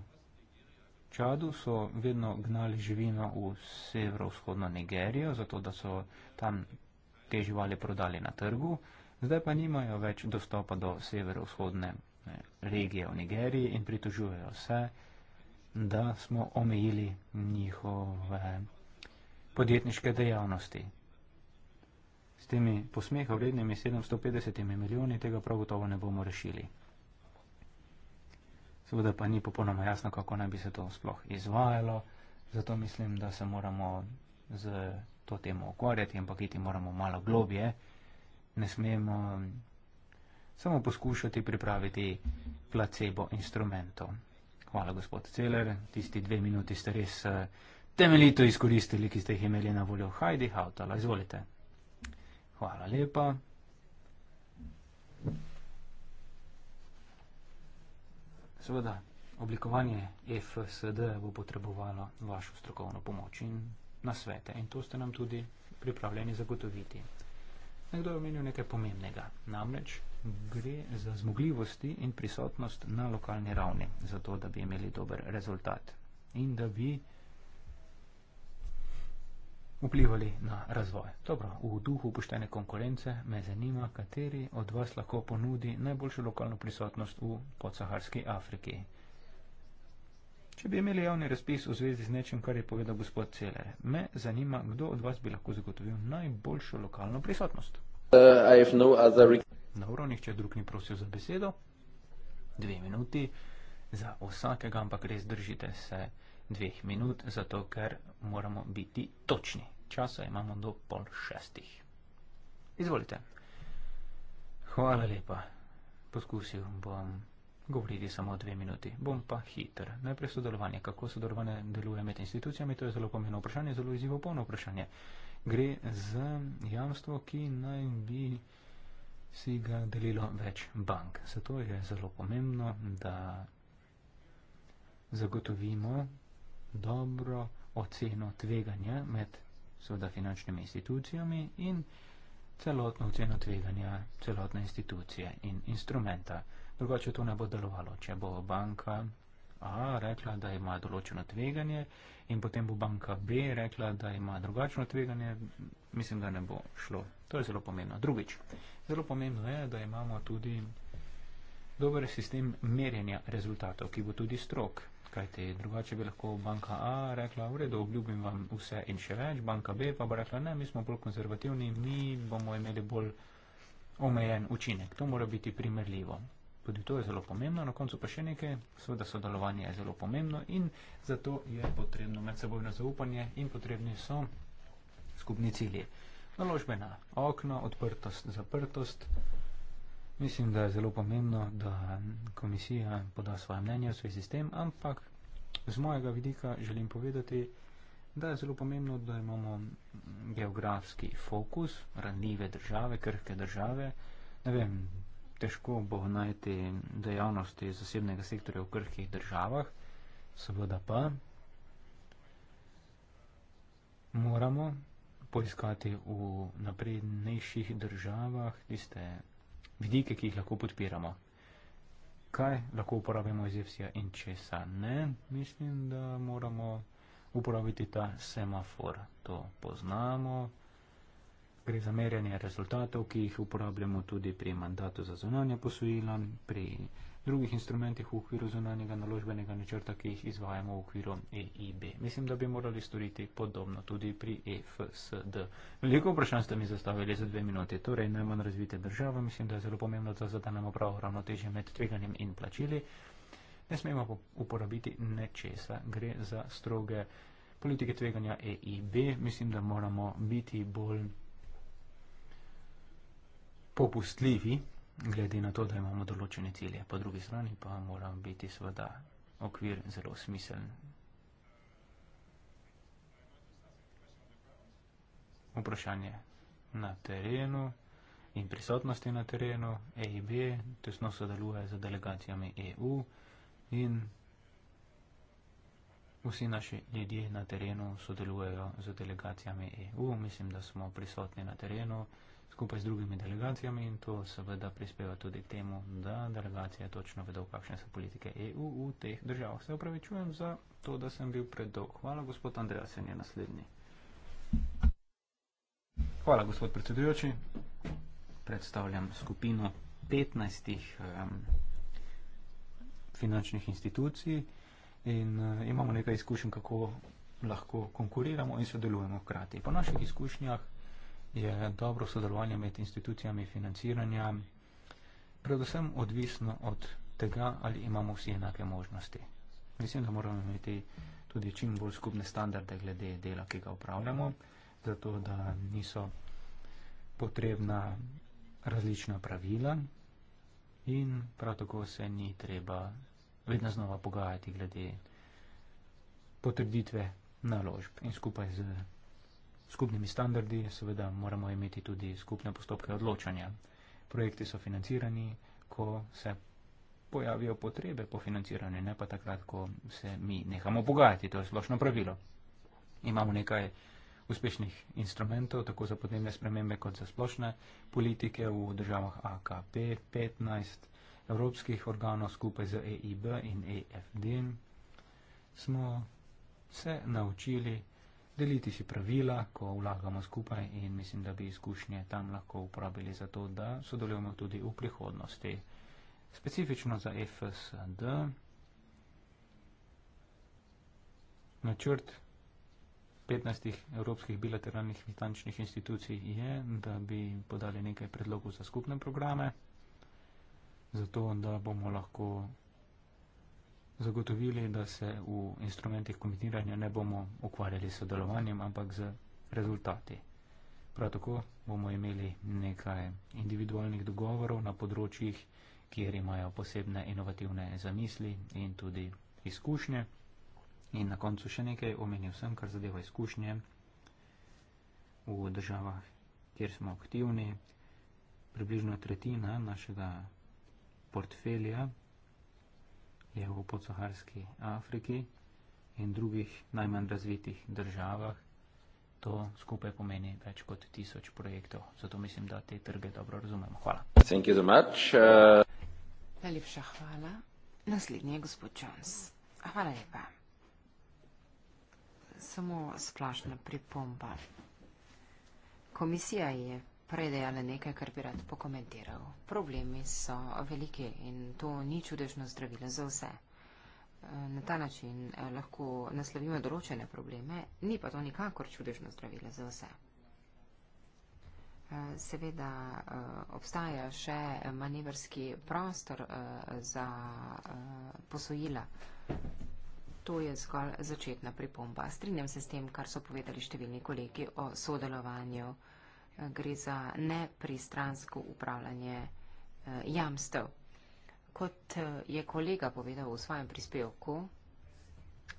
Čadu so vedno gnali živino v severovzhodno Nigerijo, zato da so tam te živali prodali na trgu. Zdaj pa nimajo več dostopa do severovzhodne regije v Nigeriji in pritožujejo se, da smo omejili njihove podjetniške dejavnosti s temi posmeha vrednimi 750 milijoni tega prav gotovo ne bomo rešili. Seveda pa ni popolnoma jasno, kako naj bi se to sploh izvajalo, zato mislim, da se moramo z to temo ukvarjati, ampak iti moramo malo globje. Ne smemo mm, samo poskušati pripraviti placebo instrumentov. Hvala, gospod Celer, tisti dve minuti ste res eh, temeljito izkoristili, ki ste jih imeli na voljo. Hajdi, Hautala, izvolite. Hvala lepa. Seveda, oblikovanje FSD bo potrebovalo vašo strokovno pomoč in nasvete in to ste nam tudi pripravljeni zagotoviti. Nekdo je omenil nekaj pomembnega, namreč gre za zmogljivosti in prisotnost na lokalni ravni, zato da bi imeli dober rezultat in da bi vplivali na razvoj. Dobro, v duhu poštene konkurence me zanima, kateri od vas lahko ponudi najboljšo lokalno prisotnost v podsaharski Afriki. Če bi imeli javni razpis v zvezi z nečim, kar je povedal gospod Celer, me zanima, kdo od vas bi lahko zagotovil najboljšo lokalno prisotnost. Uh, no other... Na uro nihče drug ni prosil za besedo. Dve minuti za vsakega, ampak res držite se dveh minut, zato ker moramo biti točni. Časa imamo do pol šestih. Izvolite. Hvala lepa. Poskusil bom govoriti samo dve minuti. Bom pa hiter. Najprej sodelovanje. Kako sodelovanje deluje med institucijami? To je zelo pomembno vprašanje, zelo izjivo polno vprašanje. Gre za jamstvo, ki naj bi si ga delilo več bank. Zato je zelo pomembno, da zagotovimo dobro oceno tveganja med seveda finančnimi institucijami in celotno oceno tveganja celotne institucije in instrumenta. Drugače to ne bo delovalo, če bo banka A rekla, da ima določeno tveganje in potem bo banka B rekla, da ima drugačno tveganje, mislim, da ne bo šlo. To je zelo pomembno. Drugič, zelo pomembno je, da imamo tudi dober sistem merjenja rezultatov, ki bo tudi strok kajte drugače bi lahko banka A rekla, v redu, obljubim vam vse in še več, banka B pa bo rekla, ne, mi smo bolj konzervativni, mi bomo imeli bolj omejen učinek. To mora biti primerljivo. Tudi to je zelo pomembno, na koncu pa še nekaj, seveda sodelovanje je zelo pomembno in zato je potrebno medsebojno zaupanje in potrebni so skupni cilji. Naložbena okno, odprtost, zaprtost. Mislim, da je zelo pomembno, da komisija poda svoje mnenje v svoj sistem, ampak z mojega vidika želim povedati, da je zelo pomembno, da imamo geografski fokus, ranljive države, krhke države. Ne vem, težko bo najti dejavnosti zasebnega sektorja v krhkih državah, seveda pa moramo poiskati v naprednejših državah tiste države, vidike, ki jih lahko podpiramo. Kaj lahko uporabimo iz EFSI-ja in česa ne? Mislim, da moramo uporabiti ta semafor. To poznamo. Gre za merjanje rezultatov, ki jih uporabljamo tudi pri mandatu za zunanje posojila, pri drugih instrumentih v okviru zunanjega naložbenega načrta, ki jih izvajamo v okviru EIB. Mislim, da bi morali storiti podobno tudi pri EFSD. Veliko vprašanj ste mi zastavili za dve minute. Torej, najmanj razvite države, mislim, da je zelo pomembno, da zadanemo pravo ravnotežje med tveganjem in plačili. Ne smemo uporabiti nečesa. Gre za stroge politike tveganja EIB. Mislim, da moramo biti bolj popustljivi glede na to, da imamo določene cilje. Po drugi strani pa mora biti seveda okvir zelo smiseln. Vprašanje na terenu in prisotnosti na terenu EIB tesno sodeluje z delegacijami EU in vsi naši ljudje na terenu sodelujejo z delegacijami EU. Mislim, da smo prisotni na terenu skupaj z drugimi delegacijami in to seveda prispeva tudi k temu, da delegacije točno vedo, kakšne so politike EU v teh državah. Se upravičujem za to, da sem bil predolg. Hvala, gospod Andreas, in je naslednji. Hvala, gospod predsedujoči. Predstavljam skupino 15 um, finančnih institucij in uh, imamo nekaj izkušenj, kako lahko konkuriramo in sodelujemo hkrati. Po naših izkušnjah je dobro sodelovanje med institucijami financiranja predvsem odvisno od tega, ali imamo vsi enake možnosti. Mislim, da moramo imeti tudi čim bolj skupne standarde glede dela, ki ga upravljamo, zato da niso potrebna različna pravila in prav tako se ni treba vedno znova pogajati glede potrditve naložb in skupaj z skupnimi standardi, seveda moramo imeti tudi skupne postopke odločanja. Projekti so financirani, ko se pojavijo potrebe po financiranju, ne pa takrat, ko se mi nehamo pogajati. To je splošno pravilo. Imamo nekaj uspešnih instrumentov, tako za podnebne spremembe, kot za splošne politike v državah AKP 15, evropskih organov skupaj z EIB in EFD. Smo se naučili deliti si pravila, ko vlagamo skupaj in mislim, da bi izkušnje tam lahko uporabili za to, da sodelujemo tudi v prihodnosti. Specifično za FSD načrt 15 evropskih bilateralnih finančnih institucij je, da bi podali nekaj predlogov za skupne programe, zato da bomo lahko zagotovili, da se v instrumentih komitiranja ne bomo ukvarjali s sodelovanjem, ampak z rezultati. Prav tako bomo imeli nekaj individualnih dogovorov na področjih, kjer imajo posebne inovativne zamisli in tudi izkušnje. In na koncu še nekaj omenil sem, kar zadeva izkušnje v državah, kjer smo aktivni. Približno tretjina našega portfelja v podsaharski Afriki in drugih najmanj razvitih državah. To skupaj pomeni več kot tisoč projektov. Zato mislim, da te trge dobro razumemo. Hvala. Najlepša uh... hvala. Naslednji je gospod Jones. Hvala lepa. Samo splošna pripomba. Komisija je prej dejala nekaj, kar bi rad pokomentiral. Problemi so veliki in to ni čudežno zdravilo za vse. Na ta način eh, lahko naslovimo določene probleme, ni pa to nikakor čudežno zdravilo za vse. Eh, seveda eh, obstaja še manevrski prostor za posojila. To je zgolj začetna pripomba. Strinjam se s tem, kar so povedali številni kolegi o sodelovanju gre za nepristransko upravljanje eh, jamstev. Kot eh, je kolega povedal v svojem prispevku,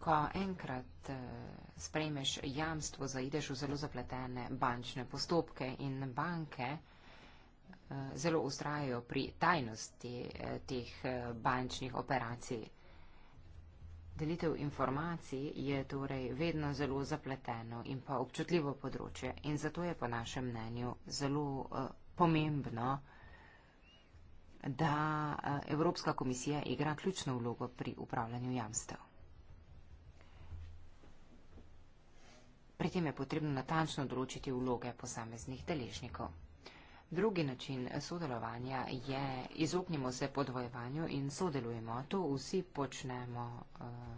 ko enkrat eh, sprejmeš jamstvo, zaideš v zelo zapletene bančne postopke in banke zelo ustrajajo pri tajnosti teh bančnih operacij. Delitev informacij je torej vedno zelo zapleteno in pa občutljivo področje in zato je po našem mnenju zelo eh, pomembno, da eh, Evropska komisija igra ključno vlogo pri upravljanju jamstev. Pri tem je potrebno natančno določiti vloge posameznih deležnikov. Drugi način sodelovanja je izognimo se podvojevanju in sodelujemo. To vsi počnemo uh, eh,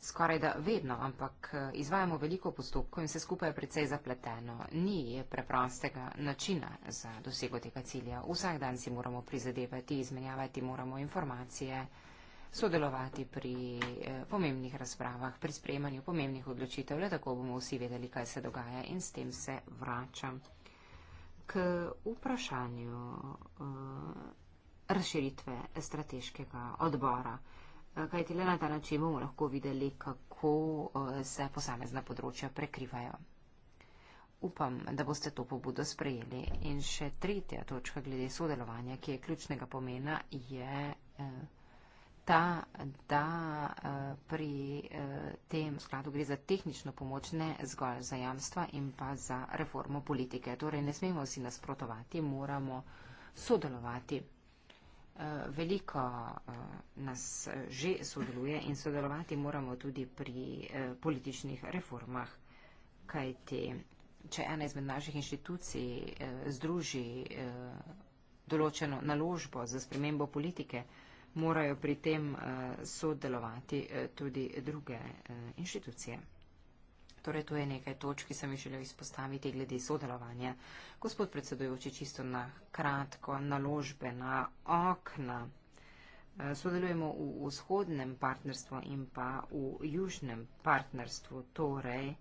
skoraj da vedno, ampak eh, izvajamo veliko postopkov in vse skupaj je precej zapleteno. Ni preprostega načina za dosego tega cilja. Vsak dan si moramo prizadevati, izmenjavati moramo informacije, sodelovati pri uh, pomembnih razpravah, pri sprejemanju pomembnih odločitev, le tako bomo vsi vedeli, kaj se dogaja in s tem se vračam k vprašanju uh, razširitve strateškega odbora. Eh, Kaj ti le na ta način bomo lahko videli, kako eh, se posamezna področja prekrivajo. Upam, da boste to pobudo sprejeli. In še tretja točka glede sodelovanja, ki je ključnega pomena, je. Uh, ta, da eh, pri eh, tem skladu gre za tehnično pomoč, ne zgolj za jamstva in pa za reformo politike. Torej, ne smemo si nasprotovati, moramo sodelovati. Eh, veliko nas že sodeluje in sodelovati moramo tudi pri političnih reformah, kajti če ena izmed naših inštitucij združi določeno naložbo za spremembo politike, morajo pri tem eh, sodelovati eh, tudi druge eh, inštitucije. Torej, to je nekaj točk, ki sem jih želel izpostaviti glede sodelovanja. Gospod predsedujoči, čisto na kratko, naložbe na okna. Sodelujemo v vzhodnem partnerstvu in pa v južnem partnerstvu. Torej,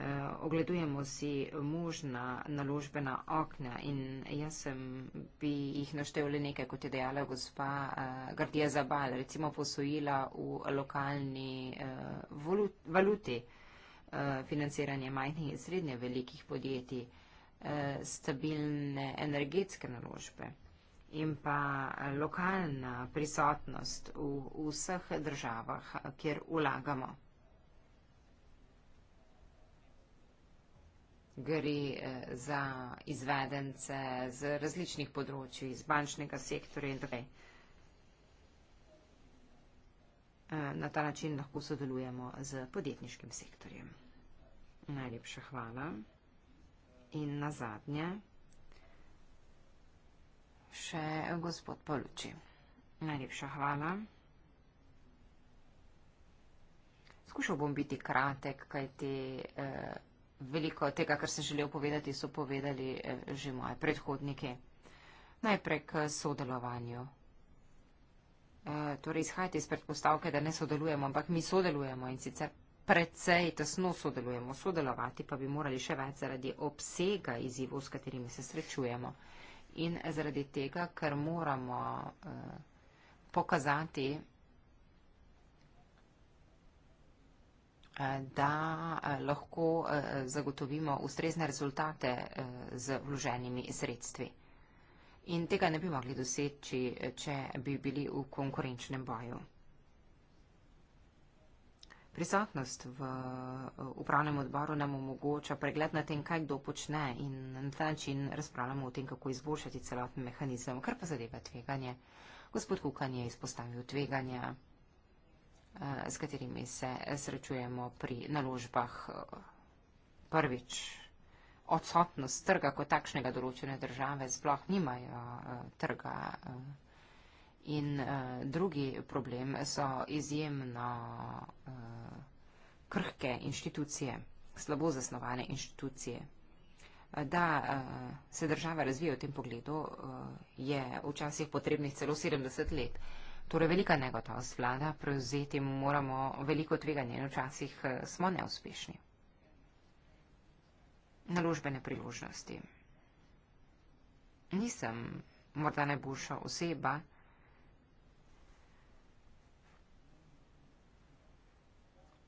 Eh, ogledujemo si možna naložbena okna in jaz sem, bi jih naštel le nekaj, kot je dejala gospa uh, Gardija Zabal, recimo posojila v lokalni uh, volut, valuti, uh, financiranje majhnih in srednje velikih podjetij, uh, stabilne energetske naložbe in pa lokalna prisotnost v, v vseh državah, kjer ulagamo. gre eh, za izvedence z različnih področji, iz bančnega sektorja in tako. Eh, na ta način lahko sodelujemo z podjetniškim sektorjem. Najlepša hvala. In na zadnje še gospod Poluči. Najlepša hvala. Skušal bom biti kratek, kaj ti eh, veliko tega, kar sem želel povedati, so povedali eh, že moje predhodniki. Najprej k sodelovanju. Eh, torej, izhajati iz predpostavke, da ne sodelujemo, ampak mi sodelujemo in sicer precej tesno sodelujemo. Sodelovati pa bi morali še več zaradi obsega izzivov, s katerimi se srečujemo. In zaradi tega, ker moramo eh, pokazati Eh, da eh, lahko eh, zagotovimo ustrezne rezultate z vloženimi sredstvi. In tega ne bi mogli doseči, če bi bili v konkurenčnem boju. Prisotnost v upravnem odboru nam omogoča pregled na tem, kaj kdo počne in na ta način razpravljamo o tem, kako izboljšati celotni mehanizem, kar pa zadeva tveganje. Gospod Kukan je izpostavil tveganja z eh, katerimi se srečujemo pri naložbah. Eh, prvič, odsotnost trga kot takšnega določene države sploh nimajo eh, trga. In drugi problem so izjemno krhke inštitucije, slabo zasnovane inštitucije. Da se država razvije v tem pogledu, je včasih potrebnih celo 70 let. Torej, velika negotovost vlada, prevzeti moramo veliko tveganje in včasih eh, smo neuspešni. Naložbene priložnosti. Nisem morda najboljša oseba,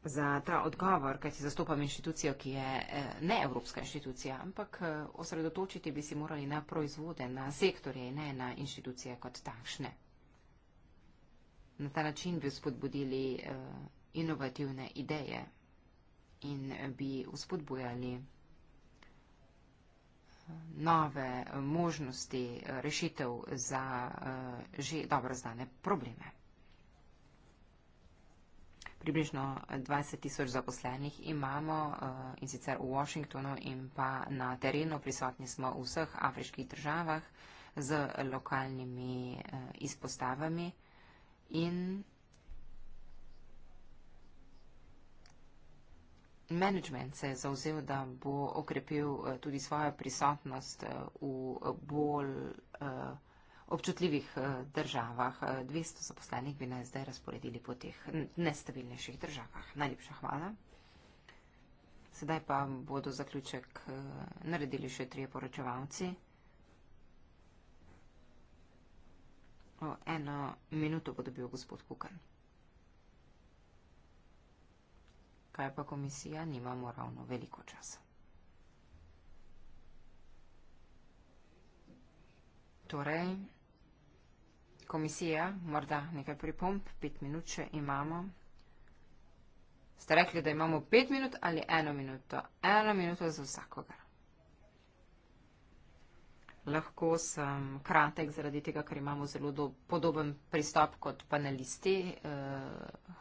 Za ta odgovor, kaj ti zastopam inštitucijo, ki je eh, ne evropska inštitucija, ampak eh, osredotočiti bi si morali na proizvode, na sektorje in ne na inštitucije kot takšne na ta način bi spodbudili uh, inovativne ideje in bi spodbujali eh, nove eh, možnosti rešitev za uh, že dobro znane probleme. Približno 20 tisoč zaposlenih imamo uh, in sicer v Washingtonu in pa na terenu prisotni smo v vseh afriških državah z lokalnimi uh, izpostavami. Uh, in management se je zauzel, da bo okrepil eh, tudi svojo prisotnost eh, v bolj eh, občutljivih državah. 200 zaposlenih bi naj zdaj razporedili po teh nestabilnejših državah. Najlepša hvala. Sedaj pa bodo zaključek naredili še trije poročevalci. O, eno minuto bo dobil gospod Kukan. Kaj pa komisija, nimamo ravno veliko časa. Torej, komisija, morda nekaj pripomp, pet minut še imamo. Ste rekli, da imamo pet minut ali eno minuto? Eno minuto za vsakogar lahko sem kratek zaradi tega, ker imamo zelo do, podoben pristop kot panelisti. Eh,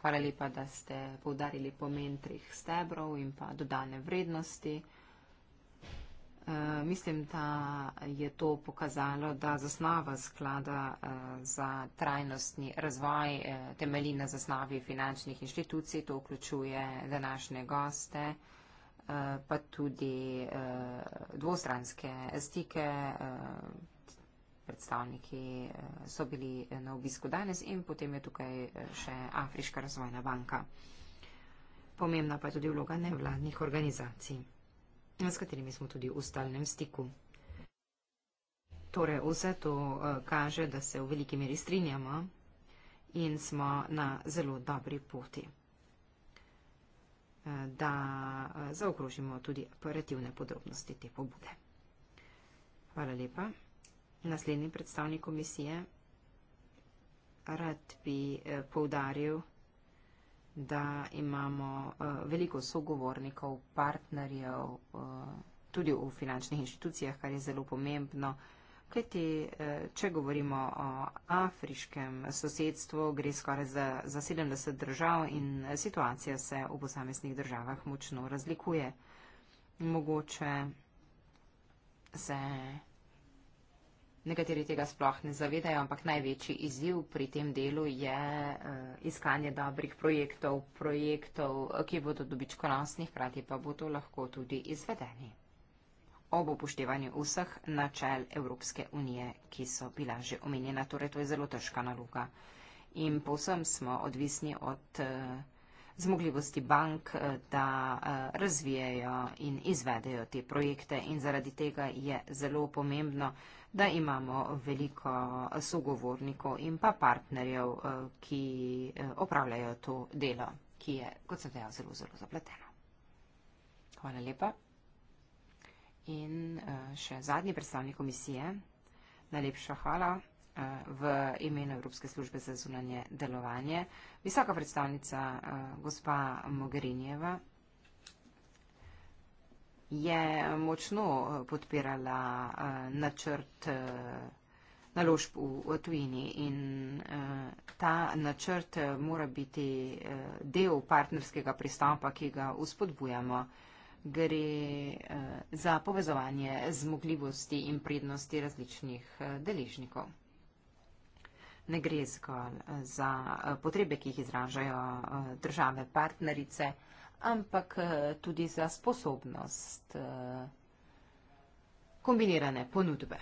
hvala lepa, da ste povdarili pomen treh stebrov in pa dodane vrednosti. Eh, mislim, da je to pokazalo, da zasnava sklada eh, za trajnostni razvoj temelji na zasnavi finančnih inštitucij, to vključuje današnje goste. Eh, pa tudi eh, dvostranske stike. Eh, predstavniki so bili na obisku danes in potem je tukaj še Afriška razvojna banka. Pomembna pa je tudi vloga nevladnih organizacij, s katerimi smo tudi v stalnem stiku. Torej, vse to kaže, da se v veliki meri strinjamo in smo na zelo dobri poti da eh, zaokrožimo tudi operativne podrobnosti te pobude. Hvala lepa. Naslednji predstavnik komisije. Rad bi eh, poudaril, da imamo eh, veliko sogovornikov, partnerjev, tudi v finančnih inštitucijah, kar je zelo pomembno. Kajti, eh, če govorimo o afriškem sosedstvu, gre skoraj za, za 70 držav in eh, situacija se v posameznih državah močno razlikuje. Mogoče se nekateri tega sploh ne zavedajo, ampak največji izziv pri tem delu je eh, iskanje dobrih projektov, projektov, ki bodo dobičkonosni, hkrati pa bodo lahko tudi izvedeni ob upoštevanju vseh načel Evropske unije, ki so bila že omenjena. Torej, to je zelo težka naloga. In povsem smo odvisni od eh, zmogljivosti bank, eh, da eh, razvijajo in izvedejo te projekte. In zaradi tega je zelo pomembno, da imamo veliko sogovornikov in pa partnerjev, eh, ki eh, opravljajo to delo, ki je, kot sem dejal, zelo, zelo zapleteno. Hvala lepa. In eh, še zadnji predstavnik komisije, najlepša hvala eh, v imenu Evropske službe za zunanje delovanje, visoka predstavnica eh, gospa Mogherinjeva je močno podpirala načrt naložb v tujini in ta načrt mora biti del partnerskega pristopa, ki ga uspodbujamo gre eh, za povezovanje zmogljivosti in prednosti različnih eh, deležnikov. Ne gre zgolj eh, za potrebe, ki jih izražajo države partnerice, ampak tudi za sposobnost kombinirane ponudbe.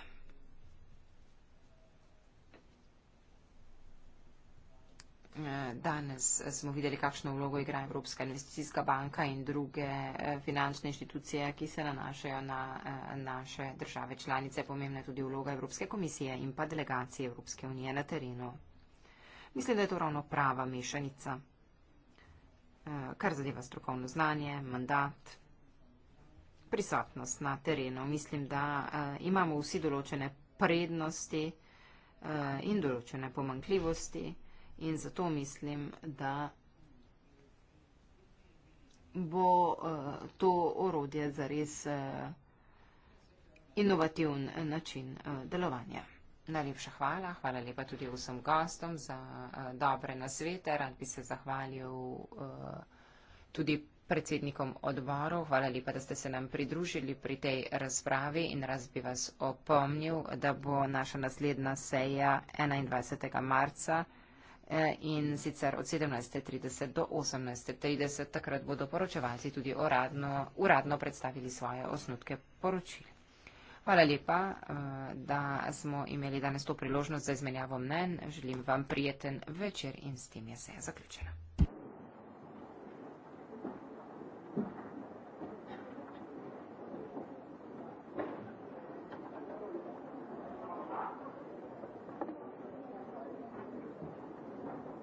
Danes smo videli, kakšno vlogo igra Evropska investicijska banka in druge eh, finančne inštitucije, ki se nanašajo na eh, naše države članice. Pomembna je tudi vloga Evropske komisije in pa delegacije Evropske unije na terenu. Mislim, da je to ravno prava mešanica, eh, kar zadeva strokovno znanje, mandat, prisotnost na terenu. Mislim, da imamo vsi določene prednosti in določene pomankljivosti. In zato mislim, da bo uh, to orodje za res uh, eh, inovativen eh, način uh, delovanja. Najlepša hvala, hvala lepa tudi vsem gostom za uh, dobre nasvete. Rad bi se zahvalil uh, tudi predsednikom odborov. Hvala lepa, da ste se nam pridružili pri tej razpravi in raz bi vas opomnil, da bo naša naslednja seja 21. marca. E, in sicer od 17.30 do 18.30. Takrat bodo poročevalci tudi uradno, uradno predstavili svoje osnutke poročil. Hvala lepa, e, da smo imeli danes to priložnost za izmenjavo mnen. Želim vam prijeten večer in s tem je seja zaključena.